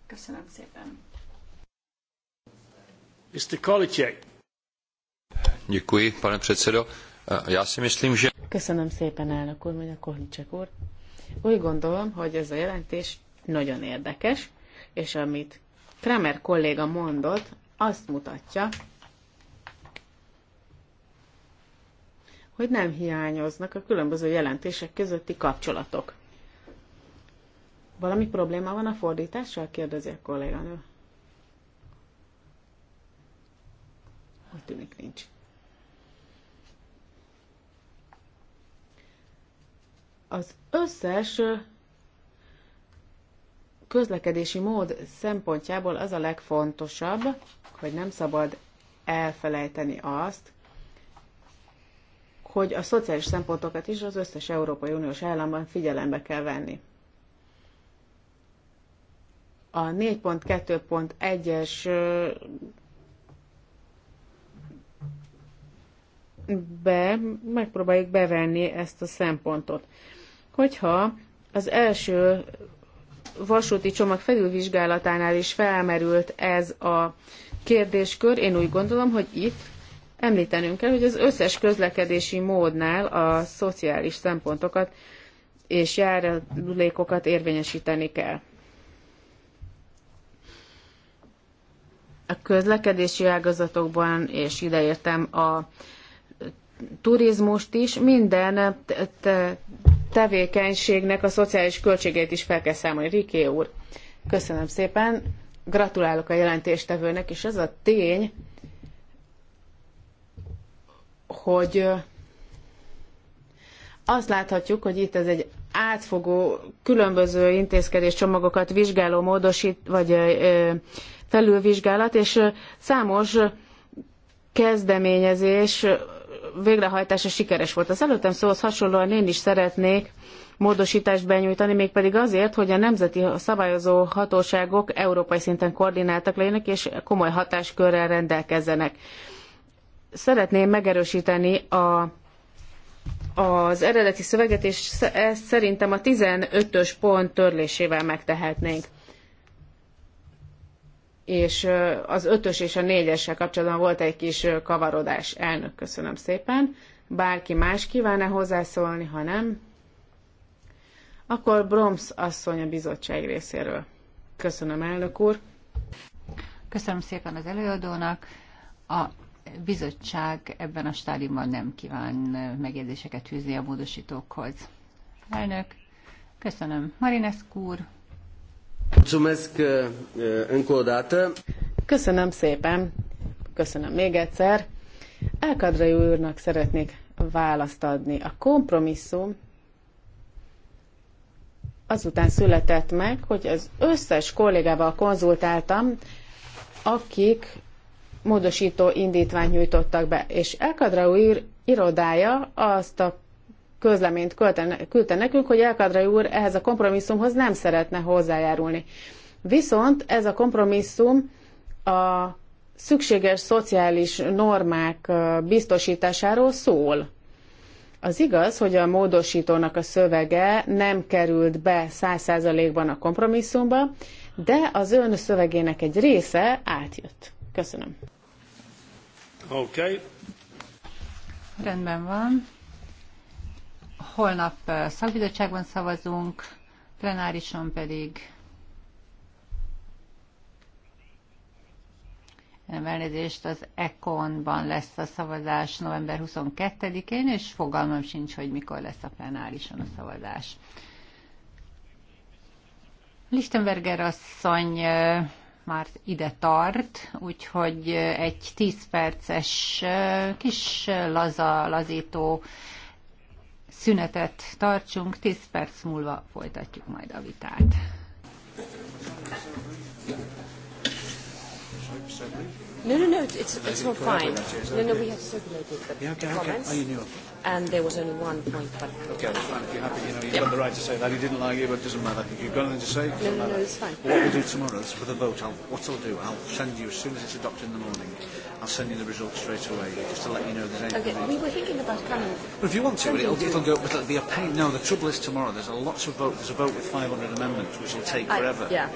Köszönöm szépen. Mr. Kolicek. Děkuji, pane předsedo. Eh, já si myslím, že... Köszönöm szépen, elnök úr, mondja Kolicek úr. Úgy gondolom, hogy ez a jelentés nagyon érdekes, és amit Kramer kolléga mondott, azt mutatja, hogy nem hiányoznak a különböző jelentések közötti kapcsolatok. Valami probléma van a fordítással? kérdezi a kolléganő. Úgy tűnik nincs. Az összes közlekedési mód szempontjából az a legfontosabb, hogy nem szabad elfelejteni azt, hogy a szociális szempontokat is az összes Európai Uniós államban figyelembe kell venni. A 4.2.1-es be, megpróbáljuk bevenni ezt a szempontot. Hogyha az első vasúti csomag felülvizsgálatánál is felmerült ez a kérdéskör, én úgy gondolom, hogy itt Említenünk kell, hogy az összes közlekedési módnál a szociális szempontokat és járulékokat érvényesíteni kell. A közlekedési ágazatokban, és ideértem a turizmust is, minden tevékenységnek a szociális költségét is fel kell számolni. Riké úr, köszönöm szépen, gratulálok a jelentéstevőnek, és ez a tény, hogy azt láthatjuk, hogy itt ez egy átfogó, különböző intézkedés csomagokat vizsgáló módosít, vagy felülvizsgálat, és számos kezdeményezés végrehajtása sikeres volt. Az előttem szóhoz hasonlóan én is szeretnék módosítást benyújtani, mégpedig azért, hogy a nemzeti szabályozó hatóságok európai szinten koordináltak legyenek, és komoly hatáskörrel rendelkezzenek szeretném megerősíteni a, az eredeti szöveget, és ezt szerintem a 15-ös pont törlésével megtehetnénk. És az 5-ös és a 4-essel kapcsolatban volt egy kis kavarodás. Elnök, köszönöm szépen. Bárki más kíván-e hozzászólni, ha nem, akkor Broms asszony a bizottság részéről. Köszönöm, elnök úr. Köszönöm szépen az előadónak. A bizottság ebben a stádiumban nem kíván megjegyzéseket hűzni a módosítókhoz. Elnök, köszönöm. Marinescu úr. Eh, köszönöm szépen, köszönöm még egyszer. Elkadrai úrnak szeretnék választ adni. A kompromisszum azután született meg, hogy az összes kollégával konzultáltam, akik módosító indítványt nyújtottak be, és Elkadra úr irodája azt a közleményt küldte nekünk, hogy Elkadra úr ehhez a kompromisszumhoz nem szeretne hozzájárulni. Viszont ez a kompromisszum a szükséges szociális normák biztosításáról szól. Az igaz, hogy a módosítónak a szövege nem került be 100%-ban a kompromisszumba, de az ön szövegének egy része átjött. Köszönöm. Oké. Okay. Rendben van. Holnap szakbizottságban szavazunk, plenárison pedig nem elnézést, az Econ-ban lesz a szavazás november 22-én, és fogalmam sincs, hogy mikor lesz a plenárison a szavazás. Lichtenberger asszony már ide tart, úgyhogy egy 10 perces kis laza, lazító szünetet tartsunk, 10 perc múlva folytatjuk majd a vitát. Köszönöm. No, no, no, it's, it's, it's all fine. No, no, we have circulated the yeah, okay, comments. Okay. Oh, you knew. And there was only one point. okay, that's fine. If you're happy, you know, you've yeah. got the right to say that. He didn't like you, but it doesn't matter. If you've got anything to say, it doesn't no, no, matter. No, it's fine. What we'll do tomorrow is for the vote, I'll, what I'll do, I'll send you, as soon as it's adopted in the morning, I'll send you the results straight away, just to let you know there's anything. Okay, we were thinking about coming. But if you want to, it'll, it'll go, but it'll be a pain. No, the trouble is tomorrow, there's a lots of vote. There's a vote with 500 amendments, which will take I, forever. yeah.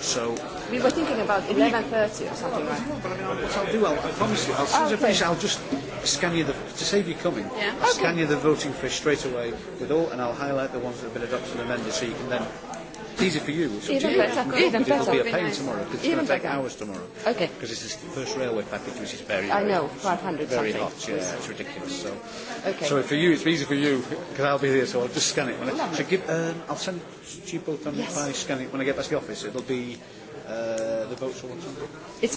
So we were thinking about 11:30 or something, right? But I mean, I'll, what I'll do, I'll, I promise you, I'll, as soon as oh, okay. I finish, I'll just scan you the to save you coming. Yeah. I'll okay. Scan you the voting fish straight away with all, and I'll highlight the ones that have been adopted and amended, so you can then It's easy for you. It's even better. Even, better. It'll be a pain tomorrow because it's going to take hours tomorrow. Okay. Because this is the first railway package, which is very, very I know, 500 very hot. Yeah, it's ridiculous. So, okay. So for you, it's easy for you because I'll be here, so I'll just scan it. When I, so give, um, I'll send it to you both on yes. if I scan it when I get back to the office. It'll be uh, the votes will. It's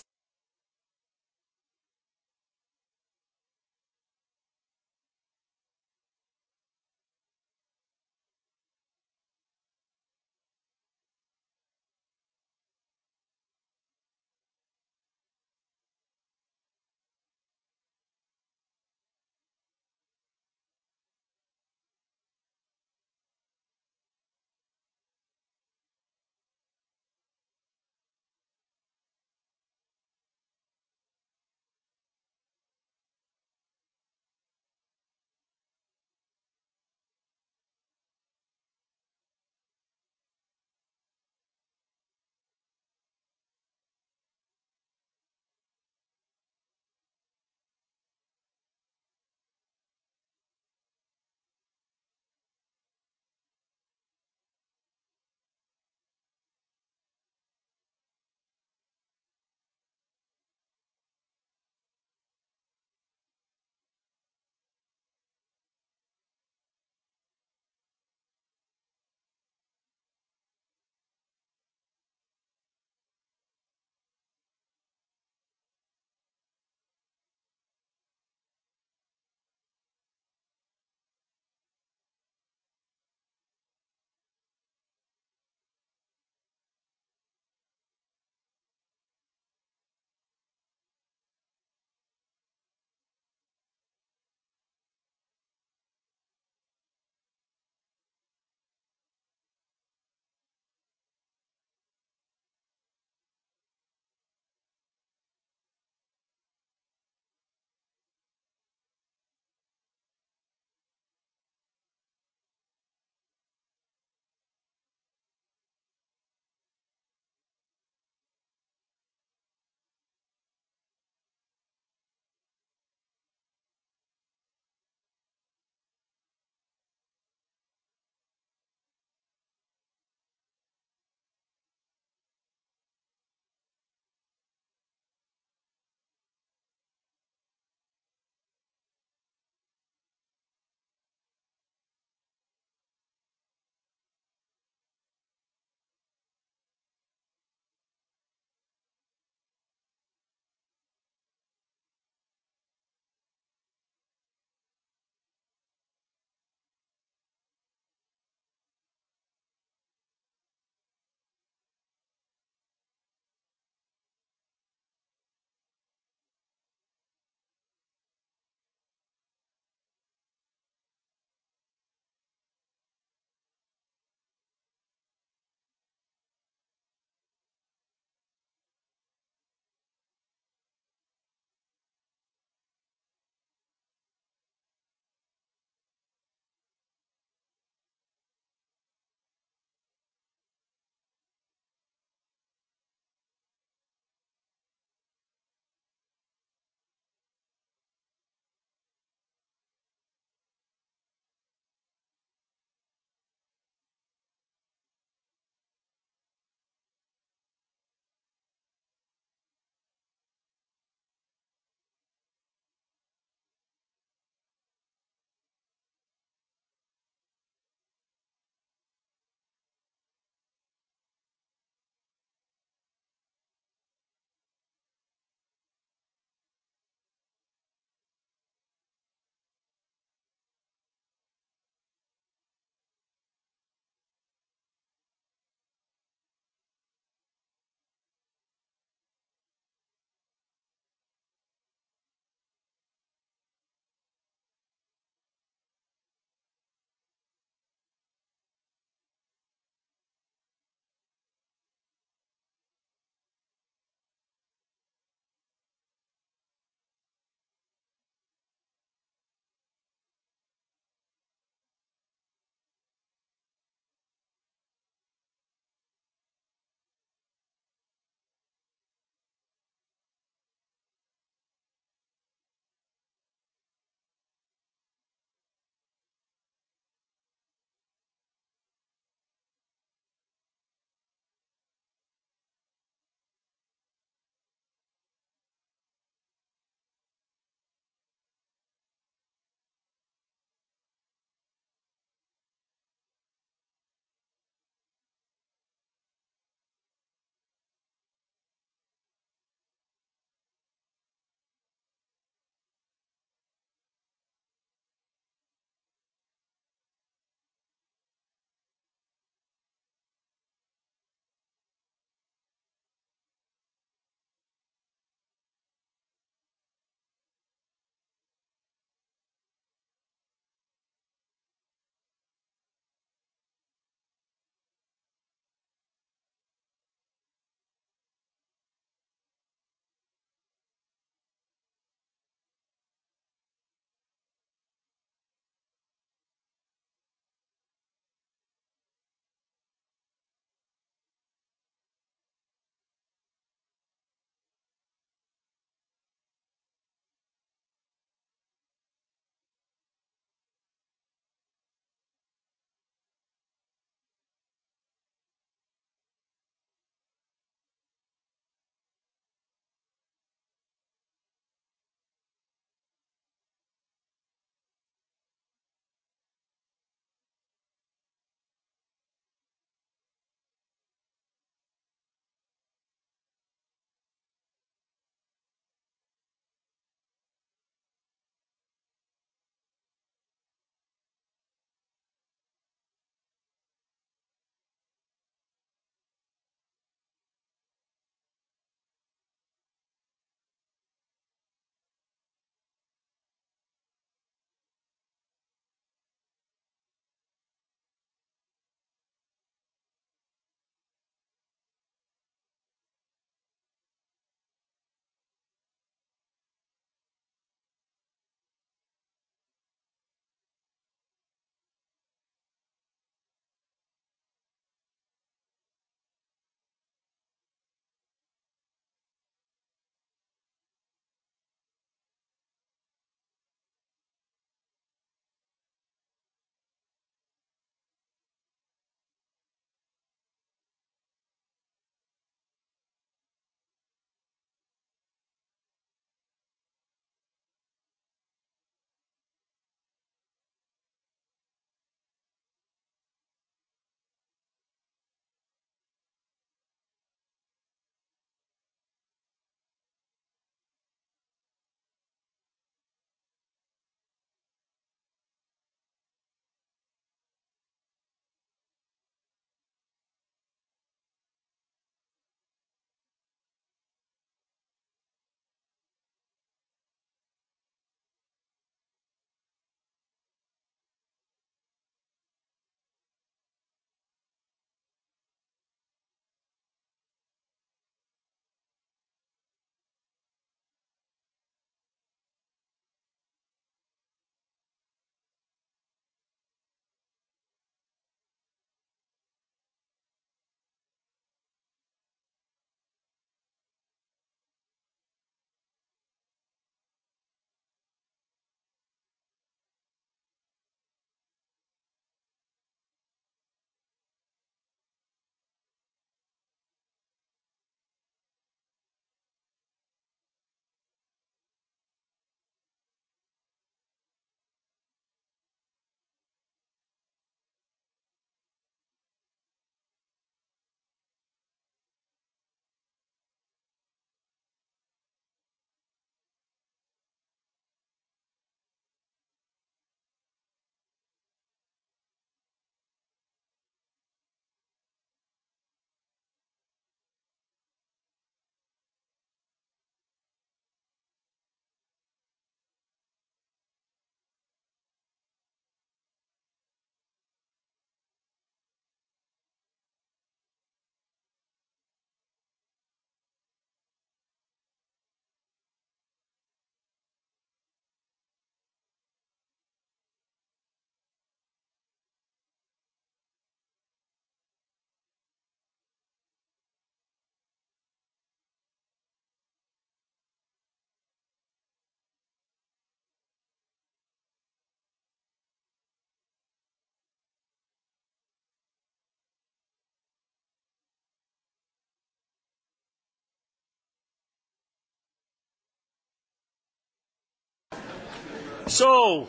So.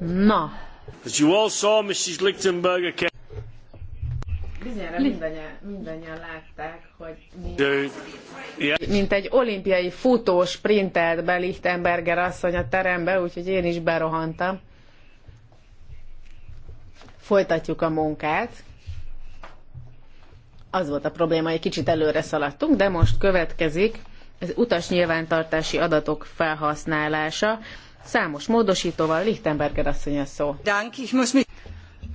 Na. As you all saw, Mrs. Lichtenberger came. Bizonyára mindannyian, látták, hogy mi, yeah. mint egy olimpiai futó sprintelt be Lichtenberger asszony a terembe, úgyhogy én is berohantam. Folytatjuk a munkát. Az volt a probléma, egy kicsit előre szaladtunk, de most következik az utas nyilvántartási adatok felhasználása. Számos módosítóval Lichtenberger asszony a szó.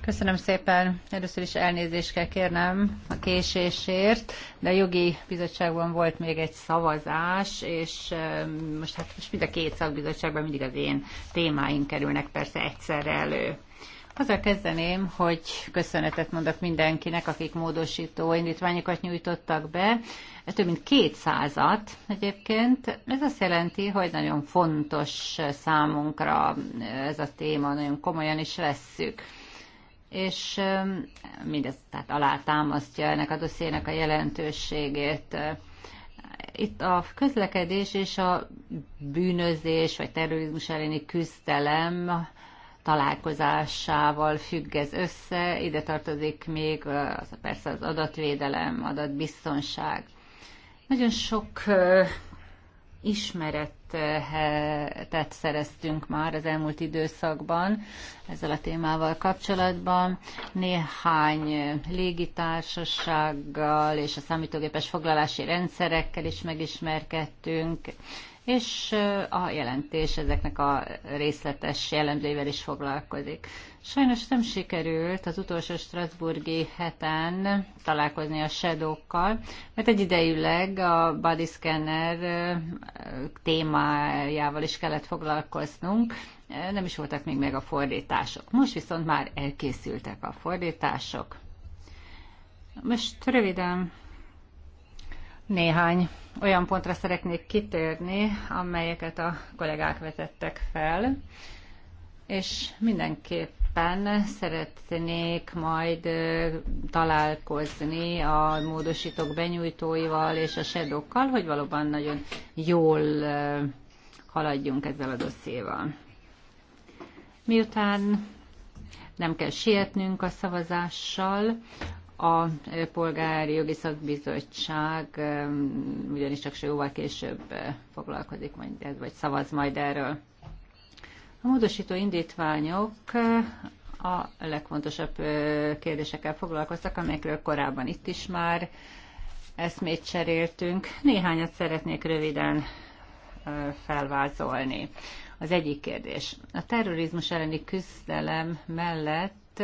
Köszönöm szépen. Először is elnézést kell kérnem a késésért, de a jogi bizottságban volt még egy szavazás, és um, most hát most mind a két szakbizottságban mindig az én témáim kerülnek persze egyszerre elő. Azzal kezdeném, hogy köszönetet mondok mindenkinek, akik módosító indítványokat nyújtottak be. Több mint kétszázat egyébként. Ez azt jelenti, hogy nagyon fontos számunkra ez a téma, nagyon komolyan is vesszük. És mindez tehát alátámasztja ennek a dossziének a jelentőségét itt a közlekedés és a bűnözés vagy terrorizmus elleni küzdelem találkozásával függ ez össze, ide tartozik még az, persze az adatvédelem, adatbiztonság. Nagyon sok ismeretet szereztünk már az elmúlt időszakban ezzel a témával kapcsolatban. Néhány légitársasággal és a számítógépes foglalási rendszerekkel is megismerkedtünk, és a jelentés ezeknek a részletes jellemzőivel is foglalkozik. Sajnos nem sikerült az utolsó Strasburgi heten találkozni a sedókkal, mert egy idejűleg a body scanner témájával is kellett foglalkoznunk, nem is voltak még meg a fordítások. Most viszont már elkészültek a fordítások. Most röviden néhány olyan pontra szeretnék kitérni, amelyeket a kollégák vetettek fel, és mindenképpen szeretnék majd találkozni a módosítók benyújtóival és a sedokkal, hogy valóban nagyon jól haladjunk ezzel a dosszéval. Miután nem kell sietnünk a szavazással, a Polgári Jogi Szakbizottság ugyanis csak jóval később eh, foglalkozik majd, vagy szavaz majd erről. A módosító indítványok eh, a legfontosabb eh, kérdésekkel foglalkoztak, amelyekről korábban itt is már eszmét cseréltünk. Néhányat szeretnék röviden felvázolni. Az egyik kérdés. A terrorizmus elleni küzdelem mellett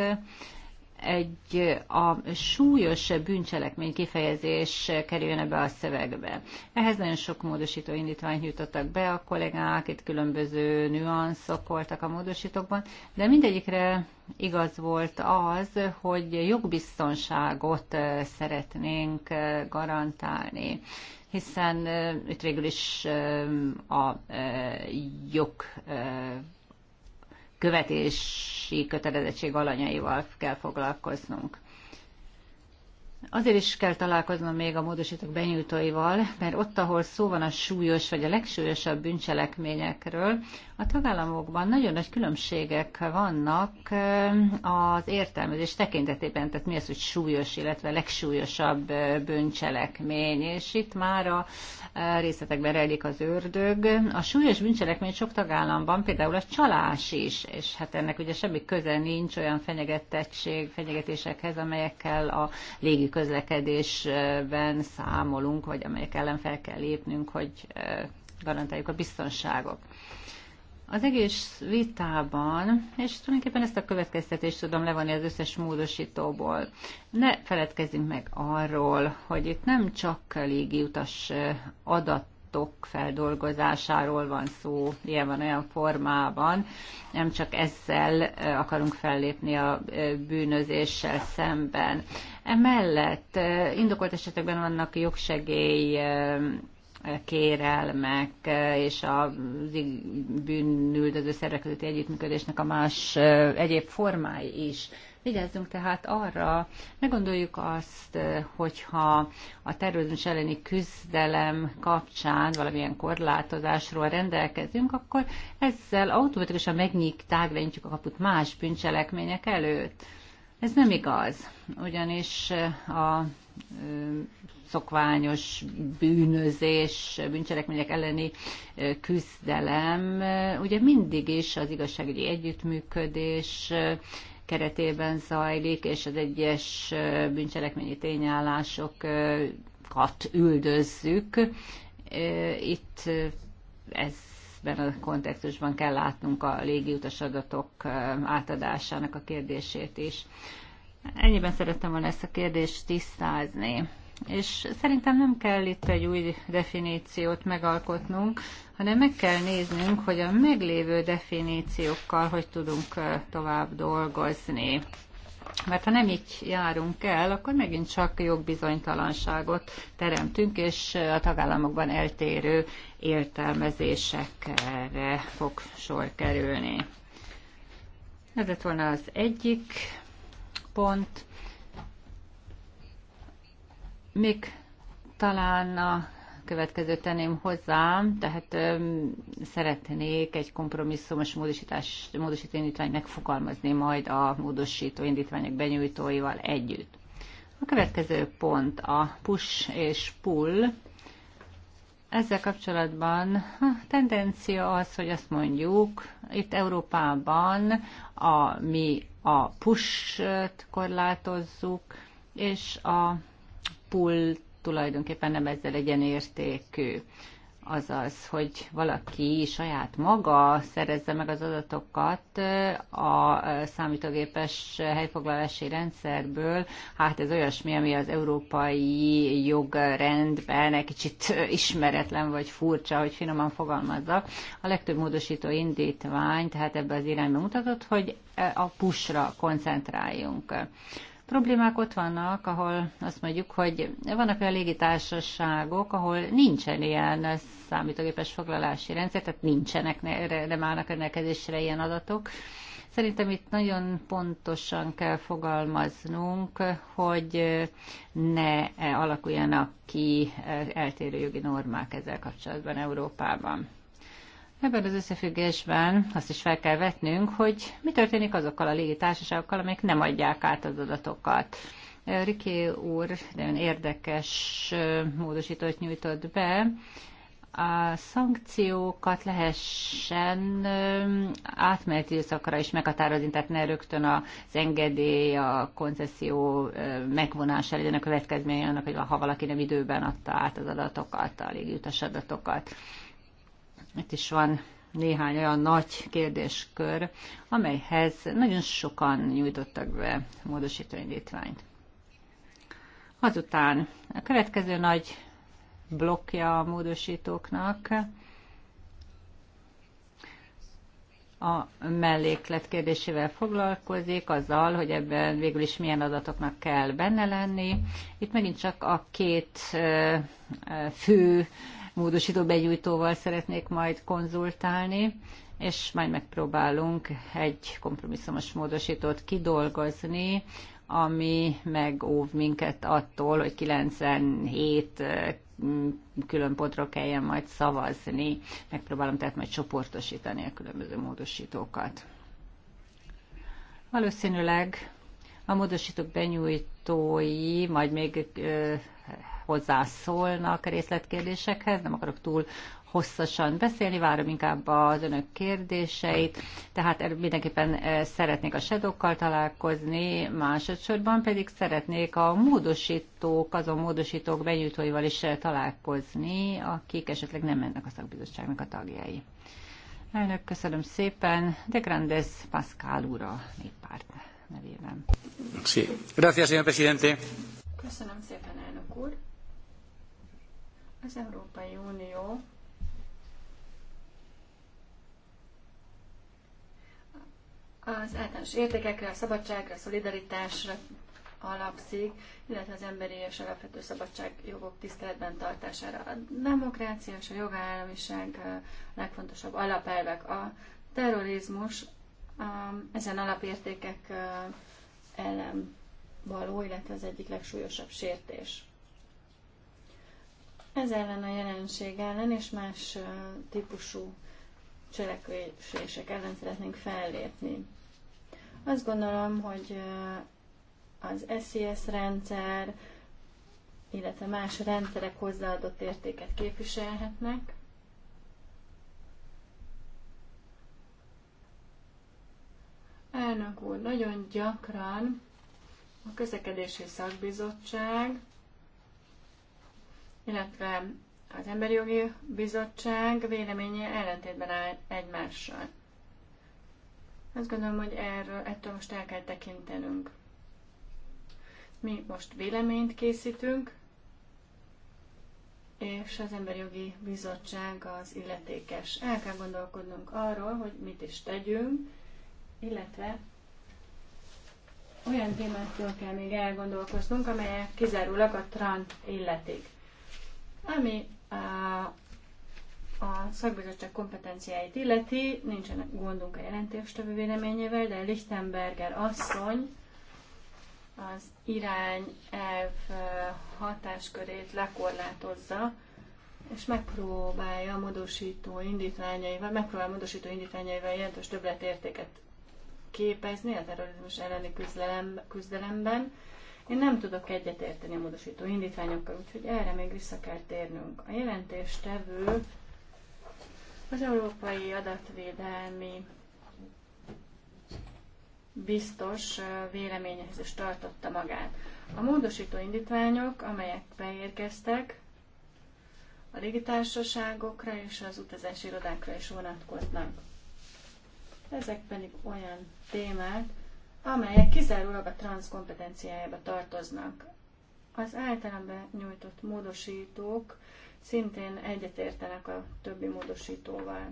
egy a súlyos bűncselekmény kifejezés kerüljön ebbe a szövegbe. Ehhez nagyon sok módosító indítványt nyújtottak be a kollégák, itt különböző nüanszok voltak a módosítókban, de mindegyikre igaz volt az, hogy jogbiztonságot szeretnénk garantálni hiszen itt végül is a jog követési kötelezettség alanyaival kell foglalkoznunk. Azért is kell találkoznom még a módosítók benyújtóival, mert ott, ahol szó van a súlyos vagy a legsúlyosabb bűncselekményekről, a tagállamokban nagyon nagy különbségek vannak eh, az értelmezés tekintetében, tehát mi az, hogy súlyos, illetve legsúlyosabb eh, bűncselekmény, és itt már a, részletekben rejlik az ördög. A súlyos bűncselekmény sok tagállamban, például a csalás is, és hát ennek ugye semmi köze nincs olyan fenyegetettség, fenyegetésekhez, amelyekkel a légi közlekedésben számolunk, vagy amelyek ellen fel kell lépnünk, hogy eh, garantáljuk a biztonságot. Az egész vitában, és tulajdonképpen ezt a következtetést tudom levonni az összes módosítóból, ne feledkezzünk meg arról, hogy itt nem csak légiutas adat adatok feldolgozásáról van szó, ilyen van olyan formában, nem csak ezzel akarunk fellépni a bűnözéssel szemben. Emellett indokolt esetekben vannak jogsegély kérelmek és a bűnüldöző szervek közötti együttműködésnek a más egyéb formái is. Vigyázzunk tehát arra, ne gondoljuk azt, hogyha a terrorizmus elleni küzdelem kapcsán valamilyen korlátozásról rendelkezünk, akkor ezzel automatikusan megnyik, tágrányítjuk a kaput más bűncselekmények előtt. Ez nem igaz, ugyanis a szokványos bűnözés, bűncselekmények elleni küzdelem, ugye mindig is az igazságügyi együttműködés keretében zajlik, és az egyes bűncselekményi tényállásokat üldözzük. Itt ez ebben a kontextusban kell látnunk a légiutas adatok átadásának a kérdését is. Ennyiben szerettem volna ezt a kérdést tisztázni. És szerintem nem kell itt egy új definíciót megalkotnunk, hanem meg kell néznünk, hogy a meglévő definíciókkal hogy tudunk tovább dolgozni. Mert ha nem így járunk el, akkor megint csak jogbizonytalanságot teremtünk, és a tagállamokban eltérő értelmezésekre fog sor kerülni. Ez lett volna az egyik pont. Még talán a következőt tenném hozzám, tehát öm, szeretnék egy kompromisszumos módosítás, módosító indítványt megfogalmazni majd a módosító indítványok benyújtóival együtt. A következő pont a push és pull. Ezzel kapcsolatban a tendencia az, hogy azt mondjuk, itt Európában a, mi a push-t korlátozzuk, és a pool tulajdonképpen nem ezzel egyenértékű. Azaz, hogy valaki saját maga szerezze meg az adatokat a számítógépes helyfoglalási rendszerből, hát ez olyasmi, ami az európai jogrendben egy kicsit ismeretlen vagy furcsa, hogy finoman fogalmazza. A legtöbb módosító indítvány tehát ebbe az irányba mutatott, hogy a pusra koncentráljunk problémák ott vannak, ahol azt mondjuk, hogy vannak olyan légitársaságok, ahol nincsen ilyen számítógépes foglalási rendszer, tehát nincsenek, nem állnak rendelkezésre ilyen adatok. Szerintem itt nagyon pontosan kell fogalmaznunk, hogy ne alakuljanak ki eh, eltérő jogi normák ezzel kapcsolatban Európában. Ebben az összefüggésben azt is fel kell vetnünk, hogy mi történik azokkal a légitársaságokkal, amelyek nem adják át az adatokat. Riké úr nagyon érdekes módosítót nyújtott be, a szankciókat lehessen átmeneti időszakra is meghatározni, tehát ne rögtön az engedély, a koncesszió megvonása legyen a következménye annak, hogy ha valaki nem időben adta át az adatokat, a légi adatokat. Itt is van néhány olyan nagy kérdéskör, amelyhez nagyon sokan nyújtottak be módosító indítványt. Azután a következő nagy blokja a módosítóknak a melléklet kérdésével foglalkozik, azzal, hogy ebben végül is milyen adatoknak kell benne lenni. Itt megint csak a két fő módosító begyújtóval szeretnék majd konzultálni, és majd megpróbálunk egy kompromisszumos módosítót kidolgozni, ami megóv minket attól, hogy 97 külön pontra kelljen majd szavazni. Megpróbálom tehát majd csoportosítani a különböző módosítókat. Valószínűleg a módosítók benyújtói majd még hozzászólnak részletkérdésekhez, nem akarok túl hosszasan beszélni, várom inkább az önök kérdéseit, tehát er, mindenképpen eh, szeretnék a sedokkal találkozni, másodszorban pedig szeretnék a módosítók, azon módosítók benyújtóival is eh, találkozni, akik esetleg nem mennek a szakbizottságnak a tagjai. Elnök, köszönöm szépen. De Grandes Pascal úr a néppárt nevében. Sí. Gracias, señor presidente. Köszönöm szépen, elnök úr. Az Európai Unió az általános értékekre, a szabadságra, a szolidaritásra alapszik, illetve az emberi és alapvető szabadságjogok tiszteletben tartására. A demokrácia és a jogállamiság a legfontosabb alapelvek. A terrorizmus ezen alapértékek ellen való, illetve az egyik legsúlyosabb sértés ez ellen a jelenség ellen és más típusú cselekvések ellen szeretnénk fellépni. Azt gondolom, hogy az SES rendszer, illetve más rendszerek hozzáadott értéket képviselhetnek. Elnök úr, nagyon gyakran a közlekedési szakbizottság illetve az Emberi Jogi Bizottság véleménye ellentétben áll egymással. Azt gondolom, hogy erről, ettől most el kell tekintenünk. Mi most véleményt készítünk, és az Emberi Jogi Bizottság az illetékes. El kell gondolkodnunk arról, hogy mit is tegyünk, illetve olyan témákról kell még elgondolkoznunk, amelyek kizárólag a trant illetik. Ami a, a szakbizottság kompetenciáit illeti, nincsen gondunk a jelentéstevő véleményével, de Lichtenberger asszony az irány elv hatáskörét lekorlátozza, és megpróbálja a módosító indítványaival, megpróbál módosító indítványaival jelentős többletértéket képezni a terrorizmus elleni küzdelem, küzdelemben. Én nem tudok egyetérteni a módosító indítványokkal, úgyhogy erre még vissza kell térnünk. A jelentéstevő az Európai Adatvédelmi biztos véleményhez is tartotta magát. A módosító indítványok, amelyek beérkeztek, a légitársaságokra és az utazási irodákra is vonatkoznak. Ezek pedig olyan témák, amelyek kizárólag a transz kompetenciájába tartoznak. Az általában nyújtott módosítók szintén egyetértenek a többi módosítóval.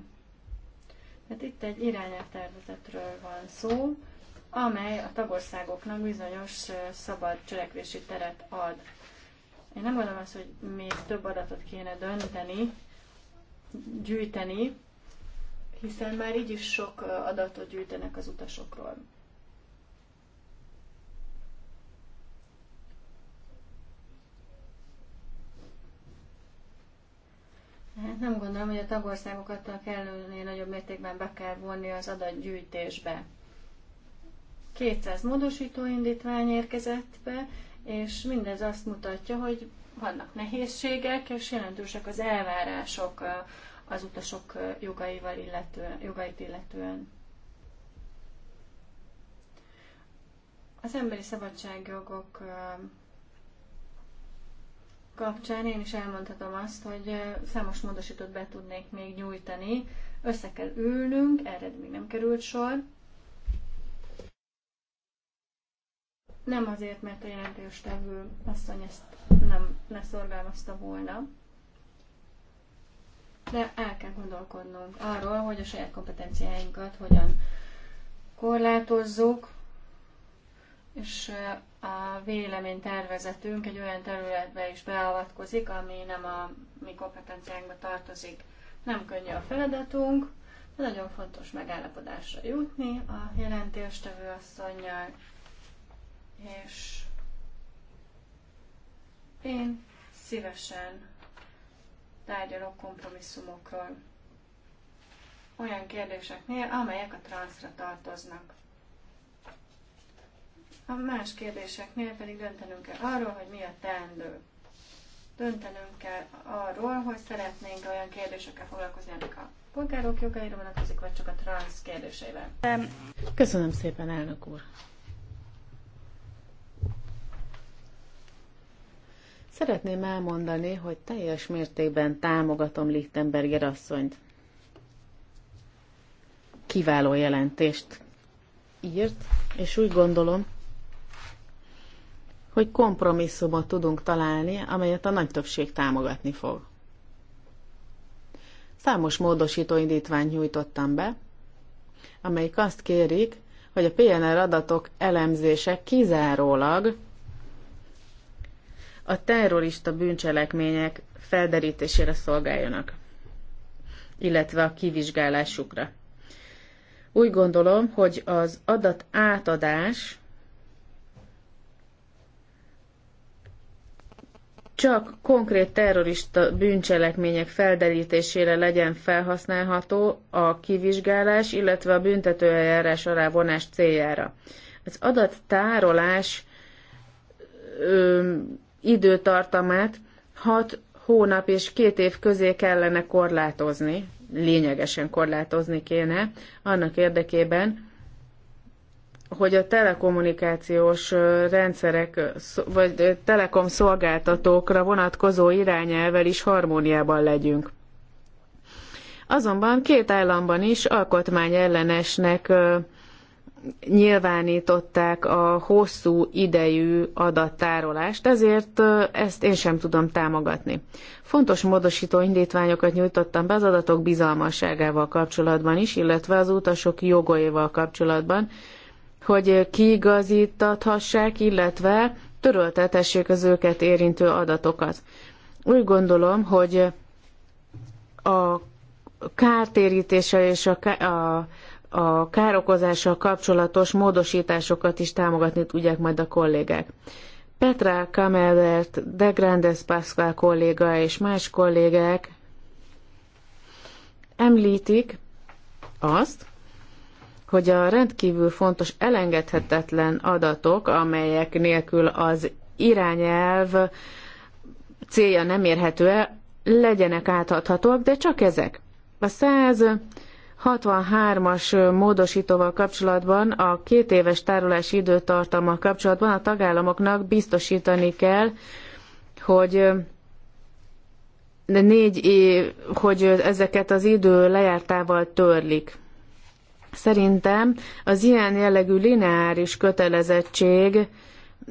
Tehát itt egy irányelvtervezetről van szó, amely a tagországoknak bizonyos szabad cselekvési teret ad. Én nem gondolom azt, hogy még több adatot kéne dönteni, gyűjteni, hiszen már így is sok adatot gyűjtenek az utasokról. Hát nem gondolom, hogy a tagországokat a kellőnél nagyobb mértékben be kell vonni az adatgyűjtésbe. 200 módosító indítvány érkezett be, és mindez azt mutatja, hogy vannak nehézségek, és jelentősek az elvárások az utasok jogaival illetően, jogait illetően. Az emberi szabadságjogok kapcsán én is elmondhatom azt, hogy számos módosítót be tudnék még nyújtani. Össze kell ülnünk, erre még nem került sor. Nem azért, mert a tevő asszony ezt nem leszorgalmazta volna, de el kell gondolkodnunk arról, hogy a saját kompetenciáinkat hogyan korlátozzuk, és a véleménytervezetünk egy olyan területbe is beavatkozik, ami nem a mi kompetenciánkba tartozik. Nem könnyű a feladatunk, de nagyon fontos megállapodásra jutni a jelentéstevő asszonynal, és én szívesen tárgyalok kompromisszumokról olyan kérdéseknél, amelyek a transzra tartoznak. A más kérdéseknél pedig döntenünk kell arról, hogy mi a teendő. Döntenünk kell arról, hogy szeretnénk olyan kérdésekkel foglalkozni, amik a polgárok jogaira vonatkozik, vagy csak a transz kérdéseivel. Köszönöm szépen, elnök úr! Szeretném elmondani, hogy teljes mértékben támogatom Lichtenberger asszonyt. Kiváló jelentést írt, és úgy gondolom, hogy kompromisszumot tudunk találni, amelyet a nagy többség támogatni fog. Számos módosító indítványt nyújtottam be, amelyik azt kérik, hogy a PNR adatok elemzése kizárólag a terrorista bűncselekmények felderítésére szolgáljanak, illetve a kivizsgálásukra. Úgy gondolom, hogy az adat átadás csak konkrét terrorista bűncselekmények felderítésére legyen felhasználható a kivizsgálás, illetve a büntetőeljárás alá vonás céljára. Az adattárolás ö, időtartamát 6 hónap és két év közé kellene korlátozni, lényegesen korlátozni kéne, annak érdekében, hogy a telekommunikációs rendszerek, vagy telekom szolgáltatókra vonatkozó irányelvel is harmóniában legyünk. Azonban két államban is alkotmányellenesnek nyilvánították a hosszú idejű adattárolást, ezért ezt én sem tudom támogatni. Fontos módosító indítványokat nyújtottam be az adatok bizalmasságával kapcsolatban is, illetve az utasok jogaival kapcsolatban, hogy kiigazítathassák, illetve töröltetessék az őket érintő adatokat. Úgy gondolom, hogy a kártérítéssel és a, a, a károkozással kapcsolatos módosításokat is támogatni tudják majd a kollégák. Petra Kamellert, De Grandes Pascal kolléga és más kollégák említik azt, hogy a rendkívül fontos, elengedhetetlen adatok, amelyek nélkül az irányelv célja nem érhető el, legyenek átadhatóak, de csak ezek. A 163-as módosítóval kapcsolatban, a két éves tárolási időtartama kapcsolatban a tagállamoknak biztosítani kell, hogy de négy év, hogy ezeket az idő lejártával törlik. Szerintem az ilyen jellegű lineáris kötelezettség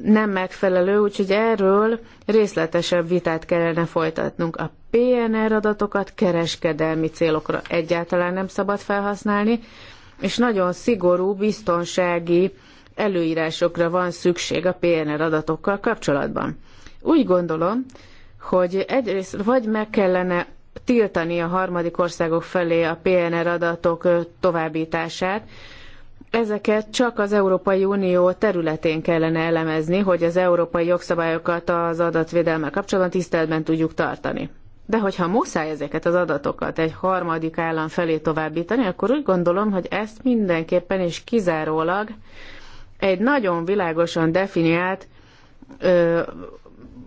nem megfelelő, úgyhogy erről részletesebb vitát kellene folytatnunk. A PNR adatokat kereskedelmi célokra egyáltalán nem szabad felhasználni, és nagyon szigorú biztonsági előírásokra van szükség a PNR adatokkal kapcsolatban. Úgy gondolom, hogy egyrészt vagy meg kellene tiltani a harmadik országok felé a PNR adatok továbbítását. Ezeket csak az Európai Unió területén kellene elemezni, hogy az európai jogszabályokat az adatvédelme kapcsolatban tiszteletben tudjuk tartani. De hogyha muszáj ezeket az adatokat egy harmadik állam felé továbbítani, akkor úgy gondolom, hogy ezt mindenképpen és kizárólag egy nagyon világosan definiált ö,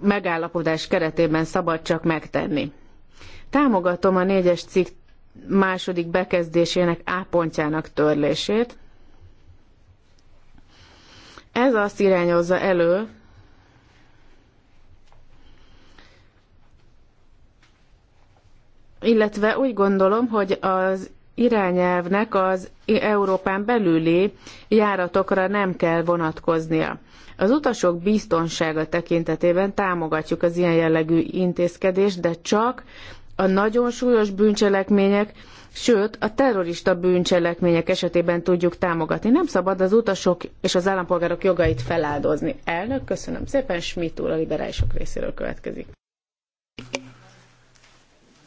megállapodás keretében szabad csak megtenni. Támogatom a négyes cikk második bekezdésének A pontjának törlését. Ez azt irányozza elő, illetve úgy gondolom, hogy az irányelvnek az Európán belüli járatokra nem kell vonatkoznia. Az utasok biztonsága tekintetében támogatjuk az ilyen jellegű intézkedést, de csak a nagyon súlyos bűncselekmények, sőt a terrorista bűncselekmények esetében tudjuk támogatni. Nem szabad az utasok és az állampolgárok jogait feláldozni. Elnök, köszönöm szépen, Schmidt úr a liberálisok részéről következik.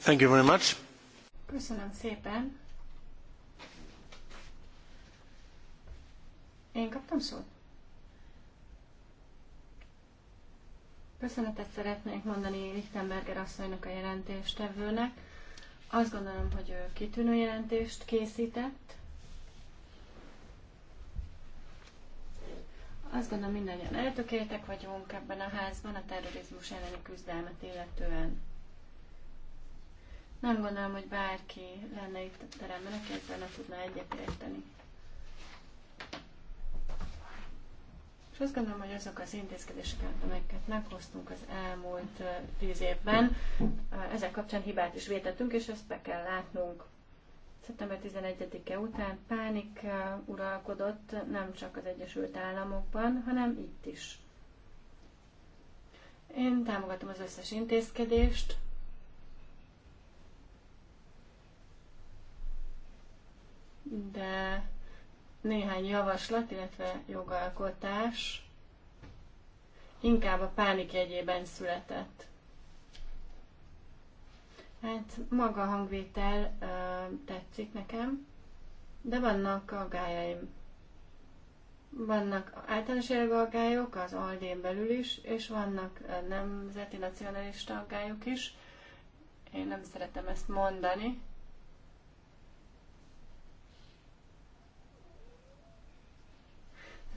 Thank you very much. Köszönöm szépen. Én kaptam szót? Köszönetet szeretnék mondani Lichtenberger asszonynak a jelentéstevőnek. Azt gondolom, hogy ő kitűnő jelentést készített. Azt gondolom, mindannyian eltökéltek vagyunk ebben a házban a terrorizmus elleni küzdelmet illetően. Nem gondolom, hogy bárki lenne itt a teremben, aki ezzel ne tudna egyetérteni. azt gondolom, hogy azok az intézkedések, amelyeket meghoztunk az elmúlt tíz évben, ezek kapcsán hibát is vétettünk, és ezt be kell látnunk. Szeptember 11-e után pánik uralkodott nem csak az Egyesült Államokban, hanem itt is. Én támogatom az összes intézkedést, de néhány javaslat, illetve jogalkotás inkább a pánik jegyében született. Hát maga a hangvétel ö, tetszik nekem, de vannak aggájaim. Vannak általános jellegű aggályok az Aldén belül is, és vannak nemzeti nacionalista aggályok is. Én nem szeretem ezt mondani,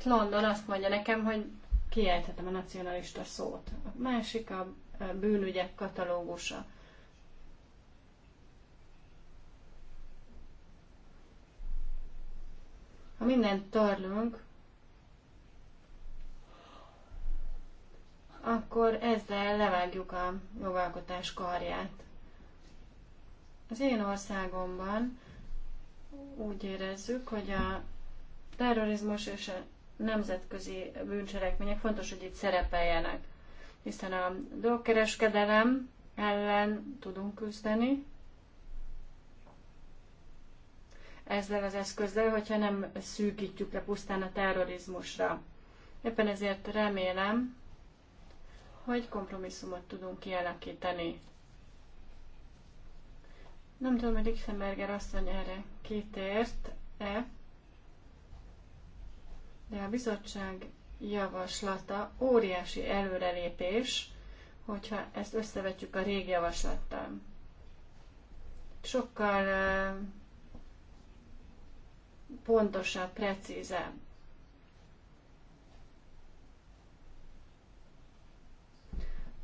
London azt mondja nekem, hogy kiejthetem a nacionalista szót. A másik a bűnügyek katalógusa. Ha mindent törlünk, akkor ezzel levágjuk a jogalkotás karját. Az én országomban úgy érezzük, hogy a terrorizmus és a nemzetközi bűncselekmények fontos, hogy itt szerepeljenek, hiszen a drogkereskedelem ellen tudunk küzdeni, ezzel az eszközzel, hogyha nem szűkítjük le pusztán a terrorizmusra. Éppen ezért remélem, hogy kompromisszumot tudunk kialakítani. Nem tudom, hogy Lichtenberger asszony erre kitért-e de a bizottság javaslata óriási előrelépés, hogyha ezt összevetjük a régi javaslattal. Sokkal pontosabb, precízebb.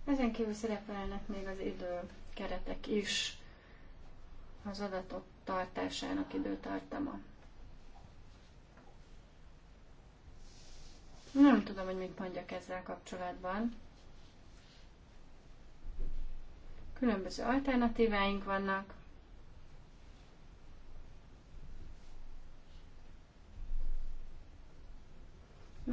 Ezen kívül szerepelnek még az időkeretek is, az adatok tartásának időtartama. Nem tudom, hogy mit mondjak ezzel kapcsolatban. Különböző alternatíváink vannak.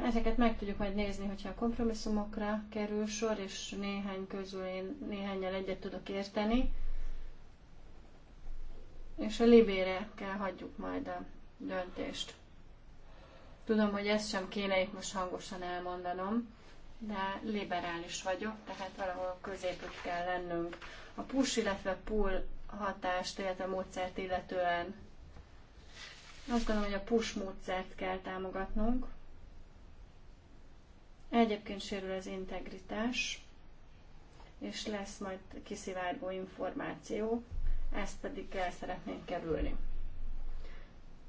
Ezeket meg tudjuk majd nézni, hogyha a kompromisszumokra kerül sor, és néhány közül én néhányal egyet tudok érteni. És a libére kell hagyjuk majd a döntést. Tudom, hogy ezt sem kéne itt most hangosan elmondanom, de liberális vagyok, tehát valahol középük kell lennünk. A push, illetve pull hatást, illetve módszert illetően azt gondolom, hogy a push módszert kell támogatnunk. Egyébként sérül az integritás, és lesz majd kiszivárgó információ, ezt pedig el szeretnénk kerülni.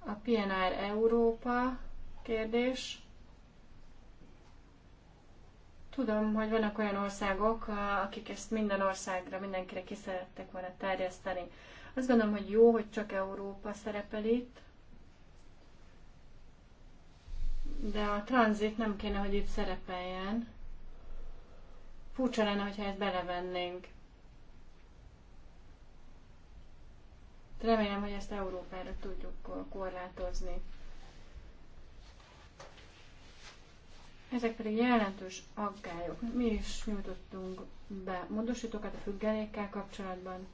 A PNR Európa kérdés. Tudom, hogy vannak olyan országok, akik ezt minden országra, mindenkire kiszerettek volna terjeszteni. Azt gondolom, hogy jó, hogy csak Európa szerepel itt, de a tranzit nem kéne, hogy itt szerepeljen. Furcsa lenne, hogyha ezt belevennénk. Remélem, hogy ezt Európára tudjuk korlátozni. Ezek pedig jelentős aggályok. Mi is nyújtottunk be módosítókat a függelékkel kapcsolatban.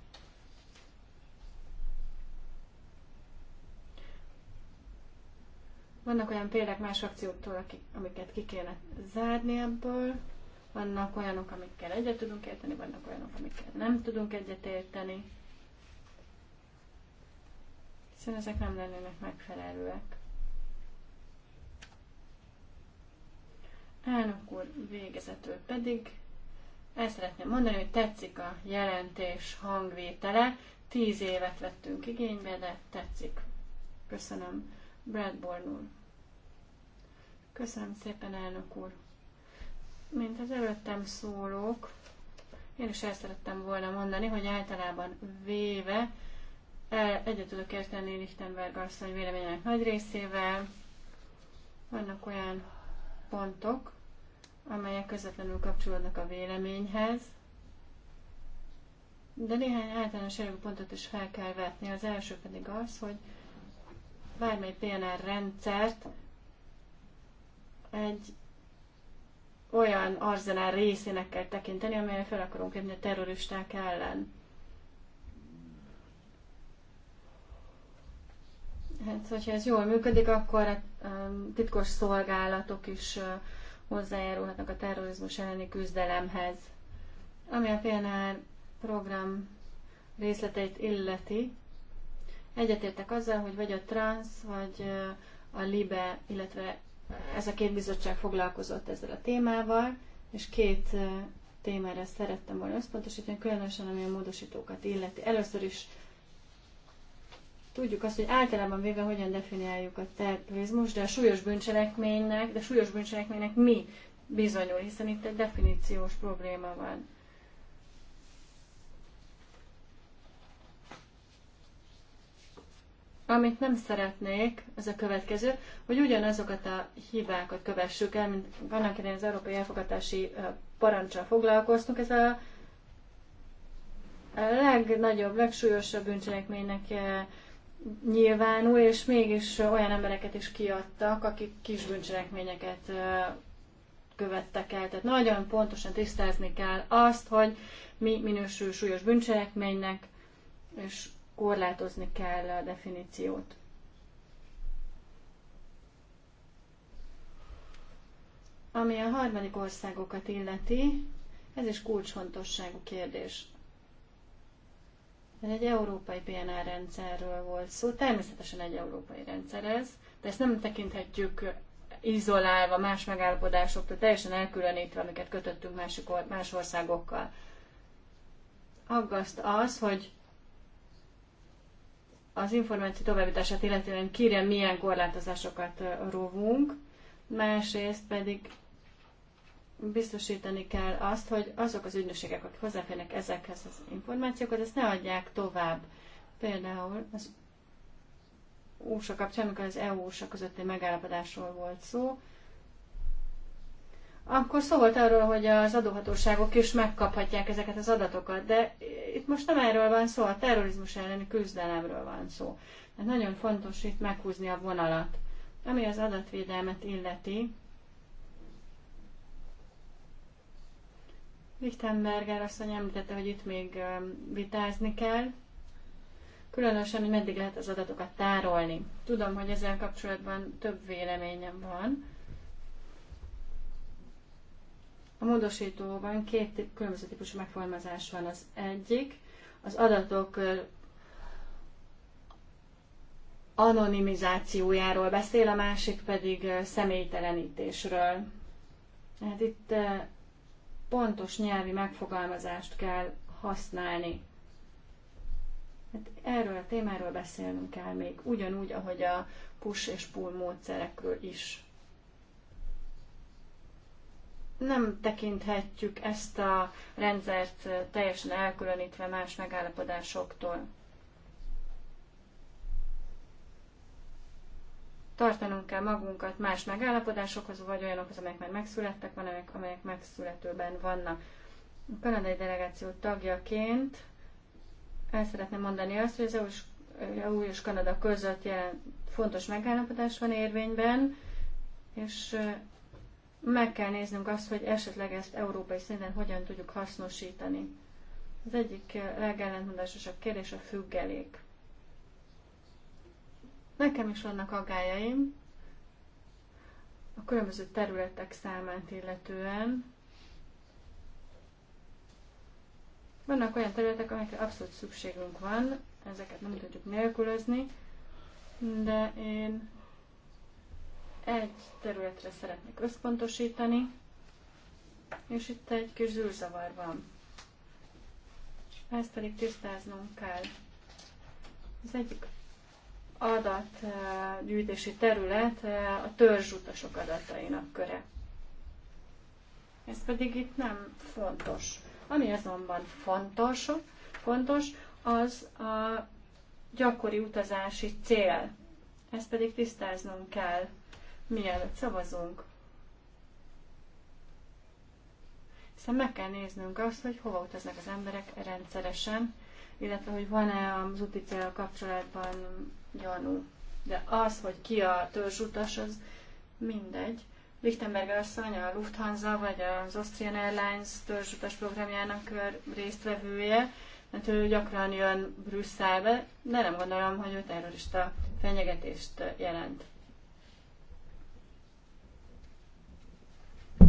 Vannak olyan példák más akcióktól, amiket ki kéne zárni ebből, vannak olyanok, amikkel egyet tudunk érteni, vannak olyanok, amikkel nem tudunk egyet érteni. Hiszen ezek nem lennének megfelelőek. Elnök úr, végezetül pedig el szeretném mondani, hogy tetszik a jelentés hangvétele. Tíz évet vettünk igénybe, de tetszik. Köszönöm, Brad Bornul. Köszönöm szépen, elnök úr. Mint az előttem szólók, én is el szerettem volna mondani, hogy általában véve egyet tudok érteni Lichtenberg asszony véleményének nagy részével. Vannak olyan pontok, amelyek közvetlenül kapcsolódnak a véleményhez, de néhány általános pontot is fel kell vetni. Az első pedig az, hogy bármely PNR rendszert egy olyan arzenál részének kell tekinteni, amelyet fel akarunk lépni a terroristák ellen. Hát, hogyha ez jól működik, akkor a um, titkos szolgálatok is uh, hozzájárulhatnak a terrorizmus elleni küzdelemhez. Ami a PNR program részleteit illeti, egyetértek azzal, hogy vagy a trans, vagy a LIBE, illetve ez a két bizottság foglalkozott ezzel a témával, és két témára szerettem volna összpontosítani, különösen ami a módosítókat illeti. Először is tudjuk azt, hogy általában véve hogyan definiáljuk a terrorizmus, de a súlyos bűncselekménynek, de súlyos bűncselekménynek mi bizonyul, hiszen itt egy definíciós probléma van. Amit nem szeretnék, ez a következő, hogy ugyanazokat a hibákat kövessük el, mint annak idején az európai elfogadási parancsal foglalkoztunk, ez a legnagyobb, legsúlyosabb bűncselekménynek nyilvánul, és mégis olyan embereket is kiadtak, akik kis bűncselekményeket követtek el. Tehát nagyon pontosan tisztázni kell azt, hogy mi minősül súlyos bűncselekménynek, és korlátozni kell a definíciót. Ami a harmadik országokat illeti, ez is kulcsfontosságú kérdés. Ez egy európai PNR rendszerről volt szó, természetesen egy európai rendszer ez, de ezt nem tekinthetjük izolálva más megállapodásoktól, teljesen elkülönítve, amiket kötöttünk másik, más országokkal. Aggaszt az, hogy az információ továbbítását illetően kire milyen korlátozásokat rovunk, másrészt pedig biztosítani kell azt, hogy azok az ügynökségek, akik hozzáférnek ezekhez az információkhoz, ezt ne adják tovább. Például az USA kapcsán, amikor az EU-USA közötti megállapodásról volt szó, akkor szó volt arról, hogy az adóhatóságok is megkaphatják ezeket az adatokat, de itt most nem erről van szó, a terrorizmus elleni küzdelemről van szó. Tehát nagyon fontos itt meghúzni a vonalat. Ami az adatvédelmet illeti, Lichtenberger asszony említette, hogy itt még vitázni kell, különösen, hogy meddig lehet az adatokat tárolni. Tudom, hogy ezzel kapcsolatban több véleményem van. A módosítóban két különböző típusú megformazás van. Az egyik, az adatok anonimizációjáról beszél, a másik pedig személytelenítésről. Hát itt pontos nyelvi megfogalmazást kell használni. Hát erről a témáról beszélnünk kell még, ugyanúgy, ahogy a push és pull módszerekről is. Nem tekinthetjük ezt a rendszert teljesen elkülönítve más megállapodásoktól. tartanunk kell magunkat más megállapodásokhoz, vagy olyanokhoz, amelyek már megszülettek, van amelyek, amelyek megszületőben vannak. A kanadai delegáció tagjaként el szeretném mondani azt, hogy az eu és, EU és Kanada között jelen fontos megállapodás van érvényben, és meg kell néznünk azt, hogy esetleg ezt európai szinten hogyan tudjuk hasznosítani. Az egyik legellentmondásosabb kérdés a függelék. Nekem is vannak aggájaim a különböző területek számát illetően. Vannak olyan területek, amelyekre abszolút szükségünk van, ezeket nem tudjuk nélkülözni, de én egy területre szeretnék összpontosítani, és itt egy kis zűrzavar van. Ezt pedig tisztáznunk kell. Az egyik adatgyűjtési terület eh, a törzsutasok adatainak köre. Ez pedig itt nem fontos. Ami azonban fontos, fontos az a gyakori utazási cél. Ezt pedig tisztáznunk kell, mielőtt szavazunk. Hiszen meg kell néznünk azt, hogy hova utaznak az emberek rendszeresen, illetve hogy van-e az úti cél kapcsolatban gyanú. De az, hogy ki a törzsutas, az mindegy. Lichtenberg asszony a Lufthansa vagy az Austrian Airlines törzsutas programjának résztvevője, mert hát ő gyakran jön Brüsszelbe, de nem gondolom, hogy ő terrorista fenyegetést jelent.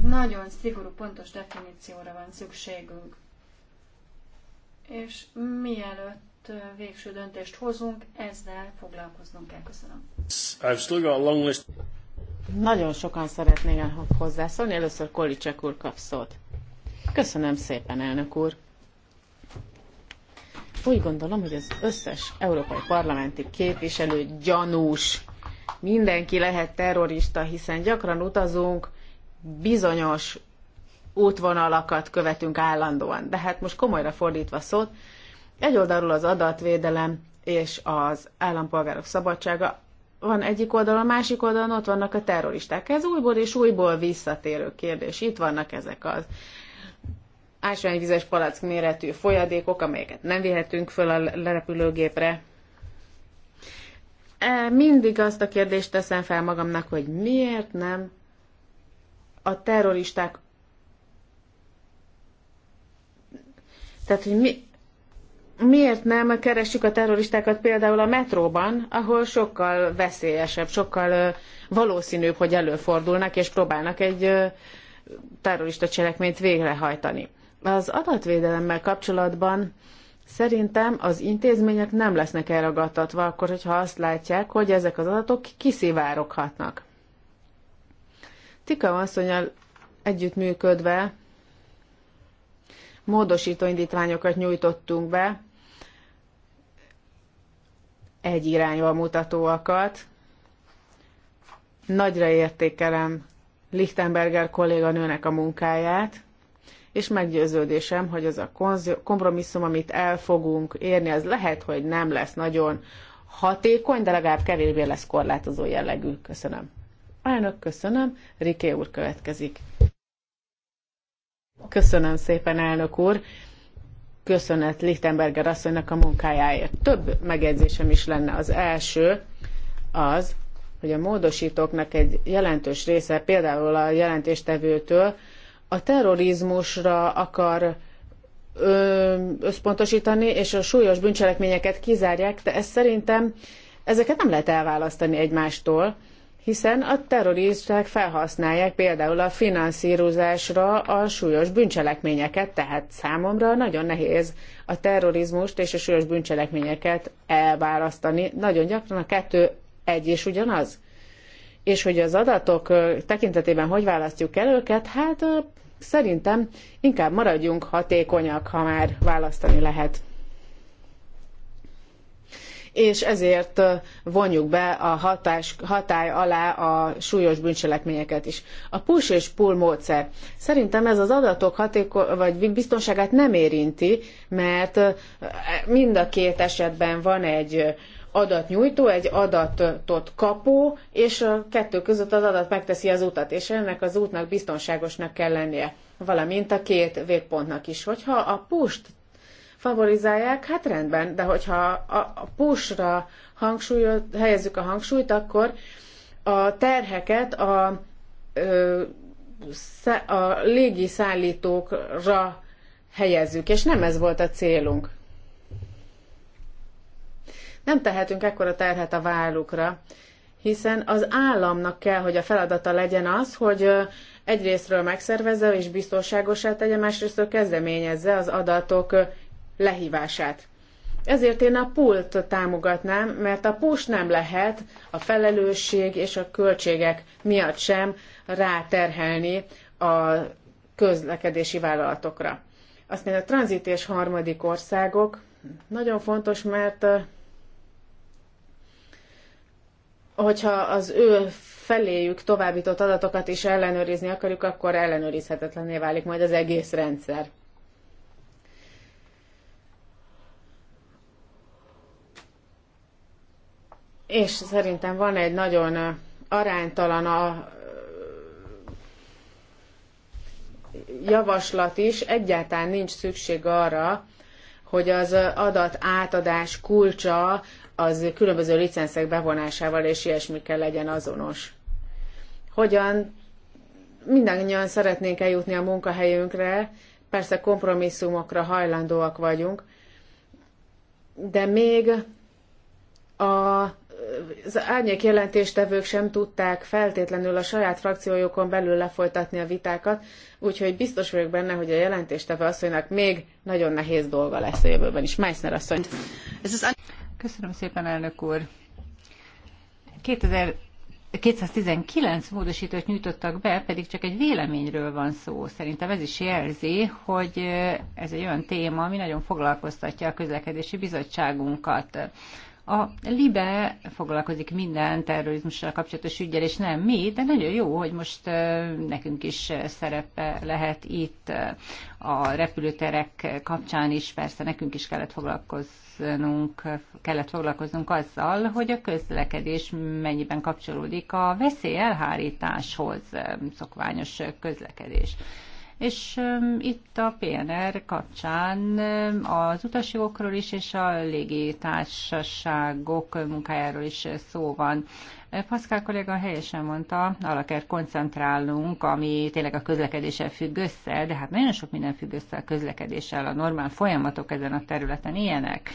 Nagyon szigorú, pontos definícióra van szükségünk. És mielőtt végső döntést hozunk, ezzel foglalkoznunk kell. Köszönöm. I've still got a long list. Nagyon sokan szeretnének hozzászólni. Először Kolicsek úr kap szót. Köszönöm szépen, elnök úr. Úgy gondolom, hogy az összes európai parlamenti képviselő gyanús. Mindenki lehet terrorista, hiszen gyakran utazunk bizonyos útvonalakat követünk állandóan. De hát most komolyra fordítva szót, egy oldalról az adatvédelem és az állampolgárok szabadsága van egyik oldalon, a másik oldalon ott vannak a terroristák. Ez újból és újból visszatérő kérdés. Itt vannak ezek az ásványvizes palack méretű folyadékok, amelyeket nem vihetünk föl a lerepülőgépre. E, mindig azt a kérdést teszem fel magamnak, hogy miért nem a terroristák tehát, hogy mi, miért nem keressük a terroristákat például a metróban, ahol sokkal veszélyesebb, sokkal valószínűbb, hogy előfordulnak és próbálnak egy terrorista cselekményt végrehajtani. Az adatvédelemmel kapcsolatban szerintem az intézmények nem lesznek elragadtatva akkor, hogyha azt látják, hogy ezek az adatok kiszivároghatnak. Tika asszonyal együttműködve módosító indítványokat nyújtottunk be, egy irányba mutatóakat. Nagyra értékelem Lichtenberger kolléganőnek a munkáját, és meggyőződésem, hogy az a kompromisszum, amit el fogunk érni, az lehet, hogy nem lesz nagyon hatékony, de legalább kevésbé lesz korlátozó jellegű. Köszönöm. Elnök, köszönöm. Riké úr következik. Köszönöm szépen, elnök úr. Köszönet Lichtenberger asszonynak a munkájáért. Több megjegyzésem is lenne. Az első az, hogy a módosítóknak egy jelentős része, például a jelentéstevőtől, a terrorizmusra akar összpontosítani, és a súlyos bűncselekményeket kizárják, de ez szerintem ezeket nem lehet elválasztani egymástól hiszen a terroristák felhasználják például a finanszírozásra a súlyos bűncselekményeket, tehát számomra nagyon nehéz a terrorizmust és a súlyos bűncselekményeket elválasztani. Nagyon gyakran a kettő egy és ugyanaz. És hogy az adatok tekintetében hogy választjuk el őket, hát szerintem inkább maradjunk hatékonyak, ha már választani lehet és ezért vonjuk be a hatás, hatály alá a súlyos bűncselekményeket is. A push és pull módszer. Szerintem ez az adatok hatéko- vagy biztonságát nem érinti, mert mind a két esetben van egy adatnyújtó, egy adatot kapó, és a kettő között az adat megteszi az utat, és ennek az útnak biztonságosnak kell lennie, valamint a két végpontnak is. Hogyha a pust favorizálják, hát rendben, de hogyha a pushra hangsúlyot, helyezzük a hangsúlyt, akkor a terheket a, a légiszállítókra helyezzük, és nem ez volt a célunk. Nem tehetünk ekkora terhet a vállukra, hiszen az államnak kell, hogy a feladata legyen az, hogy egyrésztről megszervezze és biztonságosá tegye, másrésztről kezdeményezze az adatok lehívását. Ezért én a pult támogatnám, mert a pus nem lehet a felelősség és a költségek miatt sem ráterhelni a közlekedési vállalatokra. Aztán a tranzit és harmadik országok nagyon fontos, mert hogyha az ő feléjük továbbított adatokat is ellenőrizni akarjuk, akkor ellenőrizhetetlenné válik majd az egész rendszer. és szerintem van egy nagyon aránytalan a javaslat is, egyáltalán nincs szükség arra, hogy az adat átadás kulcsa az különböző licenszek bevonásával és ilyesmikkel legyen azonos. Hogyan mindannyian szeretnénk eljutni a munkahelyünkre, persze kompromisszumokra hajlandóak vagyunk, de még a az árnyék jelentéstevők sem tudták feltétlenül a saját frakciójukon belül lefolytatni a vitákat, úgyhogy biztos vagyok benne, hogy a jelentéstevő asszonynak még nagyon nehéz dolga lesz a jövőben is. Meissner asszony. Köszönöm szépen, elnök úr. 2000 219 módosítót nyújtottak be, pedig csak egy véleményről van szó. Szerintem ez is jelzi, hogy eh, ez egy olyan téma, ami nagyon foglalkoztatja a közlekedési bizottságunkat. A LIBE foglalkozik minden terrorizmussal kapcsolatos ügyel, és nem mi, de nagyon jó, hogy most nekünk is szerepe lehet itt a repülőterek kapcsán is. Persze nekünk is kellett foglalkoznunk, kellett foglalkoznunk azzal, hogy a közlekedés mennyiben kapcsolódik a veszélyelhárításhoz, szokványos közlekedés és itt a PNR kapcsán az utasjogokról is és a légitársaságok munkájáról is szó van. Paszkál kolléga helyesen mondta, arra kell koncentrálnunk, ami tényleg a közlekedéssel függ össze, de hát nagyon sok minden függ össze a közlekedéssel, a normál folyamatok ezen a területen ilyenek.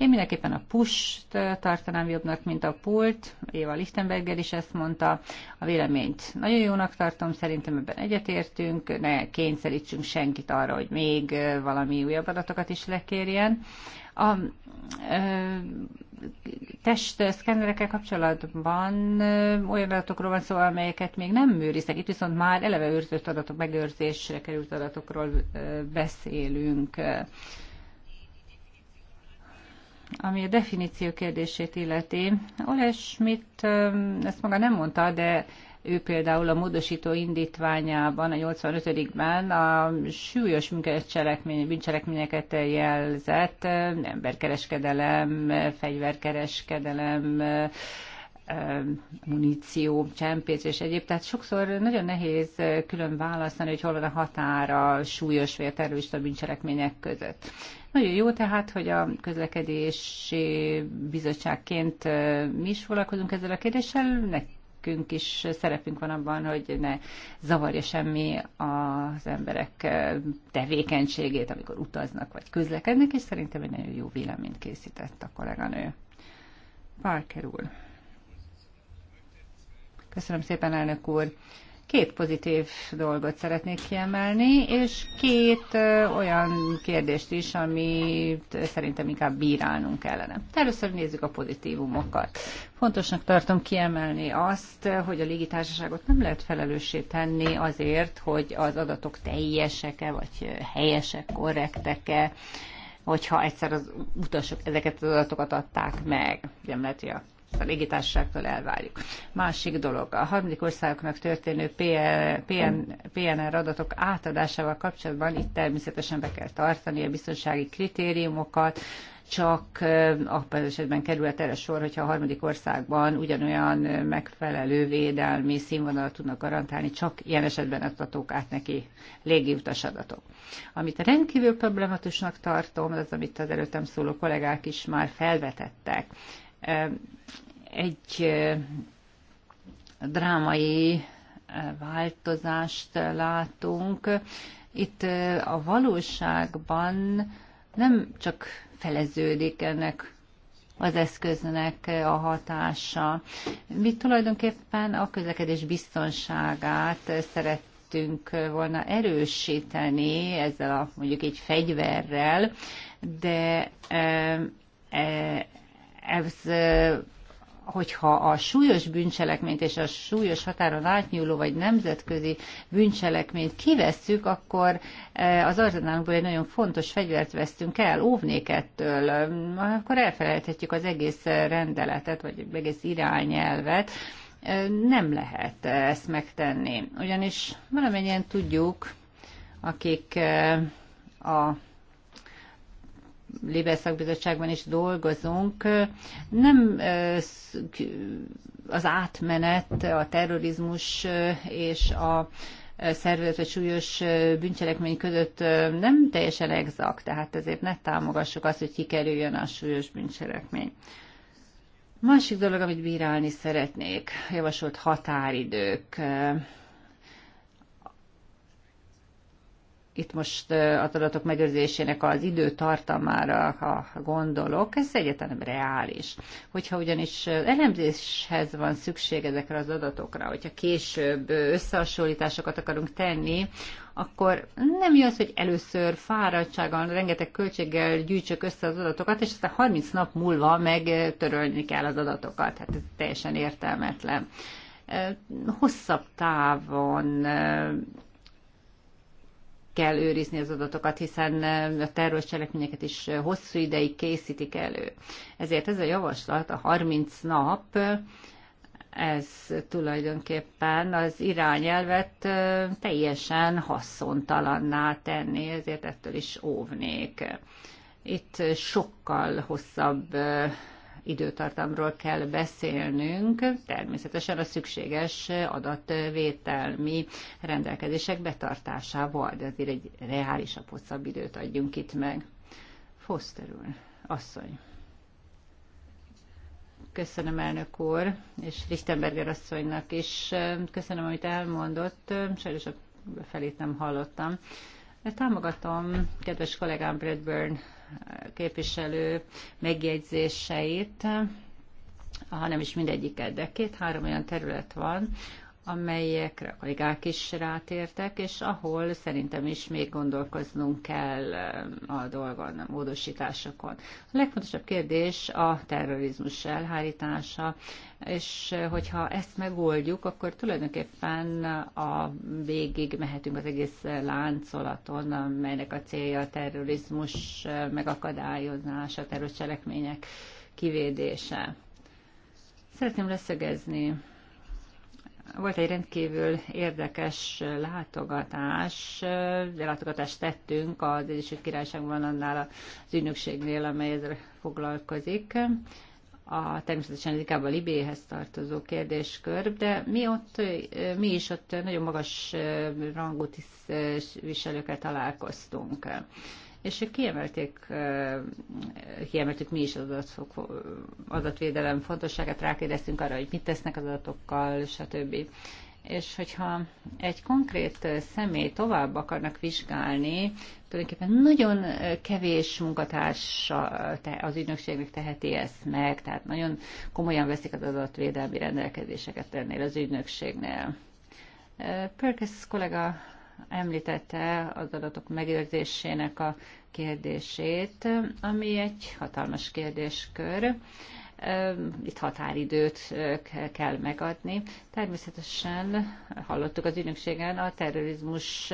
Én mindenképpen a push t tartanám jobbnak, mint a pult. Éva Lichtenberger is ezt mondta. A véleményt nagyon jónak tartom, szerintem ebben egyetértünk. Ne kényszerítsünk senkit arra, hogy még valami újabb adatokat is lekérjen. A test testszkennerekkel kapcsolatban ö, olyan adatokról van szó, amelyeket még nem őriztek. Itt viszont már eleve őrzött adatok, megőrzésre került adatokról ö, beszélünk. Ami a definíció kérdését illeti, Ole Schmidt ezt maga nem mondta, de ő például a módosító indítványában, a 85-ben a súlyos bűncselekmény, bűncselekményeket jelzett, emberkereskedelem, fegyverkereskedelem, muníció, csempész és egyéb. Tehát sokszor nagyon nehéz külön választani, hogy hol van a határa súlyos vagy terrorista bűncselekmények között. Nagyon jó tehát, hogy a közlekedési bizottságként mi is foglalkozunk ezzel a kérdéssel, nekünk is szerepünk van abban, hogy ne zavarja semmi az emberek tevékenységét, amikor utaznak vagy közlekednek, és szerintem egy nagyon jó véleményt készített a kolléganő. Parker úr. Köszönöm szépen, elnök úr. Két pozitív dolgot szeretnék kiemelni, és két olyan kérdést is, amit szerintem inkább bírálnunk kellene. Először nézzük a pozitívumokat. Fontosnak tartom kiemelni azt, hogy a légitársaságot nem lehet felelőssé tenni azért, hogy az adatok teljesek-e, vagy helyesek, korrektek-e, hogyha egyszer az utasok ezeket az adatokat adták meg. Nem lehet, hogy a a légitársaságtól elvárjuk. Másik dolog, a harmadik országoknak történő PNR adatok átadásával kapcsolatban itt természetesen be kell tartani a biztonsági kritériumokat, csak abban esetben kerülhet erre sor, hogyha a harmadik országban ugyanolyan megfelelő védelmi színvonalat tudnak garantálni, csak ilyen esetben adhatók át neki légiutas adatok. Amit rendkívül problematusnak tartom, az, amit az előttem szóló kollégák is már felvetettek, egy drámai változást látunk. Itt a valóságban nem csak feleződik ennek az eszköznek a hatása. Mi tulajdonképpen a közlekedés biztonságát szerettünk volna erősíteni ezzel a mondjuk egy fegyverrel, de e, ez eh, hogyha a súlyos bűncselekményt és a súlyos határon átnyúló vagy nemzetközi bűncselekményt kivesszük, akkor eh, az arzenálunkból egy nagyon fontos fegyvert vesztünk el, óvnék ettől, eh, akkor elfelejthetjük az egész rendeletet, vagy egész irányelvet. Nem lehet ezt megtenni, ugyanis valamennyien tudjuk, akik a Lébe szakbizottságban is dolgozunk, nem az átmenet a terrorizmus és a szervezet vagy súlyos bűncselekmény között nem teljesen exakt, tehát ezért ne támogassuk azt, hogy kikerüljön a súlyos bűncselekmény. Másik dolog, amit bírálni szeretnék, javasolt határidők. itt most a adatok megőrzésének az időtartamára, ha gondolok, ez egyetlen reális. Hogyha ugyanis elemzéshez van szükség ezekre az adatokra, hogyha később összehasonlításokat akarunk tenni, akkor nem jó az, hogy először fáradtsággal, rengeteg költséggel gyűjtsök össze az adatokat, és aztán 30 nap múlva megtörölni kell az adatokat. Hát ez teljesen értelmetlen hosszabb távon kell őrizni az adatokat, hiszen a terrorcselekményeket is hosszú ideig készítik elő. Ezért ez a javaslat, a 30 nap, ez tulajdonképpen az irányelvet teljesen haszontalanná tenni, ezért ettől is óvnék. Itt sokkal hosszabb időtartamról kell beszélnünk, természetesen a szükséges adatvételmi rendelkezések betartásával, de azért egy reálisabb, hosszabb időt adjunk itt meg. Foster úr, asszony. Köszönöm elnök úr, és Richtenberger asszonynak is. Köszönöm, amit elmondott. Sajnos a felét nem hallottam. támogatom kedves kollégám Bradburn képviselő megjegyzéseit, hanem is mindegyiket, de két-három olyan terület van, amelyekre a kollégák is rátértek, és ahol szerintem is még gondolkoznunk kell a dolgon, a módosításokon. A legfontosabb kérdés a terrorizmus elhárítása, és hogyha ezt megoldjuk, akkor tulajdonképpen a végig mehetünk az egész láncolaton, amelynek a célja a terrorizmus megakadályozása, terrorcselekmények kivédése. Szeretném leszögezni, volt egy rendkívül érdekes látogatás, látogatást tettünk az Egyesült Királyságban annál az ügynökségnél, amely ezzel foglalkozik. A, természetesen ez inkább a Libéhez tartozó kérdéskör, de mi ott, mi is ott nagyon magas rangú tisztviselőkkel találkoztunk és kiemelték, kiemeltük mi is az adatok, adatvédelem fontosságát, rákérdeztünk arra, hogy mit tesznek az adatokkal, stb. És hogyha egy konkrét személy tovább akarnak vizsgálni, tulajdonképpen nagyon kevés munkatárs az ügynökségnek teheti ezt meg, tehát nagyon komolyan veszik az adatvédelmi rendelkezéseket ennél az ügynökségnél. Perkes kollega említette az adatok megőrzésének a kérdését, ami egy hatalmas kérdéskör. Itt határidőt kell megadni. Természetesen hallottuk az ügynökségen, a terrorizmus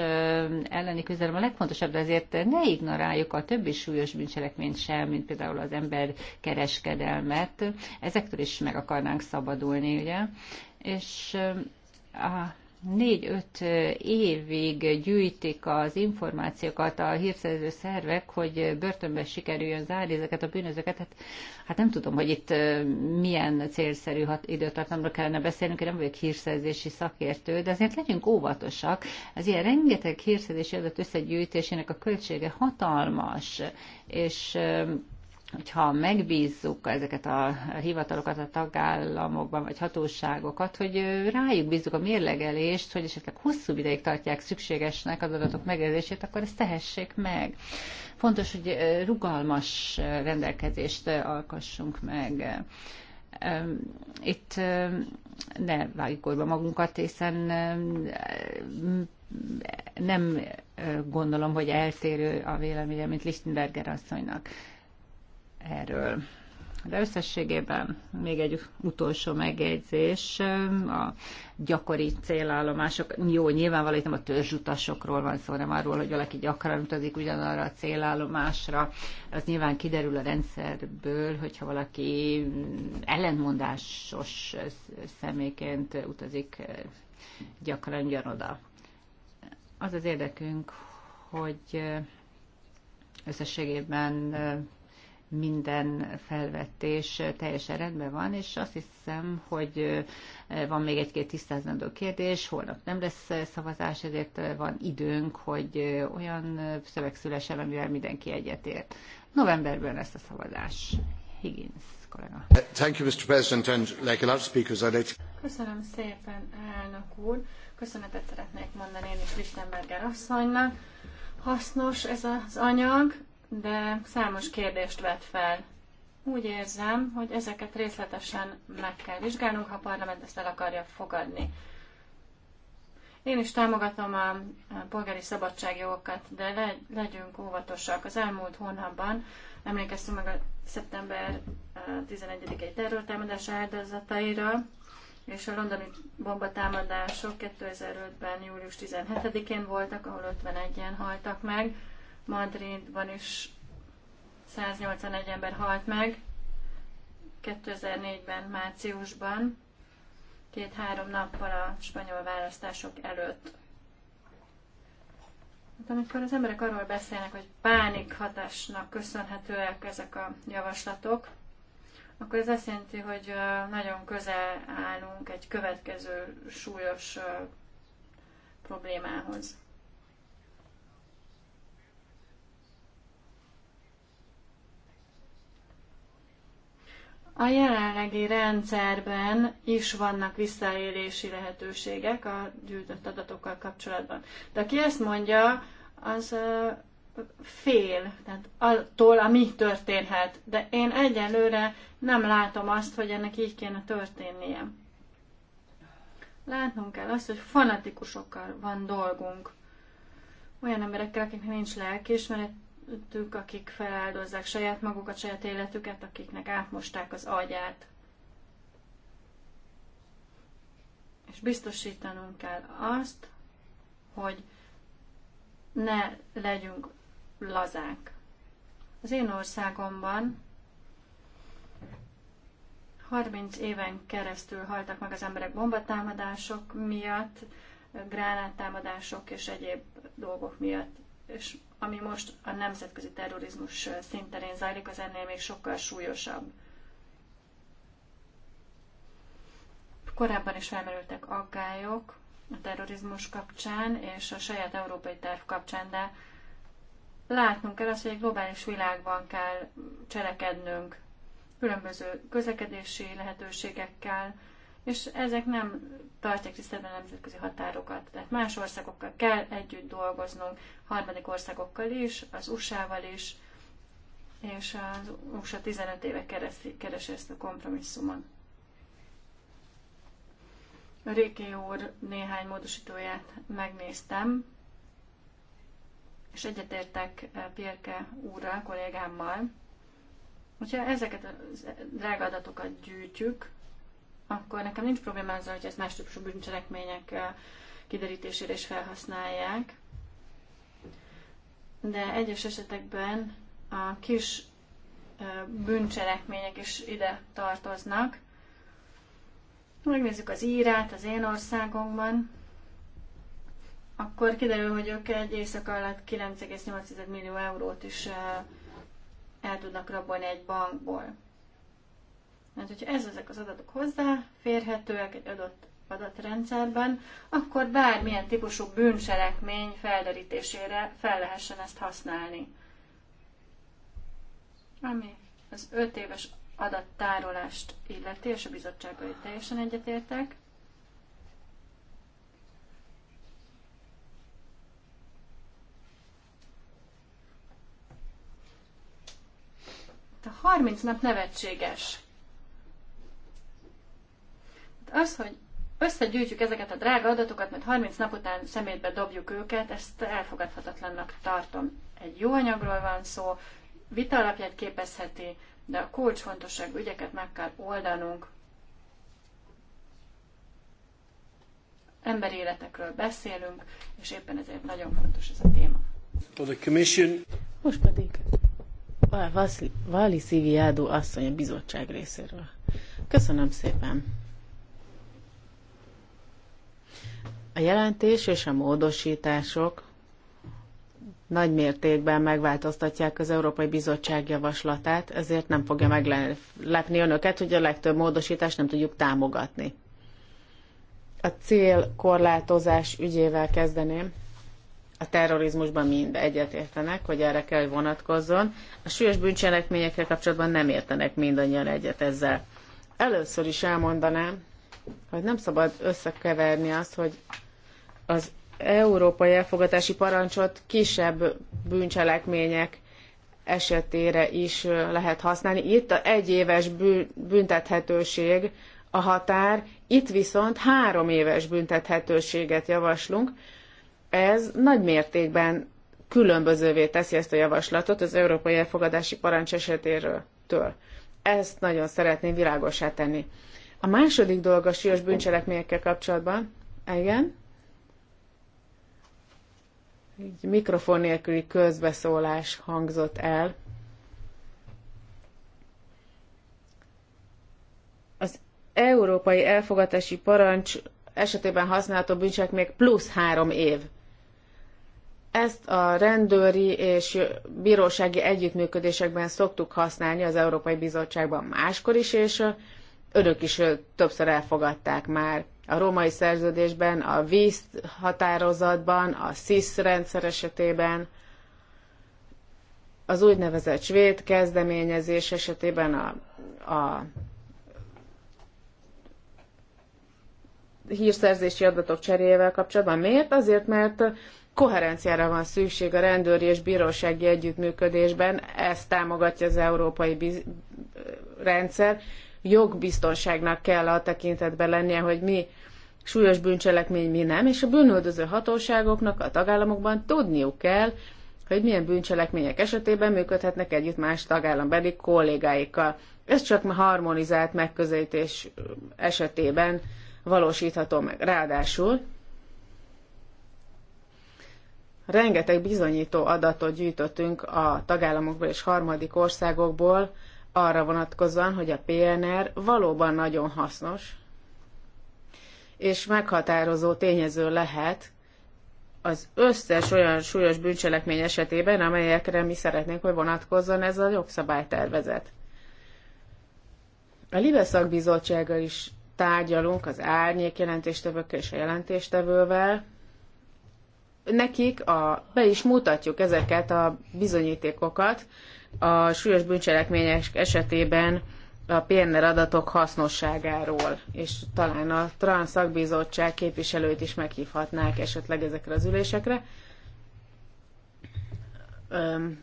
elleni küzdelem a legfontosabb, de azért ne ignoráljuk a többi súlyos bűncselekményt sem, mint például az ember kereskedelmet. Ezektől is meg akarnánk szabadulni, ugye? És a négy-öt évig gyűjtik az információkat a hírszerző szervek, hogy börtönbe sikerüljön zárni ezeket a bűnözőket. Hát, hát nem tudom, hogy itt milyen célszerű hat, időtartamra kellene beszélnünk, én nem vagyok hírszerzési szakértő, de azért legyünk óvatosak. Az ilyen rengeteg hírszerzési adat összegyűjtésének a költsége hatalmas, és hogyha megbízzuk ezeket a hivatalokat a tagállamokban, vagy hatóságokat, hogy rájuk bízzuk a mérlegelést, hogy esetleg hosszú ideig tartják szükségesnek az adatok megjelzését, akkor ezt tehessék meg. Fontos, hogy rugalmas rendelkezést alkassunk meg itt ne vágjuk korba magunkat, hiszen nem gondolom, hogy eltérő a véleményem, mint Lichtenberger asszonynak erről. De összességében még egy utolsó megjegyzés, a gyakori célállomások, jó, nyilvánvalóan itt nem a törzsutasokról van szó, nem arról, hogy valaki gyakran utazik ugyanarra a célállomásra. Az nyilván kiderül a rendszerből, hogyha valaki ellenmondásos személyként utazik eh, gyakran ugyanoda. Az az érdekünk, hogy eh, összességében eh, minden felvetés teljesen rendben van, és azt hiszem, hogy van még egy-két tisztázandó kérdés, holnap nem lesz szavazás, ezért van időnk, hogy olyan szöveg szülesen, amivel mindenki egyetért. Novemberben lesz a szavazás. Higgins kollega. Uh, thank you, Mr. President, and like a lot of speakers, I'd like to... Köszönöm szépen, elnök úr. Köszönetet szeretnék mondani én is Lichtenberger asszonynak. Hasznos ez az anyag de számos kérdést vet fel. Úgy érzem, hogy ezeket részletesen meg kell vizsgálnunk, ha a parlament ezt el akarja fogadni. Én is támogatom a polgári szabadságjogokat, de legyünk óvatosak. Az elmúlt hónapban emlékeztünk meg a szeptember 11-i terrortámadás áldozataira, és a londoni bombatámadások 2005-ben július 17-én voltak, ahol 51-en haltak meg. Madridban is 181 ember halt meg 2004-ben, márciusban, két-három nappal a spanyol választások előtt. Hát amikor az emberek arról beszélnek, hogy pánik hatásnak köszönhetőek ezek a javaslatok, akkor ez azt jelenti, hogy nagyon közel állunk egy következő súlyos problémához. A jelenlegi rendszerben is vannak visszaélési lehetőségek a gyűjtött adatokkal kapcsolatban. De aki ezt mondja, az fél, tehát attól, ami történhet. De én egyelőre nem látom azt, hogy ennek így kéne történnie. Látnunk kell azt, hogy fanatikusokkal van dolgunk. Olyan emberekkel, akiknek nincs lelkiismeret, közöttük, akik feláldozzák saját magukat, saját életüket, akiknek átmosták az agyát. És biztosítanunk kell azt, hogy ne legyünk lazák. Az én országomban 30 éven keresztül haltak meg az emberek bombatámadások miatt, gránáttámadások és egyéb dolgok miatt és ami most a nemzetközi terrorizmus szinterén zajlik, az ennél még sokkal súlyosabb. Korábban is felmerültek aggályok a terrorizmus kapcsán és a saját európai terv kapcsán, de látnunk kell azt, hogy egy globális világban kell cselekednünk, különböző közlekedési lehetőségekkel, és ezek nem tartják tisztelben a nemzetközi határokat. Tehát más országokkal kell együtt dolgoznunk, harmadik országokkal is, az USA-val is, és az USA 15 éve keresi, keresi ezt a kompromisszumot. Réki úr néhány módosítóját megnéztem, és egyetértek eh, Pierke úrral, kollégámmal. Hogyha ezeket a drága adatokat gyűjtjük, akkor nekem nincs probléma azzal, hogy ezt más típusú bűncselekmények kiderítésére is felhasználják. De egyes esetekben a kis bűncselekmények is ide tartoznak. Megnézzük az írát az én országomban, akkor kiderül, hogy ők egy éjszaka alatt 9,8 millió eurót is el tudnak rabolni egy bankból. Mert hogyha ez, ezek az adatok hozzáférhetőek egy adott adatrendszerben, akkor bármilyen típusú bűncselekmény felderítésére fel lehessen ezt használni. Ami az öt éves adattárolást illeti, és a bizottsággal itt teljesen egyetértek. A 30 nap nevetséges. Az, hogy összegyűjtjük ezeket a drága adatokat, mert 30 nap után szemétbe dobjuk őket, ezt elfogadhatatlannak tartom. Egy jó anyagról van szó, vita alapját képezheti, de a kulcsfontosság ügyeket meg kell oldanunk. Emberi életekről beszélünk, és éppen ezért nagyon fontos ez a téma. For the commission. Most pedig Vali Szíviádó asszony a bizottság részéről. Köszönöm szépen! A jelentés és a módosítások nagy mértékben megváltoztatják az Európai Bizottság javaslatát, ezért nem fogja meglepni önöket, hogy a legtöbb módosítást nem tudjuk támogatni. A célkorlátozás ügyével kezdeném. A terrorizmusban mind egyetértenek, hogy erre kell, hogy vonatkozzon. A súlyos bűncselekményekkel kapcsolatban nem értenek mindannyian egyet ezzel. Először is elmondanám, hogy nem szabad összekeverni azt, hogy az európai elfogadási parancsot kisebb bűncselekmények esetére is lehet használni. Itt a egyéves büntethetőség a határ, itt viszont három éves büntethetőséget javaslunk. Ez nagy mértékben különbözővé teszi ezt a javaslatot az európai elfogadási parancs esetéről. Től. Ezt nagyon szeretném világosá tenni. A második dolog a súlyos bűncselekményekkel kapcsolatban, igen, egy mikrofon nélküli közbeszólás hangzott el. Az európai elfogatási parancs esetében használható bűncsek még plusz három év. Ezt a rendőri és bírósági együttműködésekben szoktuk használni az Európai Bizottságban máskor is, és önök is többször elfogadták már a római szerződésben, a víz határozatban, a SZISZ rendszer esetében, az úgynevezett svéd kezdeményezés esetében a, a hírszerzési adatok cseréjével kapcsolatban. Miért? Azért, mert koherenciára van szükség a rendőri és bírósági együttműködésben, ezt támogatja az európai biz- rendszer, jogbiztonságnak kell a tekintetben lennie, hogy mi súlyos bűncselekmény, mi nem, és a bűnöldöző hatóságoknak a tagállamokban tudniuk kell, hogy milyen bűncselekmények esetében működhetnek együtt más tagállambeli kollégáikkal. Ez csak harmonizált megközelítés esetében valósítható meg. Ráadásul rengeteg bizonyító adatot gyűjtöttünk a tagállamokból és harmadik országokból, arra vonatkozóan, hogy a PNR valóban nagyon hasznos, és meghatározó tényező lehet az összes olyan súlyos bűncselekmény esetében, amelyekre mi szeretnénk, hogy vonatkozzon ez a jogszabálytervezet. A Libe szakbizottsággal is tárgyalunk az árnyék jelentéstevőkkel és a jelentéstevővel. Nekik a, be is mutatjuk ezeket a bizonyítékokat, a súlyos bűncselekmények esetében a PNR adatok hasznosságáról, és talán a Trans szakbizottság képviselőit is meghívhatnák esetleg ezekre az ülésekre. Öm,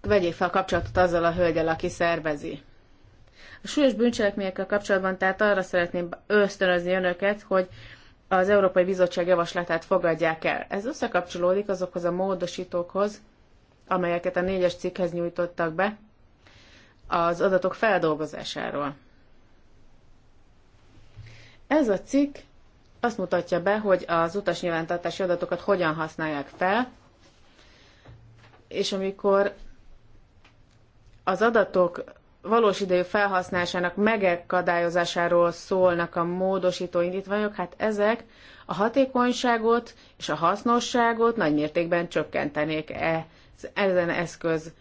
vegyék fel a kapcsolatot azzal a hölgyel, aki szervezi. A súlyos bűncselekményekkel kapcsolatban tehát arra szeretném ösztönözni önöket, hogy az Európai Bizottság javaslatát fogadják el. Ez összekapcsolódik azokhoz a módosítókhoz, amelyeket a négyes cikkhez nyújtottak be, az adatok feldolgozásáról. Ez a cikk azt mutatja be, hogy az utasnyilvántartási adatokat hogyan használják fel, és amikor az adatok valós idejű felhasználásának megakadályozásáról szólnak a módosító indítványok, hát ezek a hatékonyságot és a hasznosságot nagymértékben csökkentenék e ezen eszköz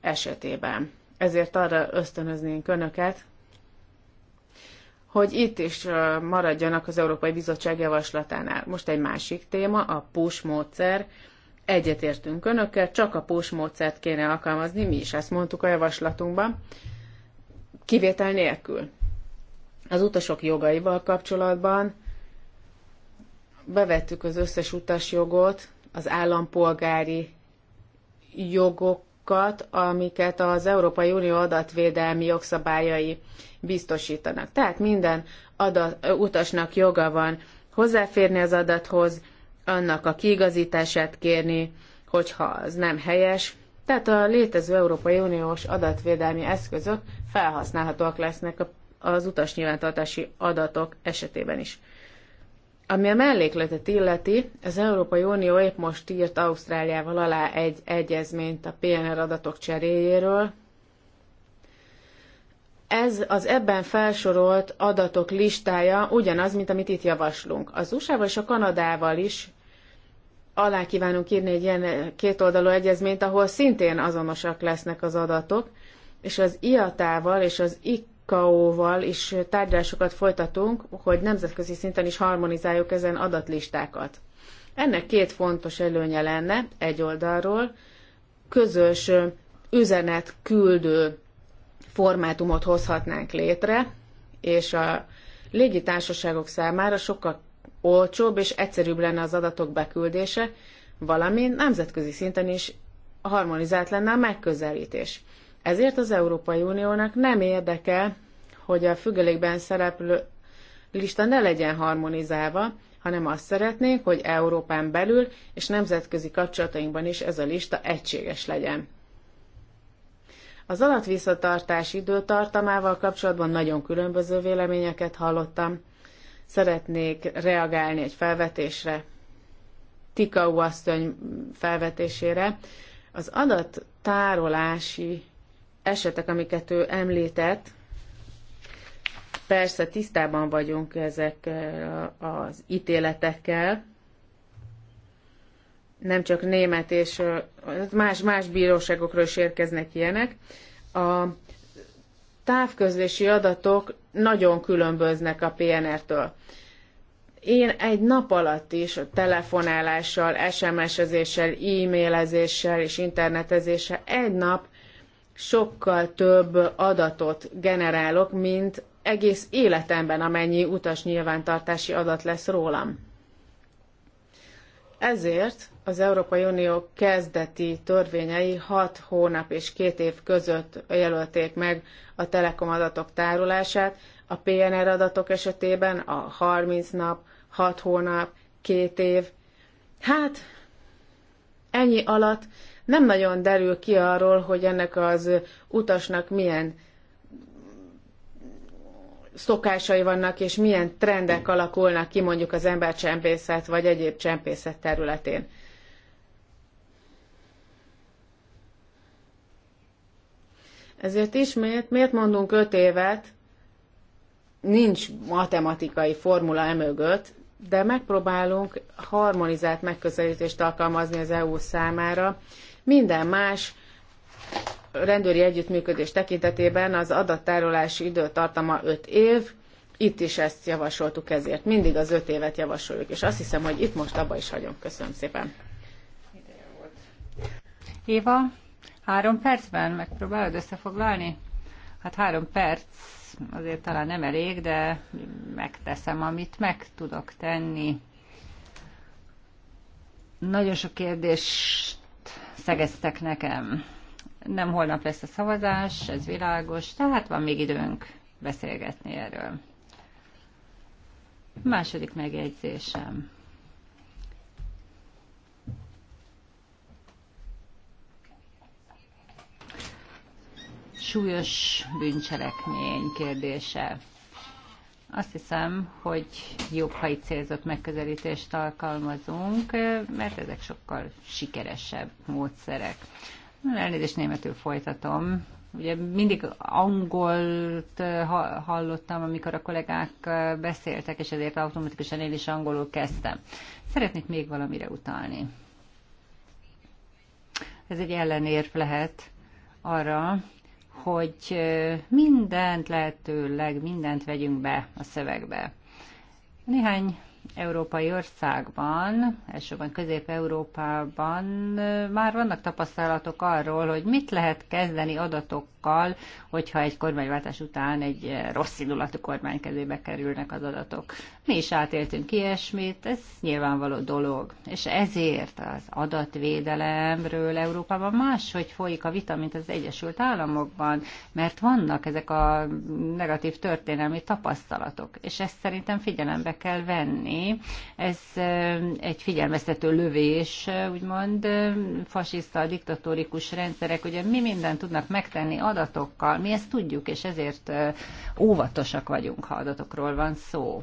esetében. Ezért arra ösztönöznénk Önöket, hogy itt is maradjanak az Európai Bizottság javaslatánál. Most egy másik téma, a push módszer. Egyetértünk önökkel, csak a push módszert kéne alkalmazni, mi is ezt mondtuk a javaslatunkban, kivétel nélkül. Az utasok jogaival kapcsolatban bevettük az összes utasjogot, az állampolgári jogokat, amiket az Európai Unió adatvédelmi jogszabályai biztosítanak. Tehát minden adat, utasnak joga van hozzáférni az adathoz, annak a kiigazítását kérni, hogyha az nem helyes. Tehát a létező Európai Uniós adatvédelmi eszközök felhasználhatóak lesznek az utasnyilvántartási adatok esetében is. Ami a mellékletet illeti, az Európai Unió épp most írt Ausztráliával alá egy egyezményt a PNR adatok cseréjéről. Ez az ebben felsorolt adatok listája ugyanaz, mint amit itt javaslunk. Az USA-val és a Kanadával is alá kívánunk írni egy ilyen kétoldalú egyezményt, ahol szintén azonosak lesznek az adatok, és az IATA-val és az ICAO-val is tárgyalásokat folytatunk, hogy nemzetközi szinten is harmonizáljuk ezen adatlistákat. Ennek két fontos előnye lenne egy oldalról, közös üzenet küldő formátumot hozhatnánk létre, és a légitársaságok számára sokkal olcsóbb és egyszerűbb lenne az adatok beküldése, valamint nemzetközi szinten is harmonizált lenne a megközelítés. Ezért az Európai Uniónak nem érdeke, hogy a függelékben szereplő lista ne legyen harmonizálva, hanem azt szeretnénk, hogy Európán belül és nemzetközi kapcsolatainkban is ez a lista egységes legyen. Az alatvisszatartás időtartamával kapcsolatban nagyon különböző véleményeket hallottam. Szeretnék reagálni egy felvetésre, Tikau asszony felvetésére. Az adattárolási esetek, amiket ő említett, persze tisztában vagyunk ezek eh, az ítéletekkel, nem csak német és eh, más, más bíróságokról is érkeznek ilyenek. A távközlési adatok nagyon különböznek a PNR-től. Én egy nap alatt is a telefonálással, SMS-ezéssel, e-mailezéssel és internetezéssel egy nap sokkal több adatot generálok, mint egész életemben, amennyi utas nyilvántartási adat lesz rólam. Ezért az Európai Unió kezdeti törvényei 6 hónap és 2 év között jelölték meg a telekom adatok tárolását, a PNR adatok esetében a 30 nap, 6 hónap, 2 év. Hát ennyi alatt nem nagyon derül ki arról, hogy ennek az utasnak milyen szokásai vannak, és milyen trendek alakulnak ki mondjuk az embercsempészet vagy egyéb csempészet területén. Ezért ismét, miért mondunk öt évet, nincs matematikai formula emögött, de megpróbálunk harmonizált megközelítést alkalmazni az EU számára, minden más rendőri együttműködés tekintetében az adattárolási időtartama 5 év, itt is ezt javasoltuk ezért. Mindig az 5 évet javasoljuk, és azt hiszem, hogy itt most abba is hagyom. Köszönöm szépen. Éva, három percben megpróbálod összefoglalni? Hát három perc azért talán nem elég, de megteszem, amit meg tudok tenni. Nagyon sok kérdést szegeztek nekem. Nem holnap lesz a szavazás, ez világos, tehát van még időnk beszélgetni erről. Második megjegyzésem. Súlyos bűncselekmény kérdése. Azt hiszem, hogy jobb, ha itt célzott megközelítést alkalmazunk, mert ezek sokkal sikeresebb módszerek. Elnézést németül folytatom. Ugye mindig angolt eh, hallottam, amikor a kollégák eh, beszéltek, és ezért automatikusan én is angolul kezdtem. Szeretnék még valamire utalni. Ez egy ellenérv lehet arra, hogy mindent lehetőleg, mindent vegyünk be a szövegbe. Néhány európai országban, elsősorban Közép-Európában már vannak tapasztalatok arról, hogy mit lehet kezdeni adatokkal, hogyha egy kormányváltás után egy rossz indulatú kormány kezébe kerülnek az adatok. Mi is átéltünk ilyesmit, ez nyilvánvaló dolog. És ezért az adatvédelemről Európában máshogy folyik a vita, mint az Egyesült Államokban, mert vannak ezek a negatív történelmi tapasztalatok, és ezt szerintem figyelembe kell venni, tenni. Ez egy figyelmeztető lövés, úgymond fasiszta, diktatórikus rendszerek, ugye mi mindent tudnak megtenni adatokkal, mi ezt tudjuk, és ezért óvatosak vagyunk, ha adatokról van szó.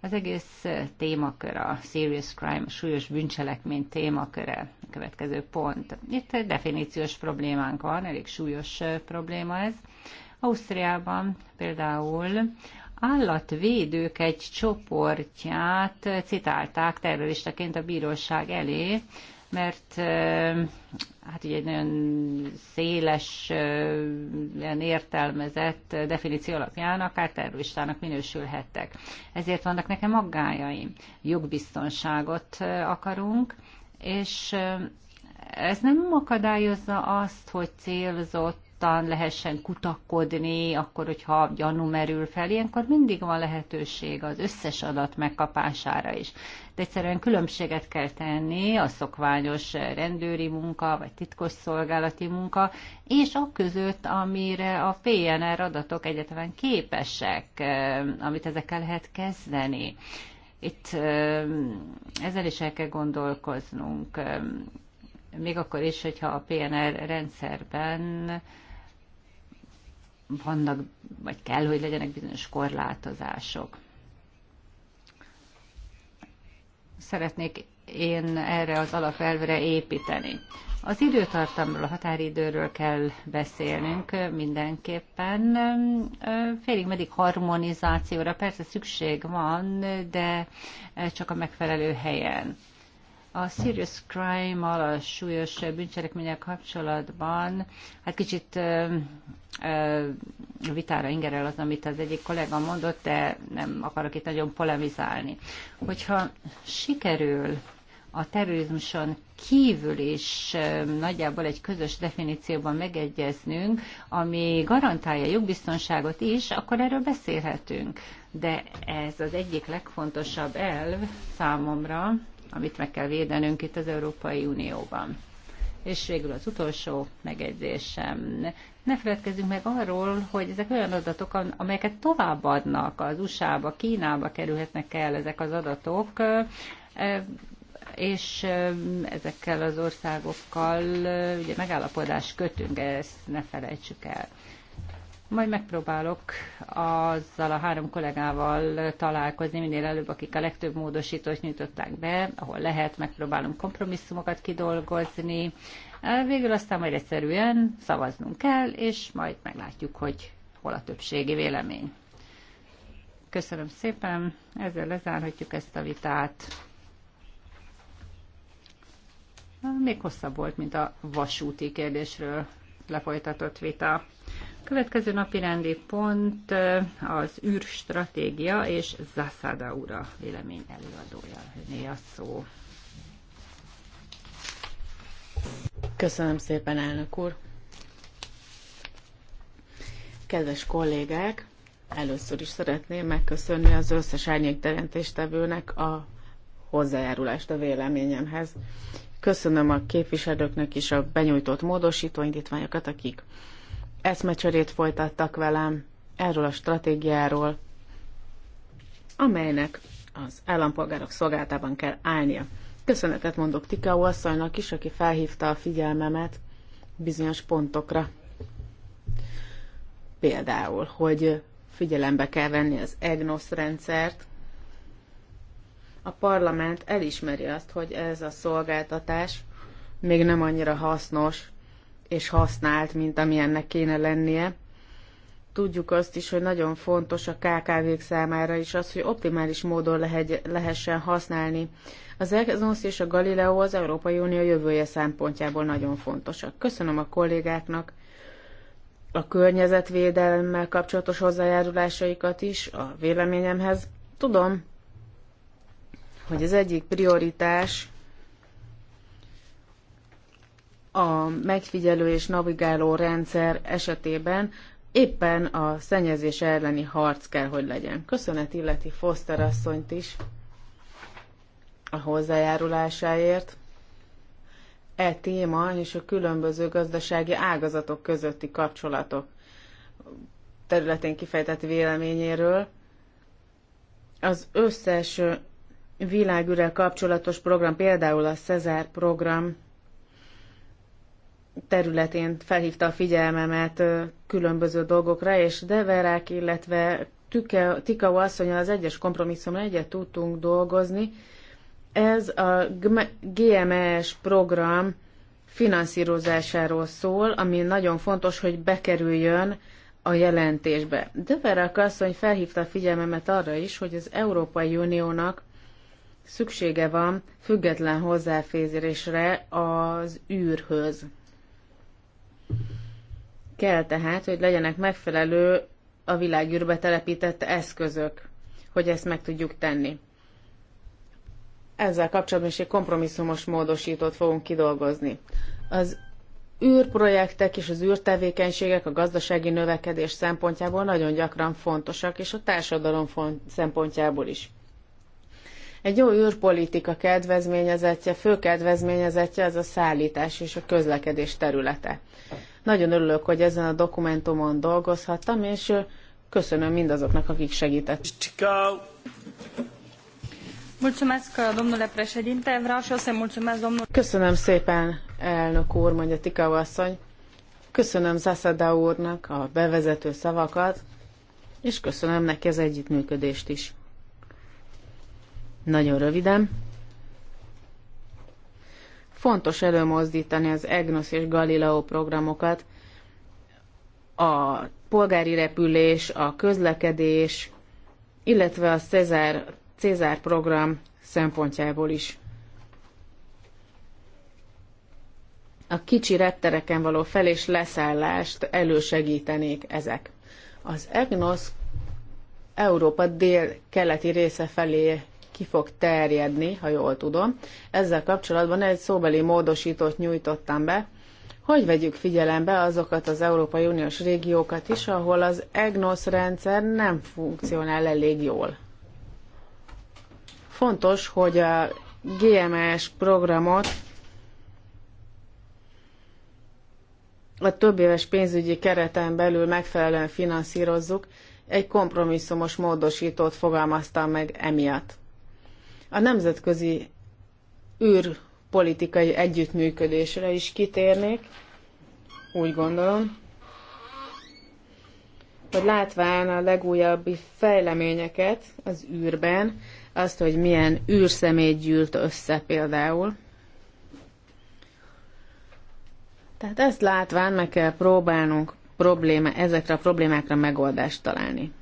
Az egész témakör, a serious crime, a súlyos bűncselekmény témaköre, a következő pont. Itt egy definíciós problémánk van, elég súlyos probléma ez. Ausztriában például állatvédők egy csoportját citálták terroristaként a bíróság elé, mert hát ugye egy nagyon széles, ilyen értelmezett definíció alapján akár terroristának minősülhettek. Ezért vannak nekem aggájaim. Jogbiztonságot akarunk, és ez nem akadályozza azt, hogy célzott nyugodtan lehessen kutakodni, akkor, hogyha gyanú merül fel, ilyenkor mindig van lehetőség az összes adat megkapására is. De egyszerűen különbséget kell tenni a szokványos rendőri munka, vagy titkos szolgálati munka, és a között, amire a PNR adatok egyetlen képesek, eh, amit ezekkel lehet kezdeni. Itt eh, ezzel is el kell gondolkoznunk eh, még akkor is, hogyha a PNR rendszerben vannak, vagy kell, hogy legyenek bizonyos korlátozások. Szeretnék én erre az alapelvre építeni. Az időtartamról, a határidőről kell beszélnünk mindenképpen. Félig meddig harmonizációra persze szükség van, de csak a megfelelő helyen. A serious crime-mal, a súlyos bűncselekmények kapcsolatban, hát kicsit vitára ingerel az, amit az egyik kollega mondott, de nem akarok itt nagyon polemizálni. Hogyha sikerül a terrorizmuson kívül is nagyjából egy közös definícióban megegyeznünk, ami garantálja jogbiztonságot is, akkor erről beszélhetünk. De ez az egyik legfontosabb elv számomra, amit meg kell védenünk itt az Európai Unióban. És végül az utolsó megegyzésem. Ne feledkezzünk meg arról, hogy ezek olyan adatok, amelyeket továbbadnak az USA-ba, Kínába kerülhetnek el ezek az adatok, és ezekkel az országokkal ugye megállapodást kötünk, ezt ne felejtsük el. Majd megpróbálok azzal a három kollégával találkozni minél előbb, akik a legtöbb módosítót nyújtották be, ahol lehet, megpróbálunk kompromisszumokat kidolgozni. Végül aztán majd egyszerűen szavaznunk kell, és majd meglátjuk, hogy hol a többségi vélemény. Köszönöm szépen, ezzel lezárhatjuk ezt a vitát. Még hosszabb volt, mint a vasúti kérdésről lefolytatott vita. Következő napi rendi pont az űrstratégia és Zasada ura vélemény előadója. Né a szó. Köszönöm szépen, elnök úr. Kedves kollégák, először is szeretném megköszönni az összes árnyékteremtéstevőnek a hozzájárulást a véleményemhez. Köszönöm a képviselőknek is a benyújtott módosító indítványokat, akik eszmecserét folytattak velem erről a stratégiáról, amelynek az állampolgárok szolgáltában kell állnia. Köszönetet mondok Tikau asszonynak is, aki felhívta a figyelmemet bizonyos pontokra. Például, hogy figyelembe kell venni az EGNOS rendszert. A parlament elismeri azt, hogy ez a szolgáltatás még nem annyira hasznos és használt, mint amilyennek kéne lennie. Tudjuk azt is, hogy nagyon fontos a KKV-k számára is az, hogy optimális módon lehegy, lehessen használni. Az EGNOS és a Galileo az Európai Unió jövője szempontjából nagyon fontosak. Köszönöm a kollégáknak a környezetvédelemmel kapcsolatos hozzájárulásaikat is a véleményemhez. Tudom, hogy az egyik prioritás a megfigyelő és navigáló rendszer esetében éppen a szennyezés elleni harc kell, hogy legyen. Köszönet illeti Foster asszonyt is a hozzájárulásáért. E téma és a különböző gazdasági ágazatok közötti kapcsolatok területén kifejtett véleményéről. Az összes világűrel kapcsolatos program, például a Cezár program területén felhívta a figyelmemet különböző dolgokra, és Deverák, illetve Tikau asszonyal az egyes kompromisszumra egyet tudtunk dolgozni. Ez a GMS e program finanszírozásáról szól, ami nagyon fontos, hogy bekerüljön a jelentésbe. Deverak asszony felhívta a figyelmemet arra is, hogy az Európai Uniónak szüksége van független hozzáférésre az űrhöz. Kell tehát, hogy legyenek megfelelő a világűrbe telepített eszközök, hogy ezt meg tudjuk tenni. Ezzel kapcsolatban is egy kompromisszumos módosítót fogunk kidolgozni. Az űrprojektek és az űrtevékenységek a gazdasági növekedés szempontjából nagyon gyakran fontosak, és a társadalom szempontjából is. Egy jó űrpolitika kedvezményezetje, fő kedvezményezetje az a szállítás és a közlekedés területe. Nagyon örülök, hogy ezen a dokumentumon dolgozhattam, és köszönöm mindazoknak, akik segítettek. Köszönöm szépen, elnök úr, mondja Tika asszony. Köszönöm Zaszada úrnak a bevezető szavakat, és köszönöm neki az együttműködést is. Nagyon röviden fontos előmozdítani az EGNOS és Galileo programokat, a polgári repülés, a közlekedés, illetve a Cezár, Cezár program szempontjából is. A kicsi reptereken való fel- és leszállást elősegítenék ezek. Az EGNOS Európa dél-keleti része felé ki fog terjedni, ha jól tudom. Ezzel kapcsolatban egy szóbeli módosítót nyújtottam be, hogy vegyük figyelembe azokat az Európai Uniós régiókat is, ahol az EGNOS rendszer nem funkcionál elég jól. Fontos, hogy a GMS programot a több éves pénzügyi kereten belül megfelelően finanszírozzuk, egy kompromisszumos módosítót fogalmaztam meg emiatt a nemzetközi űrpolitikai együttműködésre is kitérnék, úgy gondolom, hogy látván a legújabbi fejleményeket az űrben, azt, hogy milyen űrszemét gyűlt össze például. Tehát ezt látván meg kell próbálnunk probléma, ezekre a problémákra megoldást találni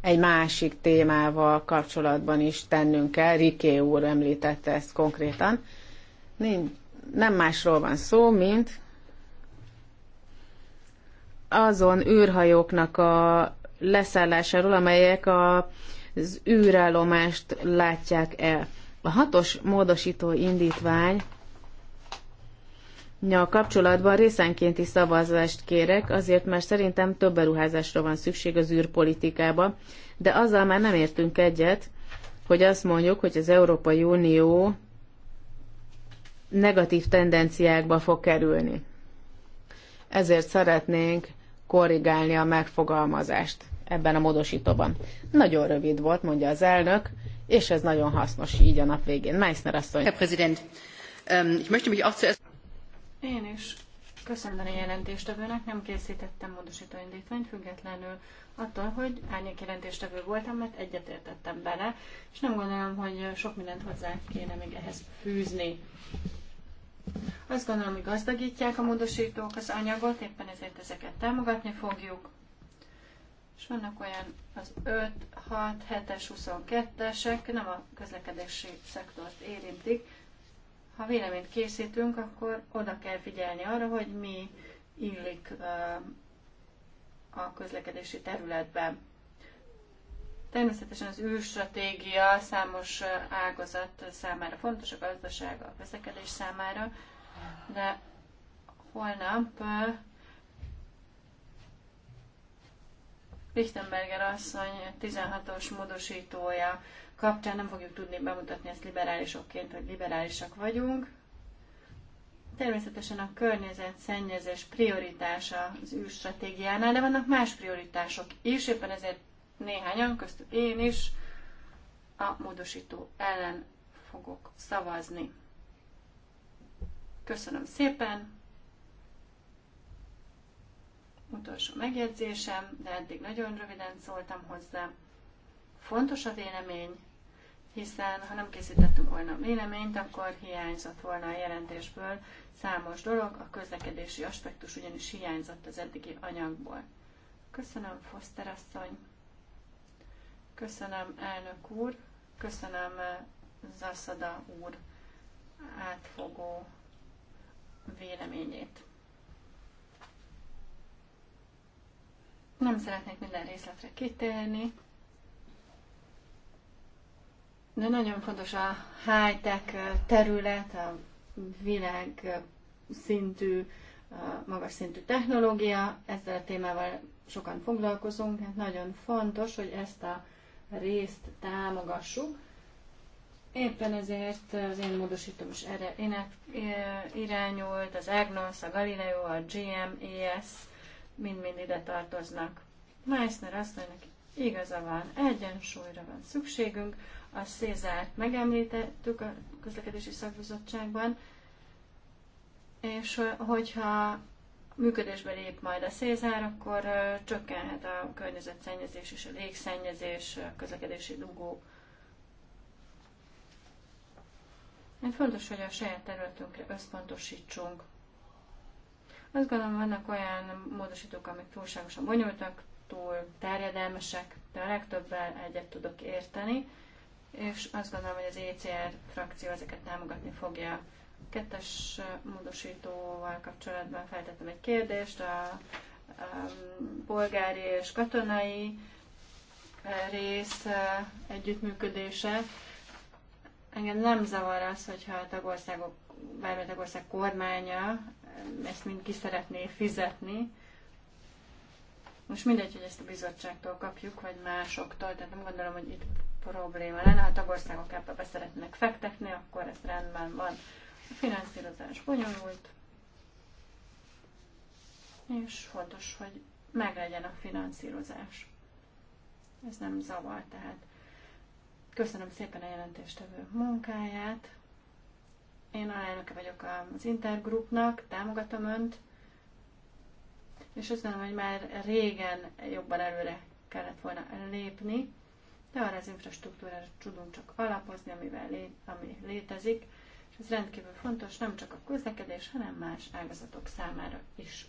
egy másik témával kapcsolatban is tennünk kell. Riké úr említette ezt konkrétan. Nem másról van szó, mint azon űrhajóknak a leszállásáról, amelyek a, az űrállomást látják el. A hatos módosító indítvány a kapcsolatban részenkénti szavazást kérek, azért mert szerintem több beruházásra van szükség az űrpolitikába, de azzal már nem értünk egyet, hogy azt mondjuk, hogy az Európai Unió negatív tendenciákba fog kerülni. Ezért szeretnénk korrigálni a megfogalmazást ebben a módosítóban. Nagyon rövid volt, mondja az elnök, és ez nagyon hasznos így a nap végén. Meissner asszony. Herr Präsident, ähm, ich möchte mich auch zuerst... Én is köszönöm a jelentéstevőnek, nem készítettem módosító indítványt, függetlenül attól, hogy árnyék jelentéstevő voltam, mert egyetértettem bele, és nem gondolom, hogy sok mindent hozzá kéne még ehhez fűzni. Azt gondolom, hogy gazdagítják a módosítók az anyagot, éppen ezért ezeket támogatni fogjuk. És vannak olyan az 5, 6, 7-es, 22-esek, nem a közlekedési szektort érintik, ha véleményt készítünk, akkor oda kell figyelni arra, hogy mi illik a közlekedési területbe. Természetesen az űrstratégia számos ágazat számára fontos, a gazdaság, a közlekedés számára, de holnap Lichtenberger asszony 16-os módosítója kapcsán nem fogjuk tudni bemutatni ezt liberálisokként, hogy liberálisak vagyunk. Természetesen a környezet szennyezés prioritása az űrstratégiánál, de vannak más prioritások is, éppen ezért néhányan, köztük én is, a módosító ellen fogok szavazni. Köszönöm szépen! Utolsó megjegyzésem, de eddig nagyon röviden szóltam hozzá. Fontos a vélemény, hiszen ha nem készítettünk volna véleményt, akkor hiányzott volna a jelentésből számos dolog, a közlekedési aspektus ugyanis hiányzott az eddigi anyagból. Köszönöm, Foster asszony! Köszönöm, elnök úr! Köszönöm, Zaszada úr átfogó véleményét. Nem szeretnék minden részletre kitérni, de nagyon fontos a high-tech terület, a világ szintű, magas szintű technológia. Ezzel a témával sokan foglalkozunk, tehát nagyon fontos, hogy ezt a részt támogassuk. Éppen ezért az én módosítom is erre irányult, az Agnos, a Galileo, a GM, ES, mind-mind ide tartoznak. Meissner azt mondja, hogy igaza van, egyensúlyra van szükségünk, a Szézárt megemlítettük a közlekedési szakbizottságban, és hogyha működésbe lép majd a Szézár, akkor csökkenhet a környezetszennyezés és a légszennyezés, a közlekedési dugó. Mert fontos, hogy a saját területünkre összpontosítsunk. Azt gondolom, vannak olyan módosítók, amik túlságosan bonyolultak, túl terjedelmesek, de a legtöbbel egyet tudok érteni és azt gondolom, hogy az ECR frakció ezeket támogatni fogja. Kettes módosítóval kapcsolatban feltettem egy kérdést, a, polgári és katonai rész együttműködése. Engem nem zavar az, hogyha a tagországok, bármely tagország kormánya ezt mind ki szeretné fizetni. Most mindegy, hogy ezt a bizottságtól kapjuk, vagy másoktól, tehát nem gondolom, hogy itt probléma lenne. Ha a tagországok ebbe be szeretnének fektetni, akkor ez rendben van. A finanszírozás bonyolult, és fontos, hogy meglegyen a finanszírozás. Ez nem zavar, tehát köszönöm szépen a jelentéstevő munkáját. Én a alelnöke vagyok az Intergroupnak, támogatom Önt, és azt gondolom, hogy már régen jobban előre kellett volna lépni de arra az infrastruktúrára tudunk csak alapozni, amivel lé, ami létezik, és ez rendkívül fontos nem csak a közlekedés, hanem más ágazatok számára is.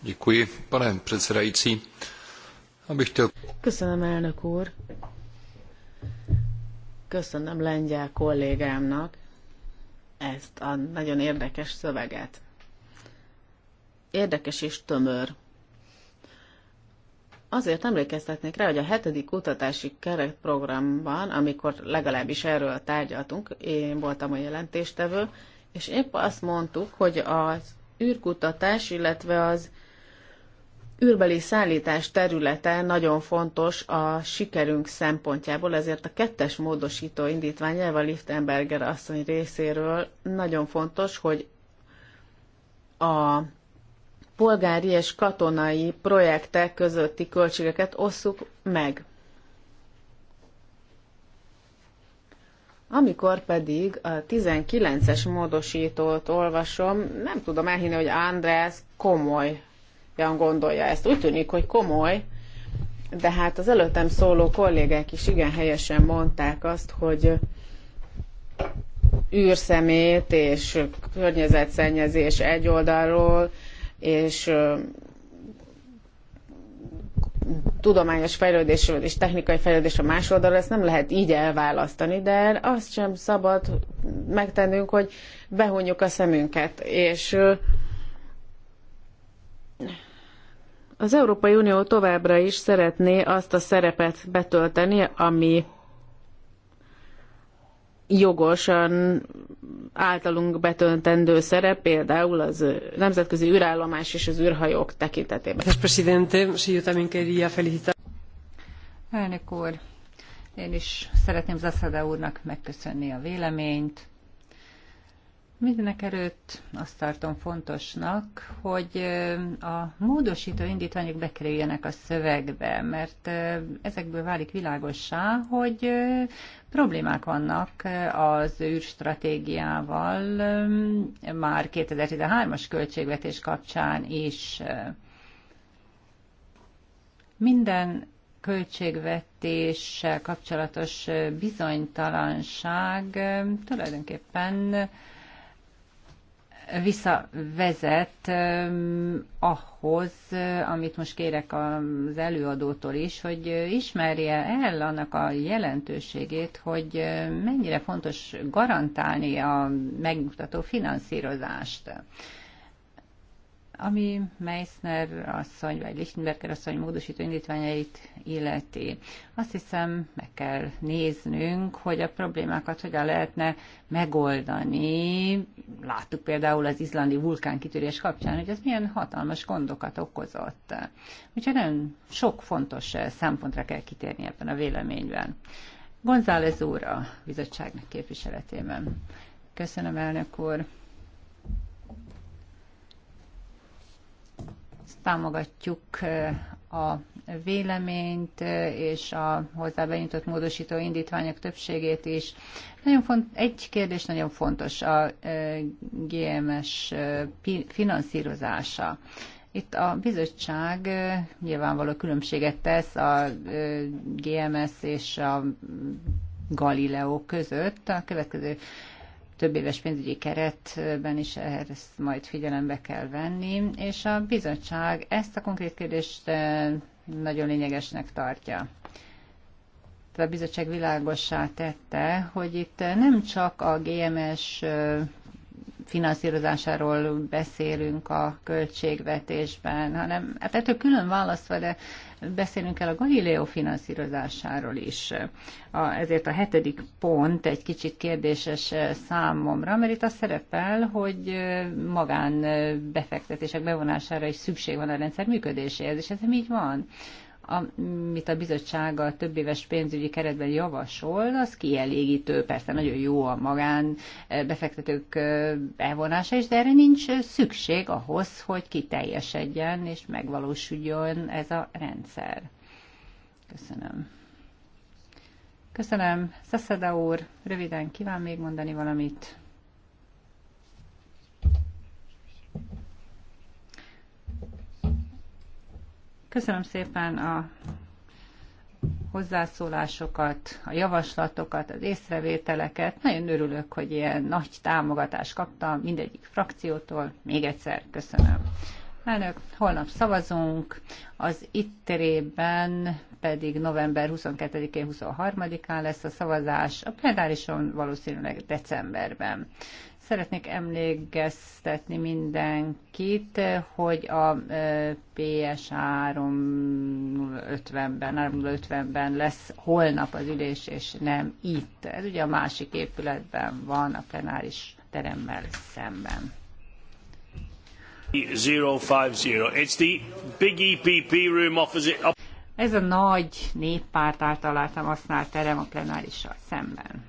Děkuji, pane předsedající. Abych chtěl... Köszönöm, elnök úr. Köszönöm lengyel kollégámnak ezt a nagyon érdekes szöveget. Érdekes és tömör azért emlékeztetnék rá, hogy a hetedik kutatási keretprogramban, amikor legalábbis erről tárgyaltunk, én voltam a jelentéstevő, és épp azt mondtuk, hogy az űrkutatás, illetve az űrbeli szállítás területe nagyon fontos a sikerünk szempontjából, ezért a kettes módosító indítvány Eva Liftenberger asszony részéről nagyon fontos, hogy a polgári és katonai projektek közötti költségeket osszuk meg. Amikor pedig a 19-es módosítót olvasom, nem tudom elhinni, hogy András komolyan gondolja ezt. Úgy tűnik, hogy komoly, de hát az előttem szóló kollégák is igen helyesen mondták azt, hogy űrszemét és környezetszennyezés egy oldalról, és tudományos fejlődésről és technikai fejlődésről más oldalra, ezt nem lehet így elválasztani, de azt sem szabad megtennünk, hogy behunjuk a szemünket, és az Európai Unió továbbra is szeretné azt a szerepet betölteni, ami jogosan általunk betöntendő szerep, például az nemzetközi űrállomás és az űrhajók tekintetében. Elnök úr, én is szeretném Zaszada úrnak megköszönni a véleményt. Mindenek azt tartom fontosnak, hogy a módosító indítványok bekerüljenek a szövegbe, mert ezekből válik világossá, hogy Problémák vannak eh, az űrstratégiával eh, már 2013-as költségvetés kapcsán is. Eh. Minden költségvetéssel kapcsolatos bizonytalanság tulajdonképpen visszavezet ahhoz, amit most kérek az előadótól is, hogy ismerje el annak a jelentőségét, hogy mennyire fontos garantálni a megmutató finanszírozást ami Meissner asszony vagy Lichtenberger asszony módosító indítványait illeti. Azt hiszem, meg kell néznünk, hogy a problémákat hogyan lehetne megoldani. Láttuk például az izlandi vulkánkitörés kapcsán, hogy ez milyen hatalmas gondokat okozott. Úgyhogy nagyon sok fontos szempontra kell kitérni ebben a véleményben. González úr a bizottságnak képviseletében. Köszönöm, elnök úr. támogatjuk a véleményt és a hozzá benyújtott módosító indítványok többségét is. Nagyon font, egy kérdés nagyon fontos, a GMS finanszírozása. Itt a bizottság nyilvánvaló különbséget tesz a GMS és a Galileo között. A következő több éves pénzügyi keretben is ezt majd figyelembe kell venni, és a bizottság ezt a konkrét kérdést eh, nagyon lényegesnek tartja a bizottság világossá tette, hogy itt nem csak a GMS eh, finanszírozásáról beszélünk a költségvetésben, hanem hát ettől külön választva, de beszélnünk kell a Galileo finanszírozásáról is. A, ezért a hetedik pont egy kicsit kérdéses eh, számomra, mert itt az szerepel, hogy eh, magán eh, befektetések bevonására is szükség van a rendszer működéséhez, és ez nem így van amit a bizottság a több éves pénzügyi keretben javasol, az kielégítő, persze nagyon jó a magán eh, befektetők eh, elvonása is, de erre nincs szükség ahhoz, hogy kiteljesedjen és megvalósuljon ez a rendszer. Köszönöm. Köszönöm. Szeszeda úr, röviden kíván még mondani valamit? Köszönöm szépen a hozzászólásokat, a javaslatokat, az észrevételeket. Nagyon örülök, hogy ilyen nagy támogatást kaptam mindegyik frakciótól. Még egyszer köszönöm. Elnök, holnap szavazunk, az itterében pedig november 22-én, 23-án lesz a szavazás, a plenárison valószínűleg decemberben. Szeretnék emlékeztetni mindenkit, hogy a PS 350-ben, 350-ben lesz holnap az ülés, és nem itt. Ez ugye a másik épületben van, a plenáris teremmel szemben. 050. It's the big EPP room Ez a nagy néppárt által általátam használt terem a plenárissal szemben.